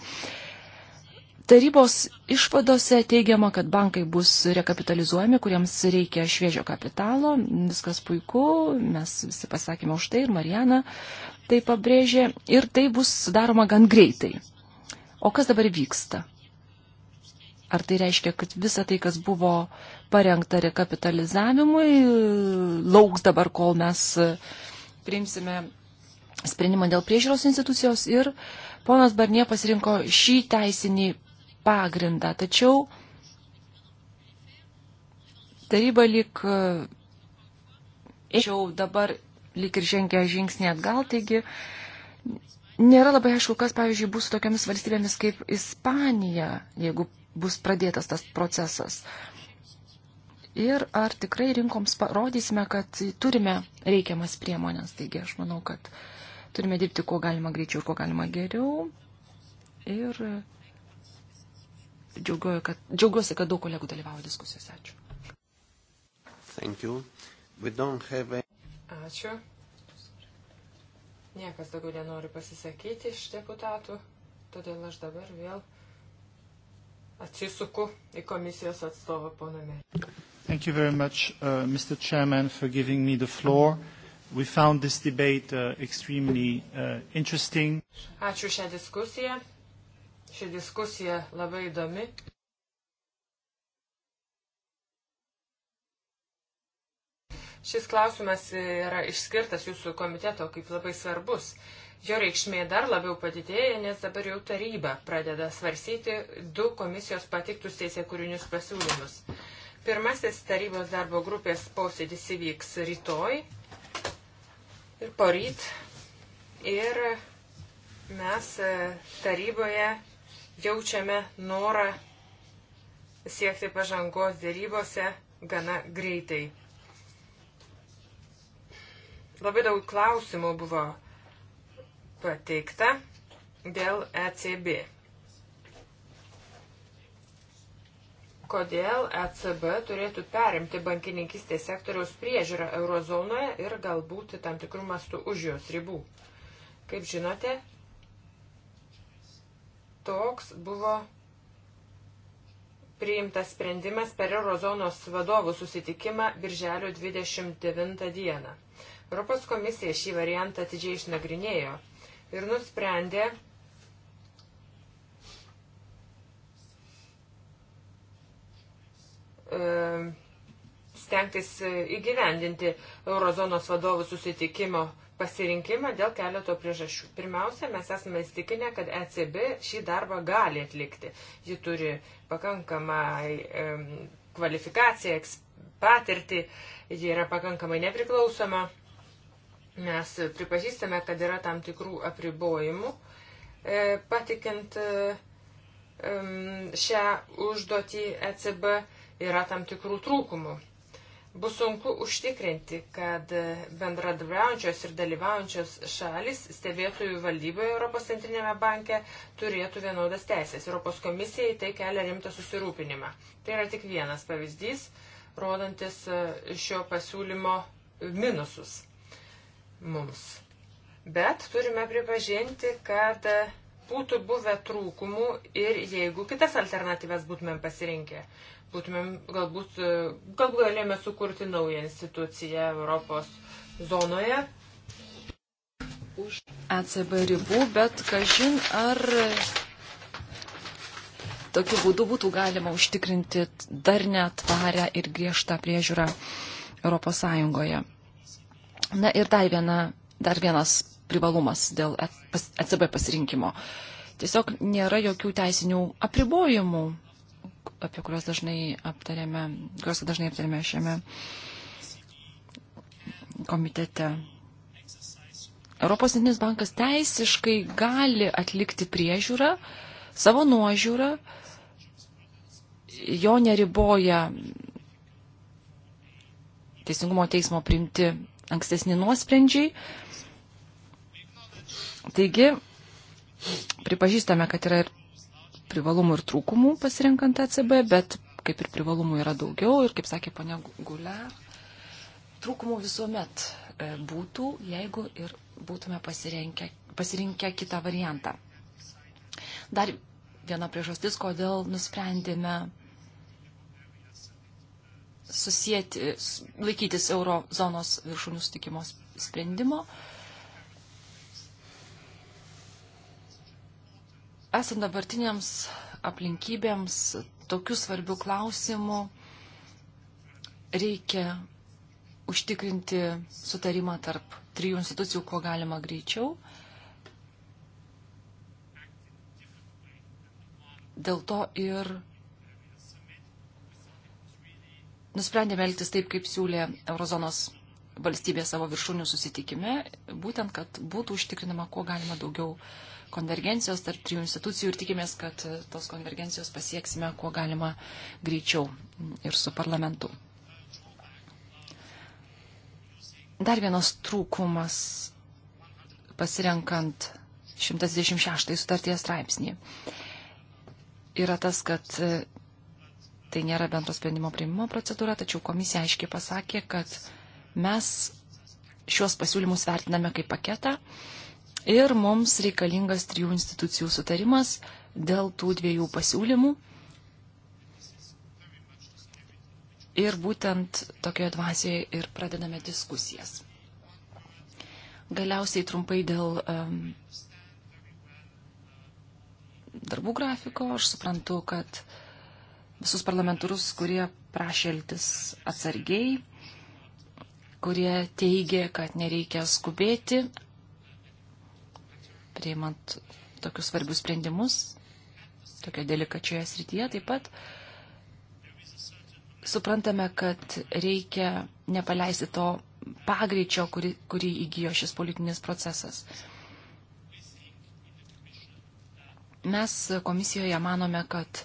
Tarybos išvadose teigiama, kad bankai bus rekapitalizuojami, kuriems reikia šviežio kapitalo. Viskas puiku, mes visi pasakėme už tai ir Marijana tai pabrėžė. Ir tai bus daroma gan greitai. O kas dabar vyksta? Ar tai reiškia, kad visa tai, kas buvo parengta rekapitalizavimui, lauks dabar, kol mes e, priimsime sprendimą dėl priežiūros institucijos ir ponas Barnie pasirinko šį teisinį pagrindą. Tačiau taryba lyg, tačiau e, dabar lyg ir žengia žingsnį atgal, taigi nėra labai aišku, kas, pavyzdžiui, bus su tokiamis valstybėmis kaip Ispanija, jeigu bus pradėtas tas procesas. Ir ar tikrai rinkoms parodysime, kad turime reikiamas priemonės. Taigi aš manau, kad turime dirbti kuo galima greičiau ir kuo galima geriau. Ir džiaugiuosi, kad, džiaugiuosi, kad daug kolegų dalyvavo diskusijose. Ačiū. Have... Ačiū. Niekas daugiau nenori pasisakyti iš deputatų, todėl aš dabar vėl atsisuku į komisijos atstovą poname. Thank you very much, uh, Mr. Chairman, for giving me the floor. We found this debate uh, extremely uh, interesting. Ačiū šią diskusiją. Ši diskusija labai įdomi. Šis klausimas e, yra išskirtas jūsų komiteto kaip labai svarbus. Uh, Jo reikšmė dar labiau padidėja, nes dabar jau taryba pradeda svarsyti du komisijos patiktus teisėkūrinius pasiūlymus. Pirmasis tarybos darbo grupės posėdis įvyks rytoj ir poryt. Ir mes e, taryboje jaučiame norą siekti pažangos dėrybose gana greitai. Labai daug klausimų buvo pateikta dėl ECB. Kodėl ECB turėtų perimti bankininkistės sektoriaus priežiūrą eurozonoje ir galbūt tam tikrų mastų už jos ribų? Kaip žinote, toks buvo priimtas sprendimas per eurozonos vadovų susitikimą birželio 29 dieną. Europos komisija šį variantą atidžiai išnagrinėjo ir nusprendė, stengtis įgyvendinti Eurozonos vadovų susitikimo pasirinkimą dėl keleto priežasčių. Pirmiausia, mes esame įstikinę, kad ECB šį darbą gali atlikti. Ji turi pakankamą kvalifikaciją, patirtį, ji yra pakankamai nepriklausoma. Mes pripažįstame, kad yra tam tikrų apribojimų e, patikint e, šią užduotį ECB yra tam tikrų trūkumų. Bus sunku užtikrinti, kad bendradarbiaujančios ir dalyvaujančios šalis stebėtojų valdyboje Europos centrinėme banke turėtų vienodas teisės. Europos komisijai tai kelia rimtą susirūpinimą. Tai yra tik vienas pavyzdys, rodantis e, šio pasiūlymo minusus mums. Bet turime pripažinti, kad būtų buvę trūkumų ir jeigu kitas alternatyvas būtumėm pasirinkę, būtumėm galbūt, e, galbūt galėjome sukurti naują instituciją Europos zonoje. Už ECB ribų, bet kažin ar tokiu būdu būtų galima užtikrinti dar netvarę ir griežtą priežiūrą Europos Sąjungoje. Na ir dar, viena, dar vienas privalumas dėl ECB pasirinkimo. Tiesiog nėra jokių teisinių apribojimų, apie kuriuos dažnai aptarėme, kuriuos dažnai aptarėme šiame komitete. Europos Centrinis bankas teisiškai gali atlikti priežiūrą, savo nuožiūrą, jo neriboja Teisingumo teismo priimti ankstesni nuosprendžiai. Taigi, pripažįstame, kad yra ir privalumų ir trūkumų pasirinkant ECB, bet kaip ir privalumų yra daugiau ir, kaip sakė ponia Gulė, trūkumų visuomet e, būtų, jeigu ir būtume pasirinkę, pasirinkę kitą variantą. Dar viena priežastis, kodėl nusprendėme susijęti, laikytis eurozonos viršūnių sutikimo sprendimo. Esant dabartiniams aplinkybėms, tokių svarbių klausimų reikia užtikrinti sutarimą tarp trijų institucijų, kuo galima greičiau. Dėl to ir nusprendėme elgtis taip, kaip siūlė Eurozonos valstybė savo viršūnių susitikime, būtent, kad būtų užtikrinama kuo galima daugiau konvergencijos tarp trijų institucijų ir tikimės, kad tos konvergencijos pasieksime kuo galima greičiau ir su parlamentu. Dar vienas trūkumas pasirenkant 126 sutarties straipsnį yra tas, kad tai nėra bendro sprendimo prieimimo procedūra, tačiau komisija aiškiai pasakė, kad mes šiuos pasiūlymus vertiname kaip paketą ir mums reikalingas trijų institucijų sutarimas dėl tų dviejų pasiūlymų. Ir būtent tokioje dvasioje ir pradedame diskusijas. Galiausiai trumpai dėl um, darbų grafiko. Aš suprantu, kad uh, visus parlamentarus, kurie prašė elgtis atsargiai, kurie teigė, kad nereikia skubėti, prieimant tokius svarbius sprendimus, tokio delikačioje srityje taip pat. Suprantame, kad reikia nepaleisti to pagreičio, kurį, kurį įgyjo šis politinis procesas. Mes komisijoje manome, kad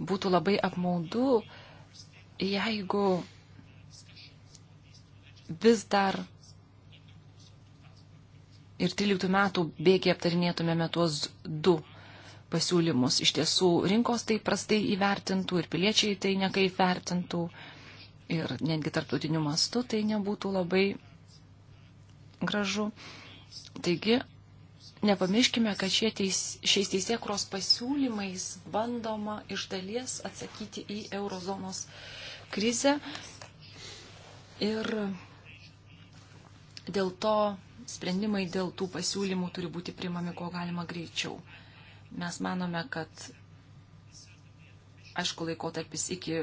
būtų labai apmaudu, jeigu vis dar ir 13 metų bėgiai aptarinėtumėme tuos du pasiūlymus. Iš tiesų, rinkos tai prastai įvertintų ir piliečiai tai nekai vertintų ir netgi tarptautiniu mastu tai nebūtų labai gražu. Taigi, nepamirškime, kad teis, šiais teisėkros pasiūlymais bandoma iš dalies atsakyti į eurozonos krizę. Ir dėl to sprendimai dėl tų pasiūlymų turi būti primami kuo galima greičiau. Mes manome, kad, aišku, laikotarpis iki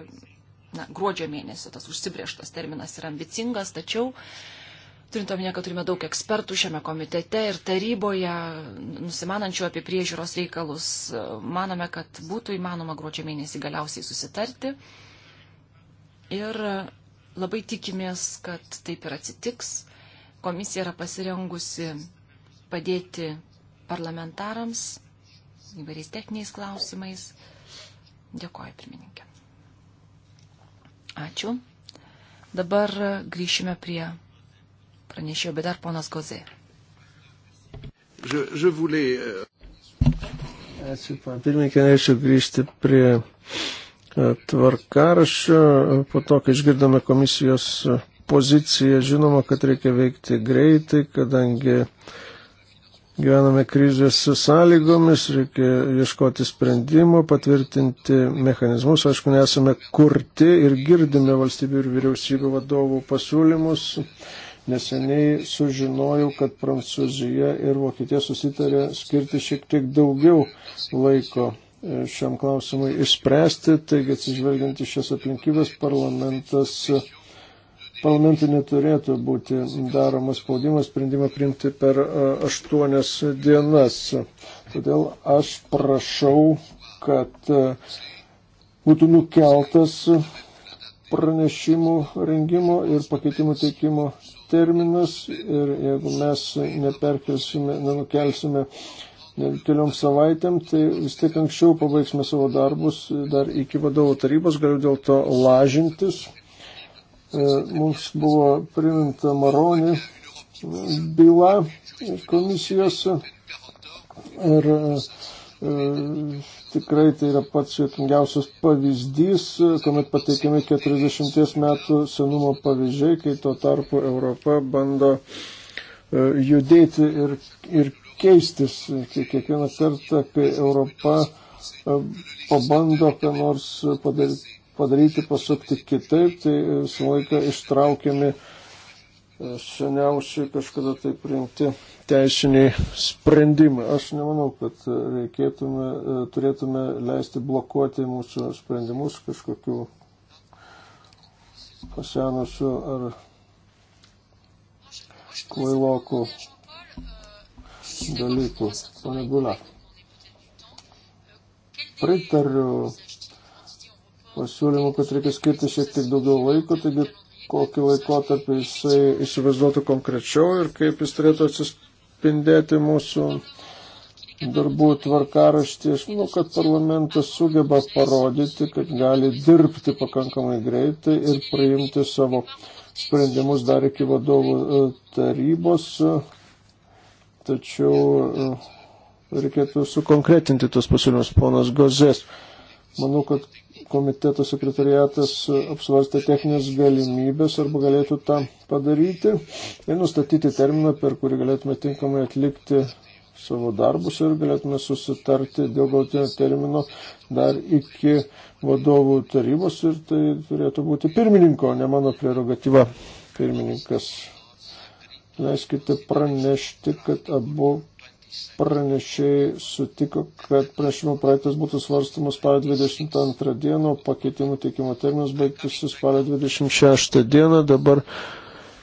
na, gruodžio mėnesio tas užsibrieštas terminas yra ambicingas, tačiau uh, turint omenyje, kad turime daug ekspertų šiame komitete ir taryboje, nusimanančių apie priežiūros reikalus, manome, kad būtų įmanoma gruodžio mėnesį galiausiai susitarti. Ir labai tikimės, kad taip ir atsitiks. Komisija yra pasirengusi padėti parlamentarams įvairiais techniniais klausimais. Dėkoju, pirmininkė. Ačiū. Dabar grįšime prie pranešėjo, bet dar ponas Kozė. Euh, Ačiū, pan pirmininkė, norėčiau grįžti prie e, tvarkaraščio. Po to, kai išgirdome komisijos poziciją, žinoma, kad reikia veikti greitai, kadangi gyvename krizės sąlygomis, reikia ieškoti sprendimų, patvirtinti mechanizmus. Aišku, nesame kurti ir girdime valstybių ir vyriausybių vadovų pasiūlymus Neseniai sužinojau, kad Prancūzija ir Vokietija susitarė skirti šiek tiek daugiau laiko e, šiam klausimui išspręsti, taigi atsižvelgiant į šias aplinkybės parlamentas parlamentui neturėtų būti daromas spaudimas sprendimą priimti per e, aštuonias dienas. Todėl aš prašau, kad e, būtų nukeltas pranešimų rengimo ir pakeitimų teikimo terminas ir jeigu mes neperkelsime, nenukelsime keliom savaitėm, tai vis tiek anksčiau pabaigsime savo darbus dar iki vadovo tarybos, galiu dėl to lažintis. E, mums buvo priminta Maroni byla komisijose ir e, Tikrai tai yra pats juokingiausias pavyzdys, kuomet pateikiami 40 metų senumo pavyzdžiai, kai tuo tarpu Europa bando e, judėti ir, ir keistis. Kiekvieną kartą, kai Europa e, pabando ką nors padaryti, pasukti kitaip, tai e, visą laiką ištraukiami uh, seniausiai kažkada tai priimti teisiniai sprendimai. Aš nemanau, kad e, reikėtume, e, turėtume leisti blokuoti mūsų sprendimus kažkokių pasenusių ar kvailokų dalykų. Pane Gula, pritariu pasiūlymu, kad reikia skirti šiek tiek daugiau laiko, taigi kokį laikotarpį jisai įsivaizduotų konkrečiau ir kaip jis turėtų atsispindėti mūsų darbų tvarkaraštį. Aš manau, kad parlamentas sugeba parodyti, kad gali dirbti pakankamai greitai ir priimti savo sprendimus dar iki vadovų e, tarybos. Tačiau e, reikėtų sukonkretinti tos pasiūlymus ponas Gozės. Manau, kad komiteto sekretariatas apsvarstė techninės galimybės arba galėtų tą padaryti ir nustatyti terminą, per kurį galėtume tinkamai atlikti savo darbus ir galėtume susitarti dėl gautinio termino dar iki vadovų tarybos ir tai turėtų būti pirmininko, ne mano prerogatyva. Pirmininkas, leiskite pranešti, kad abu pranešiai sutiko, kad pranešimo projektas būtų svarstamas spalio 22 dieną, pakeitimų teikimo terminas baigtųsi spalio 26 dieną. Dabar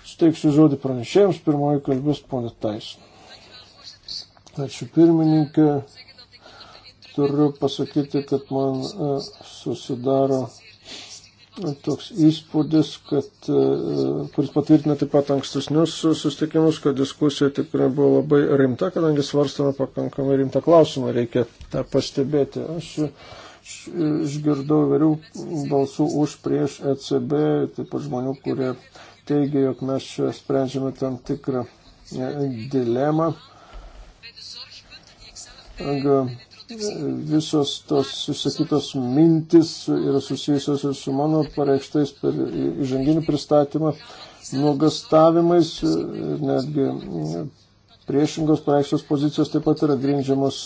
suteiksiu žodį pranešėjams, pirmoji kalbės ponė Tais. Ačiū pirmininkė. Turiu pasakyti, kad man e, susidaro toks įspūdis, kad, e, kuris patvirtina taip pat ankstesnius susitikimus, kad diskusija tikrai buvo labai rimta, kadangi svarstama pakankamai rimta klausimą, reikia tą pastebėti. Aš išgirdau vėliau balsų už prieš ECB, taip pat žmonių, kurie teigia, jog mes čia sprendžiame tam tikrą e, dilemą. Ag, visos tos susakytos mintis yra susijusios ir su mano pareikštais per įžanginį pristatymą nuogastavimais ir netgi priešingos pareikštos pozicijos taip pat yra grindžiamos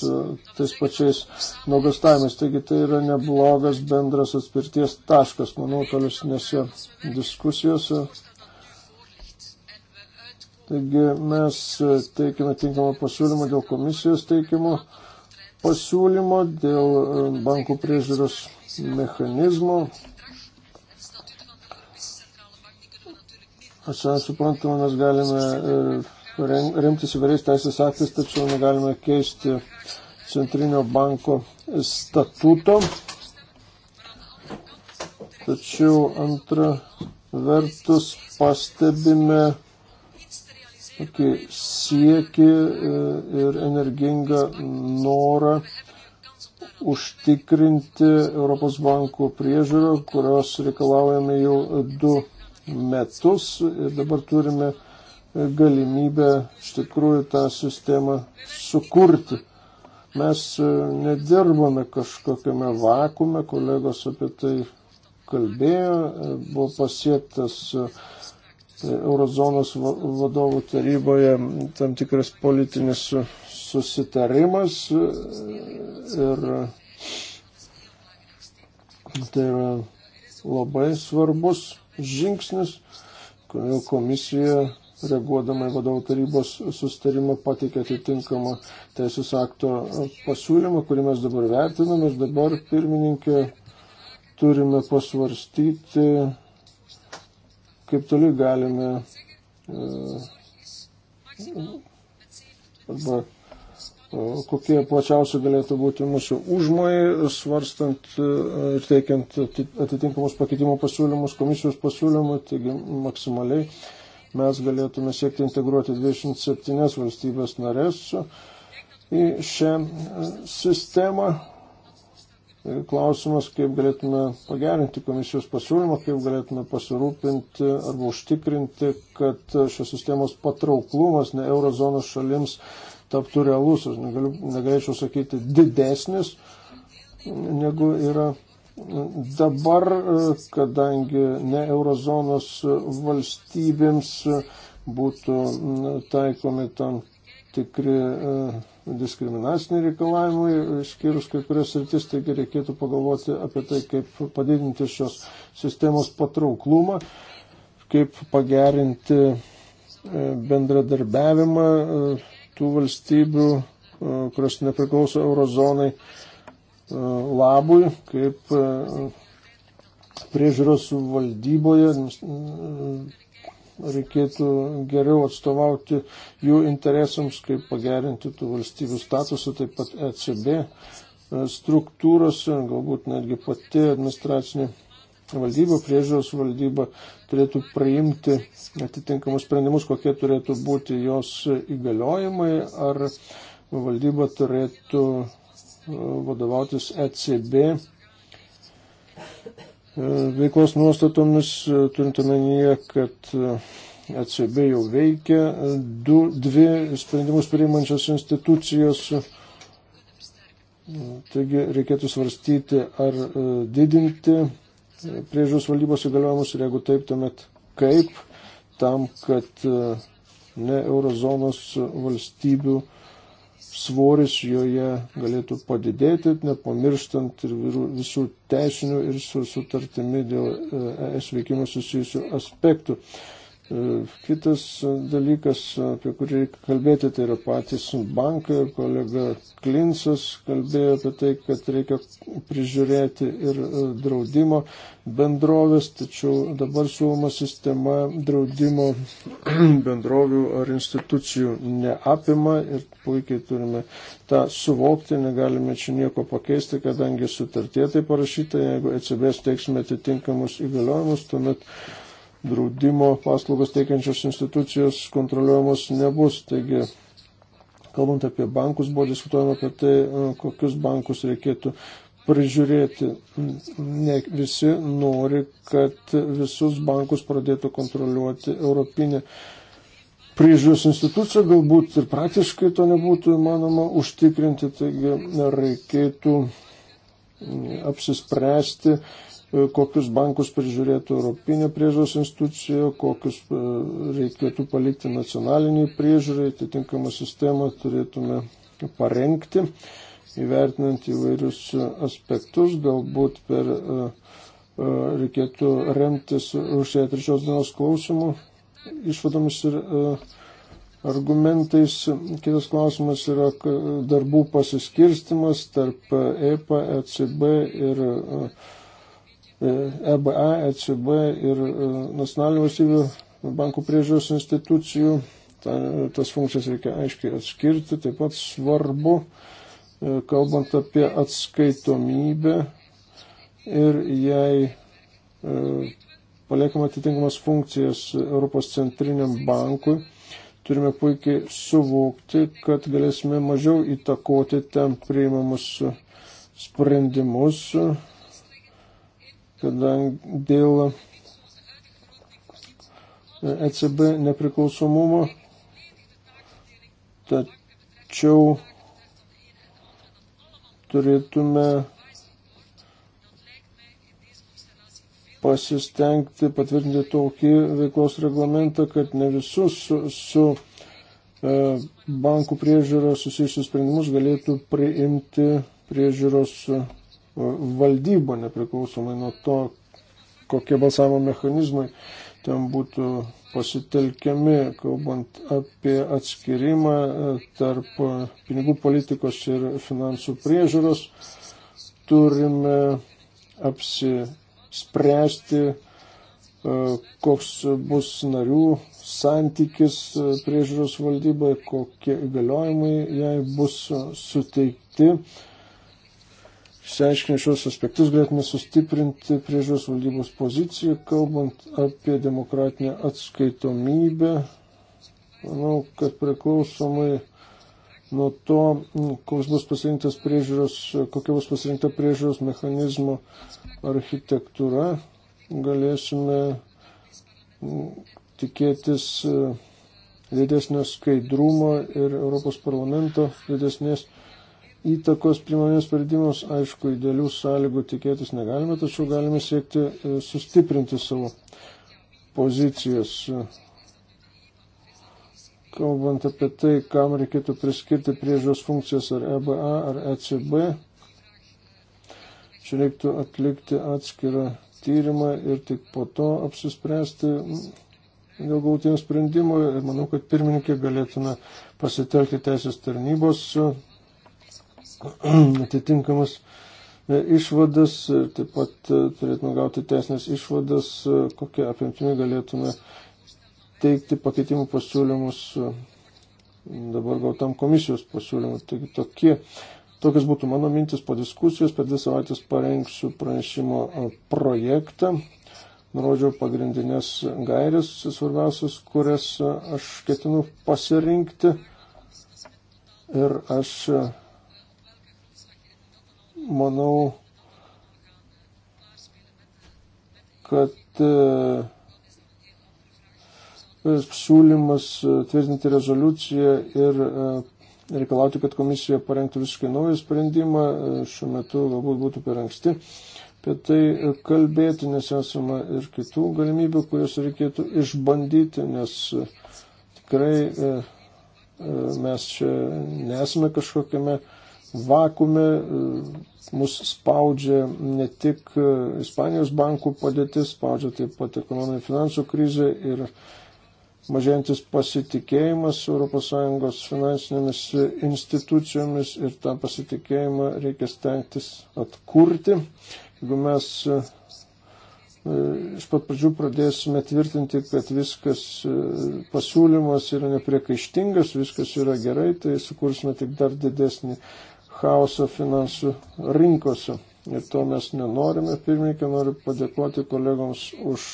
tais pačiais nuogastavimais. Taigi tai yra neblogas bendras atspirties taškas, manau, tolesnėse diskusijose. Taigi mes teikiame tinkamą pasiūlymą dėl komisijos teikimo pasiūlymo dėl e, bankų priežiūros mechanizmo. Aš suprantama, mes galime e, remtis įvairiais teisės aktais, tačiau negalime keisti centrinio banko statuto. Tačiau antra vertus pastebime tokį siekį e, ir energingą norą užtikrinti Europos bankų priežiūrą, kurios reikalaujame jau du metus ir dabar turime galimybę iš tikrųjų tą sistemą sukurti. Mes e, nedirbame kažkokiame vakume, kolegos apie tai kalbėjo, e, buvo pasiektas Eurozonos vadovų taryboje tam tikras politinis susitarimas ir tai yra labai svarbus žingsnis, kodėl komisija reaguodama į vadovų tarybos sustarimą pateikė atitinkamą teisės akto pasiūlymą, kurį mes dabar vertiname ir dabar pirmininkė turime pasvarstyti kaip toli galime e, arba e, kokie plačiausiai galėtų būti mūsų užmojai, svarstant e, ir teikiant atitinkamus pakeitimo pasiūlymus, komisijos pasiūlymų, taigi maksimaliai mes galėtume siekti integruoti 27 valstybės narės į šią sistemą klausimas, kaip galėtume pagerinti komisijos pasiūlymą, kaip galėtume pasirūpinti arba užtikrinti, kad šios sistemos patrauklumas ne eurozonos šalims taptų realus, aš negaliu, negalėčiau sakyti didesnis negu yra dabar, kadangi ne eurozonos valstybėms būtų taikomi tam tikri diskriminaciniai reikalavimai, išskyrus kai kurias rytis, taigi reikėtų pagalvoti apie tai, kaip padidinti šios sistemos patrauklumą, kaip pagerinti e, bendradarbiavimą e, tų valstybių, e, kurios nepriklauso eurozonai labui, kaip priežiūros valdyboje reikėtų geriau atstovauti jų interesams, kaip pagerinti tų valstybių statusą, taip pat ECB e, struktūrose, galbūt netgi pati administracinė valdyba, priežiūros valdyba turėtų priimti atitinkamus sprendimus, kokie turėtų būti jos įgaliojimai, ar valdyba turėtų e, vadovautis ECB E, veiklos nuostatomis, e, turint omenyje, kad ECB jau veikia, e, du, dvi sprendimus priimančios institucijos. Taigi reikėtų svarstyti, ar didinti priežiūros valdybos įgaliojimus ir jeigu taip, tuomet kaip, tam, kad ne eurozonos valstybių uh, svoris joje galėtų padidėti, nepamirštant ir visų teisinių ir su sutartimi dėl e, e, ES veikimo susijusių aspektų. E, kitas dalykas, apie kurį reikia kalbėti, tai yra patys bankai ir kolega Klinsas kalbėjo apie tai, kad reikia prižiūrėti ir e, draudimo bendrovės, tačiau dabar siūloma sistema draudimo bendrovių ar institucijų neapima ir puikiai turime tą suvokti, negalime čia nieko pakeisti, kadangi sutartie tai parašyta, jeigu ECB steiksime atitinkamus įgaliojimus, tuomet draudimo paslaugas teikiančios institucijos kontroliuojamos nebus. Taigi, kalbant apie bankus, buvo diskutuojama apie tai, e, kokius bankus reikėtų prižiūrėti. Ne visi nori, kad visus bankus pradėtų kontroliuoti Europinė priežiūros institucija, galbūt ir praktiškai to nebūtų įmanoma užtikrinti, taigi reikėtų apsispręsti, E, kokius bankus prižiūrėtų Europinė priežiūros institucija, kokius e, reikėtų palikti nacionaliniai priežiūrai, atitinkamą sistemą turėtume parengti, įvertinant įvairius aspektus, galbūt per e, reikėtų remtis rugsėjo trečios dienos klausimų išvadomis ir argumentais. Kitas klausimas yra darbų pasiskirstimas tarp EPA, ECB ir uh, EBA, e ECB ir e, nacionalinių valstybių bankų priežiūros institucijų. Ta, tas funkcijas reikia aiškiai atskirti. Taip pat svarbu, e, kalbant apie atskaitomybę ir jai paliekam atitinkamas funkcijas Europos centriniam bankui, turime puikiai suvokti, kad galėsime mažiau įtakoti ten priimamus sprendimus kadangi dėl ECB e nepriklausomumo, tačiau turėtume pasistengti patvirtinti tokį veiklos reglamentą, kad ne visus su, su e, bankų priežiūros susijusius sprendimus galėtų priimti priežiūros valdyba, nepriklausomai nuo to, kokie balsavimo mechanizmai ten būtų pasitelkiami, kalbant apie atskirimą e, tarp e, pinigų politikos ir finansų priežiūros, turime apsispręsti, e, koks bus narių santykis priežiūros valdybai, kokie įgaliojimai jai bus suteikti Išsiaiškinę šios aspektus galėtume sustiprinti priežiūros valdybos poziciją, kalbant apie demokratinę atskaitomybę. Manau, kad priklausomai nuo to, koks bus pasirinktas priežiūros, kokia bus pasirinkta priežiūros mechanizmo architektūra, galėsime tikėtis didesnio skaidrumo ir Europos parlamento didesnės įtakos primamiems sprendimams, aišku, idealių sąlygų tikėtis negalime, tačiau galime siekti e, sustiprinti savo pozicijas. Kalbant apie tai, kam reikėtų priskirti priežiūros funkcijas ar EBA ar ECB, čia reiktų atlikti atskirą tyrimą ir tik po to apsispręsti dėl gautinio sprendimo. Ir manau, kad pirmininkė galėtume pasitelkti teisės tarnybos atitinkamas e, išvadas ir taip pat e, turėtume gauti teisinės išvadas, e, kokią apimtimį galėtume teikti pakeitimų pasiūlymus dabar gautam komisijos pasiūlymui. Taigi tokie, tokias būtų mano mintis po diskusijos, per dvi savaitės parengsiu pranešimo projektą, nurodžiau pagrindinės gairės, svarbiausias, kurias aš ketinu pasirinkti ir aš manau, kad e, siūlymas e, tvirtinti rezoliuciją ir e, reikalauti, kad komisija parengtų visiškai naują sprendimą, šiuo metu galbūt būtų per anksti apie tai kalbėti, nes esama ir kitų galimybių, kurias reikėtų išbandyti, nes tikrai mes čia nesame kažkokiame vakume, e, mus spaudžia ne tik e, Ispanijos bankų padėtis, spaudžia taip pat ekonominė finansų krizė ir mažėjantis pasitikėjimas ES finansinėmis institucijomis ir tą pasitikėjimą reikia stengtis atkurti. Jeigu mes e, iš pat pradžių pradėsime tvirtinti, kad viskas pasiūlymas yra nepriekaištingas, viskas yra gerai, tai sukursime tik dar didesnį chaosą finansų rinkose. Ir to mes nenorime. Pirmininkė, noriu padėkoti kolegoms už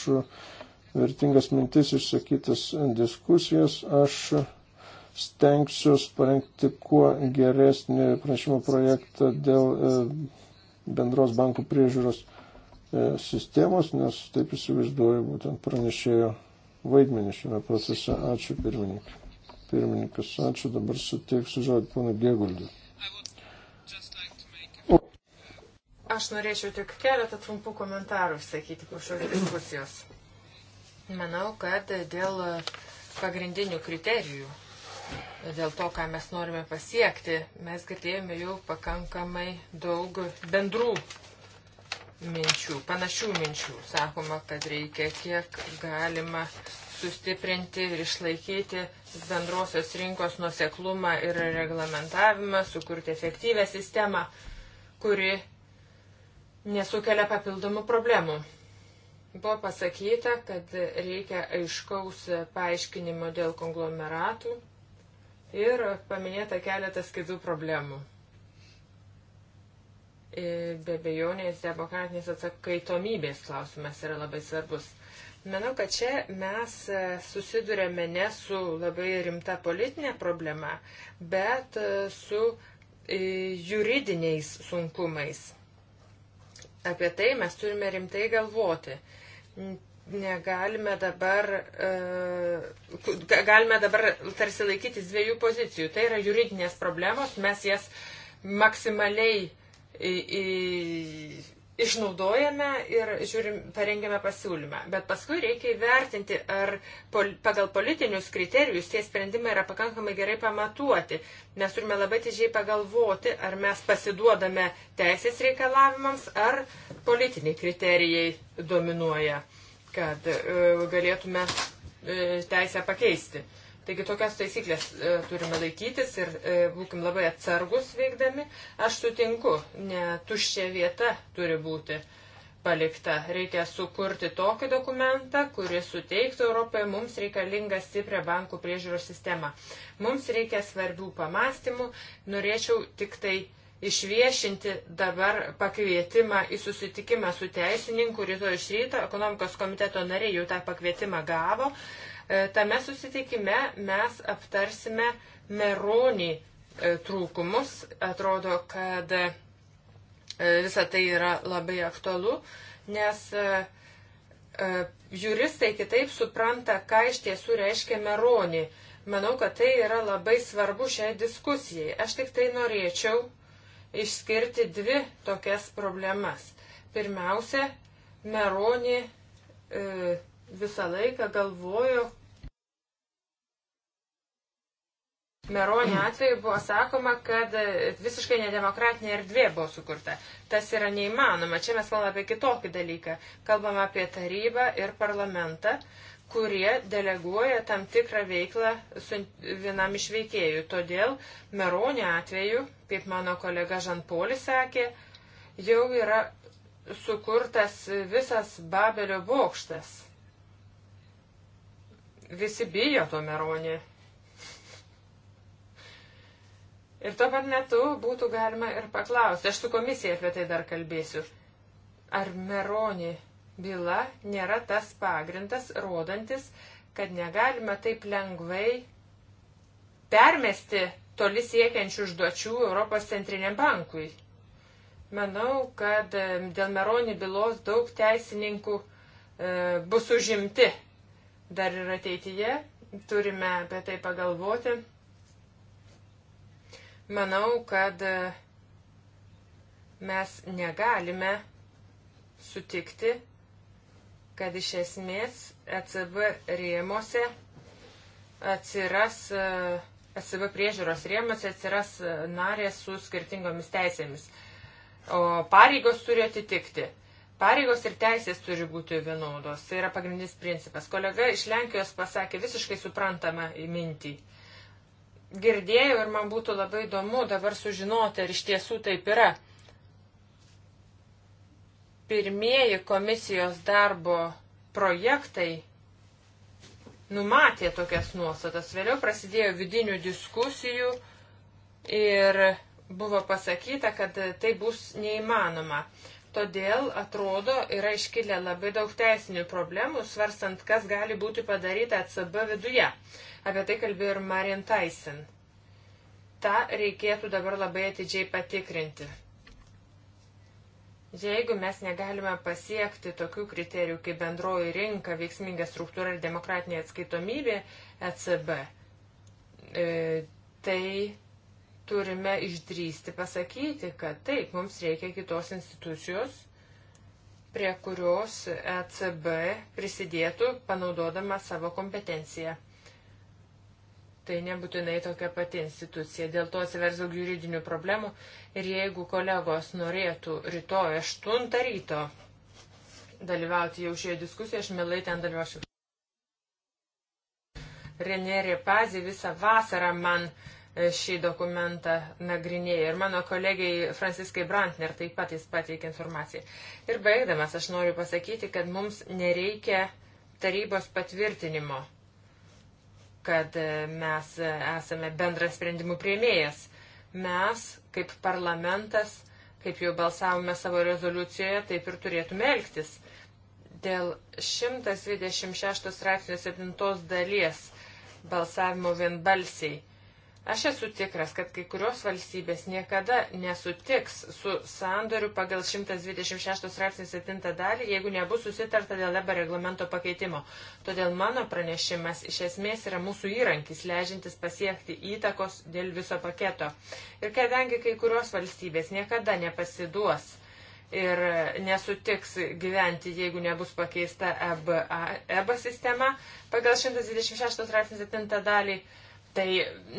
vertingas mintis išsakytas diskusijas. Aš stengsiuos parengti kuo geresnį pranešimo projektą dėl e, bendros bankų priežiūros e, sistemos, nes taip įsivaizduoju būtent pranešėjo vaidmenį šiame procese. Ačiū pirmininkai. Pirmininkas, ačiū. Dabar suteiksiu žodį ponui Geguldui. Aš norėčiau tik keletą trumpų komentarų išsakyti po šios diskusijos. Manau, kad dėl pagrindinių kriterijų, dėl to, ką mes norime pasiekti, mes girdėjome jau pakankamai daug bendrų minčių, panašių minčių. Sakoma, kad reikia kiek galima sustiprinti ir išlaikyti bendrosios rinkos nuseklumą ir reglamentavimą, sukurti efektyvę sistemą, kuri nesukelia papildomų problemų. Buvo pasakyta, kad reikia aiškaus paaiškinimo dėl konglomeratų ir paminėta keletas kitų problemų. Ir e, be bejonės demokratinės atsaskaitomybės klausimas yra labai svarbus. Manau, kad čia mes susidurėme ne su labai rimta politinė problema, bet su e, juridiniais sunkumais. Apie tai mes turime rimtai galvoti. Negalime dabar, e, galime dabar tarsi laikytis dviejų pozicijų. Tai yra juridinės problemos, mes jas maksimaliai į, į, išnaudojame ir žiūrim, parengėme pasiūlymą. Bet paskui reikia įvertinti, ar pol, pagal politinius kriterijus tie sprendimai yra pakankamai gerai pamatuoti. Mes turime labai tižiai pagalvoti, ar mes pasiduodame teisės reikalavimams, ar politiniai kriterijai dominuoja, kad e, galėtume e, teisę pakeisti. Taigi tokias taisyklės e, turime laikytis ir e, būkim labai atsargus veikdami. Aš sutinku, ne tuščia vieta turi būti palikta. Reikia sukurti tokį dokumentą, kuris suteiktų Europai mums reikalingą stiprią bankų priežiūros sistemą. Mums reikia svarbių pamastymų. Norėčiau tik tai išviešinti dabar pakvietimą į susitikimą su teisininku rytoj iš ryto. Ekonomikos komiteto nariai jau tą pakvietimą gavo. E, tame susitikime mes aptarsime meronį e, trūkumus. Atrodo, kad e, visa tai yra labai aktualu, nes juristai kitaip supranta, ką iš tiesų reiškia meronį. Manau, kad tai yra labai svarbu šiai diskusijai. Aš tik tai norėčiau išskirti dvi tokias problemas. Pirmiausia, Meroni e, visą laiką galvojo, Meronio atveju buvo sakoma, kad visiškai nedemokratinė erdvė buvo sukurta. Tas yra neįmanoma. Čia mes kalbame apie kitokį dalyką. Kalbame apie tarybą ir parlamentą, kurie deleguoja tam tikrą veiklą vienam iš veikėjų. Todėl Meronio atveju, kaip mano kolega Žanpolis sakė, jau yra sukurtas visas Babelio bokštas. Visi bijo to Meronio Ir to pat metu būtų galima ir paklausti, aš su komisija apie tai dar kalbėsiu, ar Meroni byla nėra tas pagrindas, rodantis, kad negalima taip lengvai permesti toli siekiančių užduočių Europos centriniam bankui. Manau, kad dėl Meroni bylos daug teisininkų e, bus užimti dar ir ateityje. Turime apie tai pagalvoti. Manau, kad e, mes negalime sutikti, kad iš esmės ECB rėmose atsiras, ECB e priežiūros rėmose atsiras e, narės su skirtingomis teisėmis. O pareigos turi atitikti. Pareigos ir teisės turi būti vienodos. Tai yra pagrindinis principas. Kolega iš Lenkijos pasakė visiškai suprantamą mintį. Uh, girdėjau ir man būtų labai įdomu dabar sužinoti, ar iš tiesų taip yra. Pirmieji komisijos darbo projektai numatė tokias nuostatas. Vėliau prasidėjo vidinių diskusijų ir buvo pasakyta, kad tai bus neįmanoma. Todėl, atrodo, yra iškilę labai daug teisinių problemų, svarstant, kas gali būti padaryta ECB viduje. Apie tai kalbėjo ir Marian Tyson. Ta reikėtų dabar labai atidžiai patikrinti. Jeigu mes negalime pasiekti tokių kriterijų kaip bendroji rinka, veiksminga struktūra ir demokratinė atskaitomybė ECB, e, tai turime išdrysti pasakyti, kad taip, mums reikia kitos institucijos, prie kurios ECB prisidėtų panaudodama savo kompetenciją. Tai nebūtinai tokia pati institucija. Dėl to atsivers daug juridinių problemų. Ir jeigu kolegos norėtų rytoj 8 ryto dalyvauti jau šioje diskusijoje, aš mielai ten dalyvausiu. Renė Repazė visą vasarą man uh, E, šį dokumentą nagrinėja. Ir mano kolegiai Franciskai Brantner taip pat jis pateikė informaciją. Ir baigdamas aš noriu pasakyti, kad mums nereikia tarybos patvirtinimo, kad e, mes esame bendras sprendimų prieimėjas. Mes, kaip parlamentas, kaip jau balsavome savo rezoliucijoje, taip ir turėtume elgtis. Dėl 126 straipsnio 7 dalies balsavimo vienbalsiai Aš esu tikras, kad kai kurios valstybės niekada nesutiks su sandoriu pagal 126 straipsnį 7 dalį, jeigu nebus susitarta dėl EBA reglamento pakeitimo. Todėl mano pranešimas iš esmės yra mūsų įrankis, leidžiantis pasiekti įtakos dėl viso paketo. Ir kadangi kai kurios valstybės niekada nepasiduos ir nesutiks gyventi, jeigu nebus pakeista EBA, EBA sistema pagal 126 straipsnį 7 dalį, Tai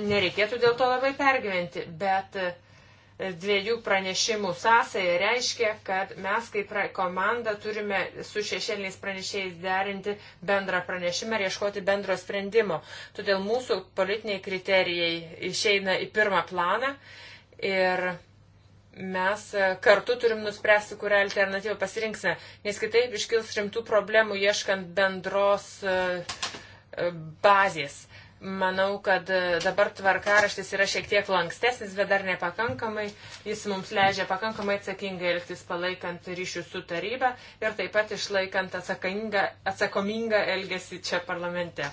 nereikėtų dėl to labai pergyventi, bet e, dviejų pranešimų sąsaja reiškia, kad mes kaip komanda turime su šešėliniais pranešėjais derinti bendrą pranešimą ir ieškoti bendro sprendimo. Todėl mūsų politiniai kriterijai išeina į pirmą planą ir mes e, kartu turim nuspręsti, kurią alternatyvą pasirinksime, nes kitaip iškils rimtų problemų ieškant bendros e, bazės Manau, kad e, dabar tvarkaraštis yra šiek tiek lankstesnis, bet dar nepakankamai. Jis mums leidžia pakankamai atsakingai elgtis palaikant ryšių su taryba ir taip pat išlaikant atsakomingą elgesį čia parlamente.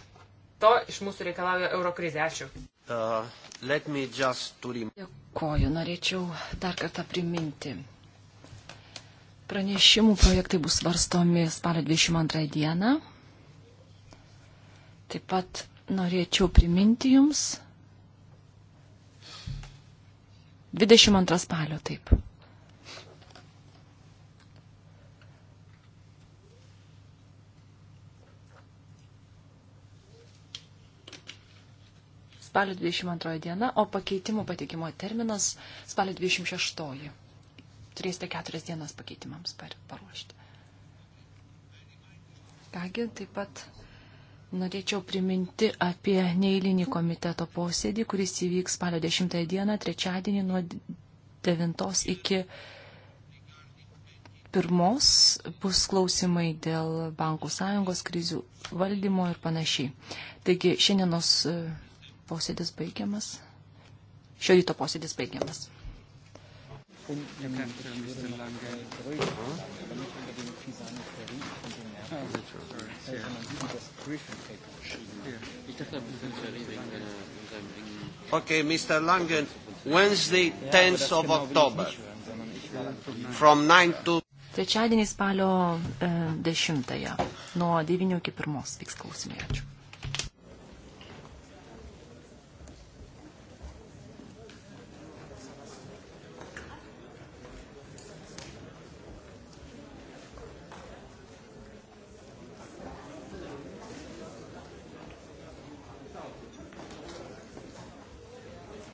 To iš mūsų reikalauja eurokrizė. Ačiū. Uh, just... Dėkoju. Norėčiau dar kartą priminti. Pranešimų projektai bus svarstomi spalio 22 dieną. Taip pat norėčiau priminti jums. 22 spalio, taip. Spalio 22 diena, o pakeitimų patikimo terminas spalio 26. Turėsite keturias dienas pakeitimams paruošti. Kągi, taip pat Norėčiau priminti apie neįlinį komiteto posėdį, kuris įvyks spalio 10 dieną, trečiadienį nuo 9 iki 1. Bus klausimai dėl bankų sąjungos krizių valdymo ir panašiai. Taigi šiandienos e, posėdis baigiamas. Šio ryto posėdis baigiamas. Thank you. Yeah. Yeah. Okay, Mr. Langen, Wednesday, 10th of October, from 9 to... Trečiadienį spalio 10 e, nuo 9 iki 1 vyks klausimai. Ačiū.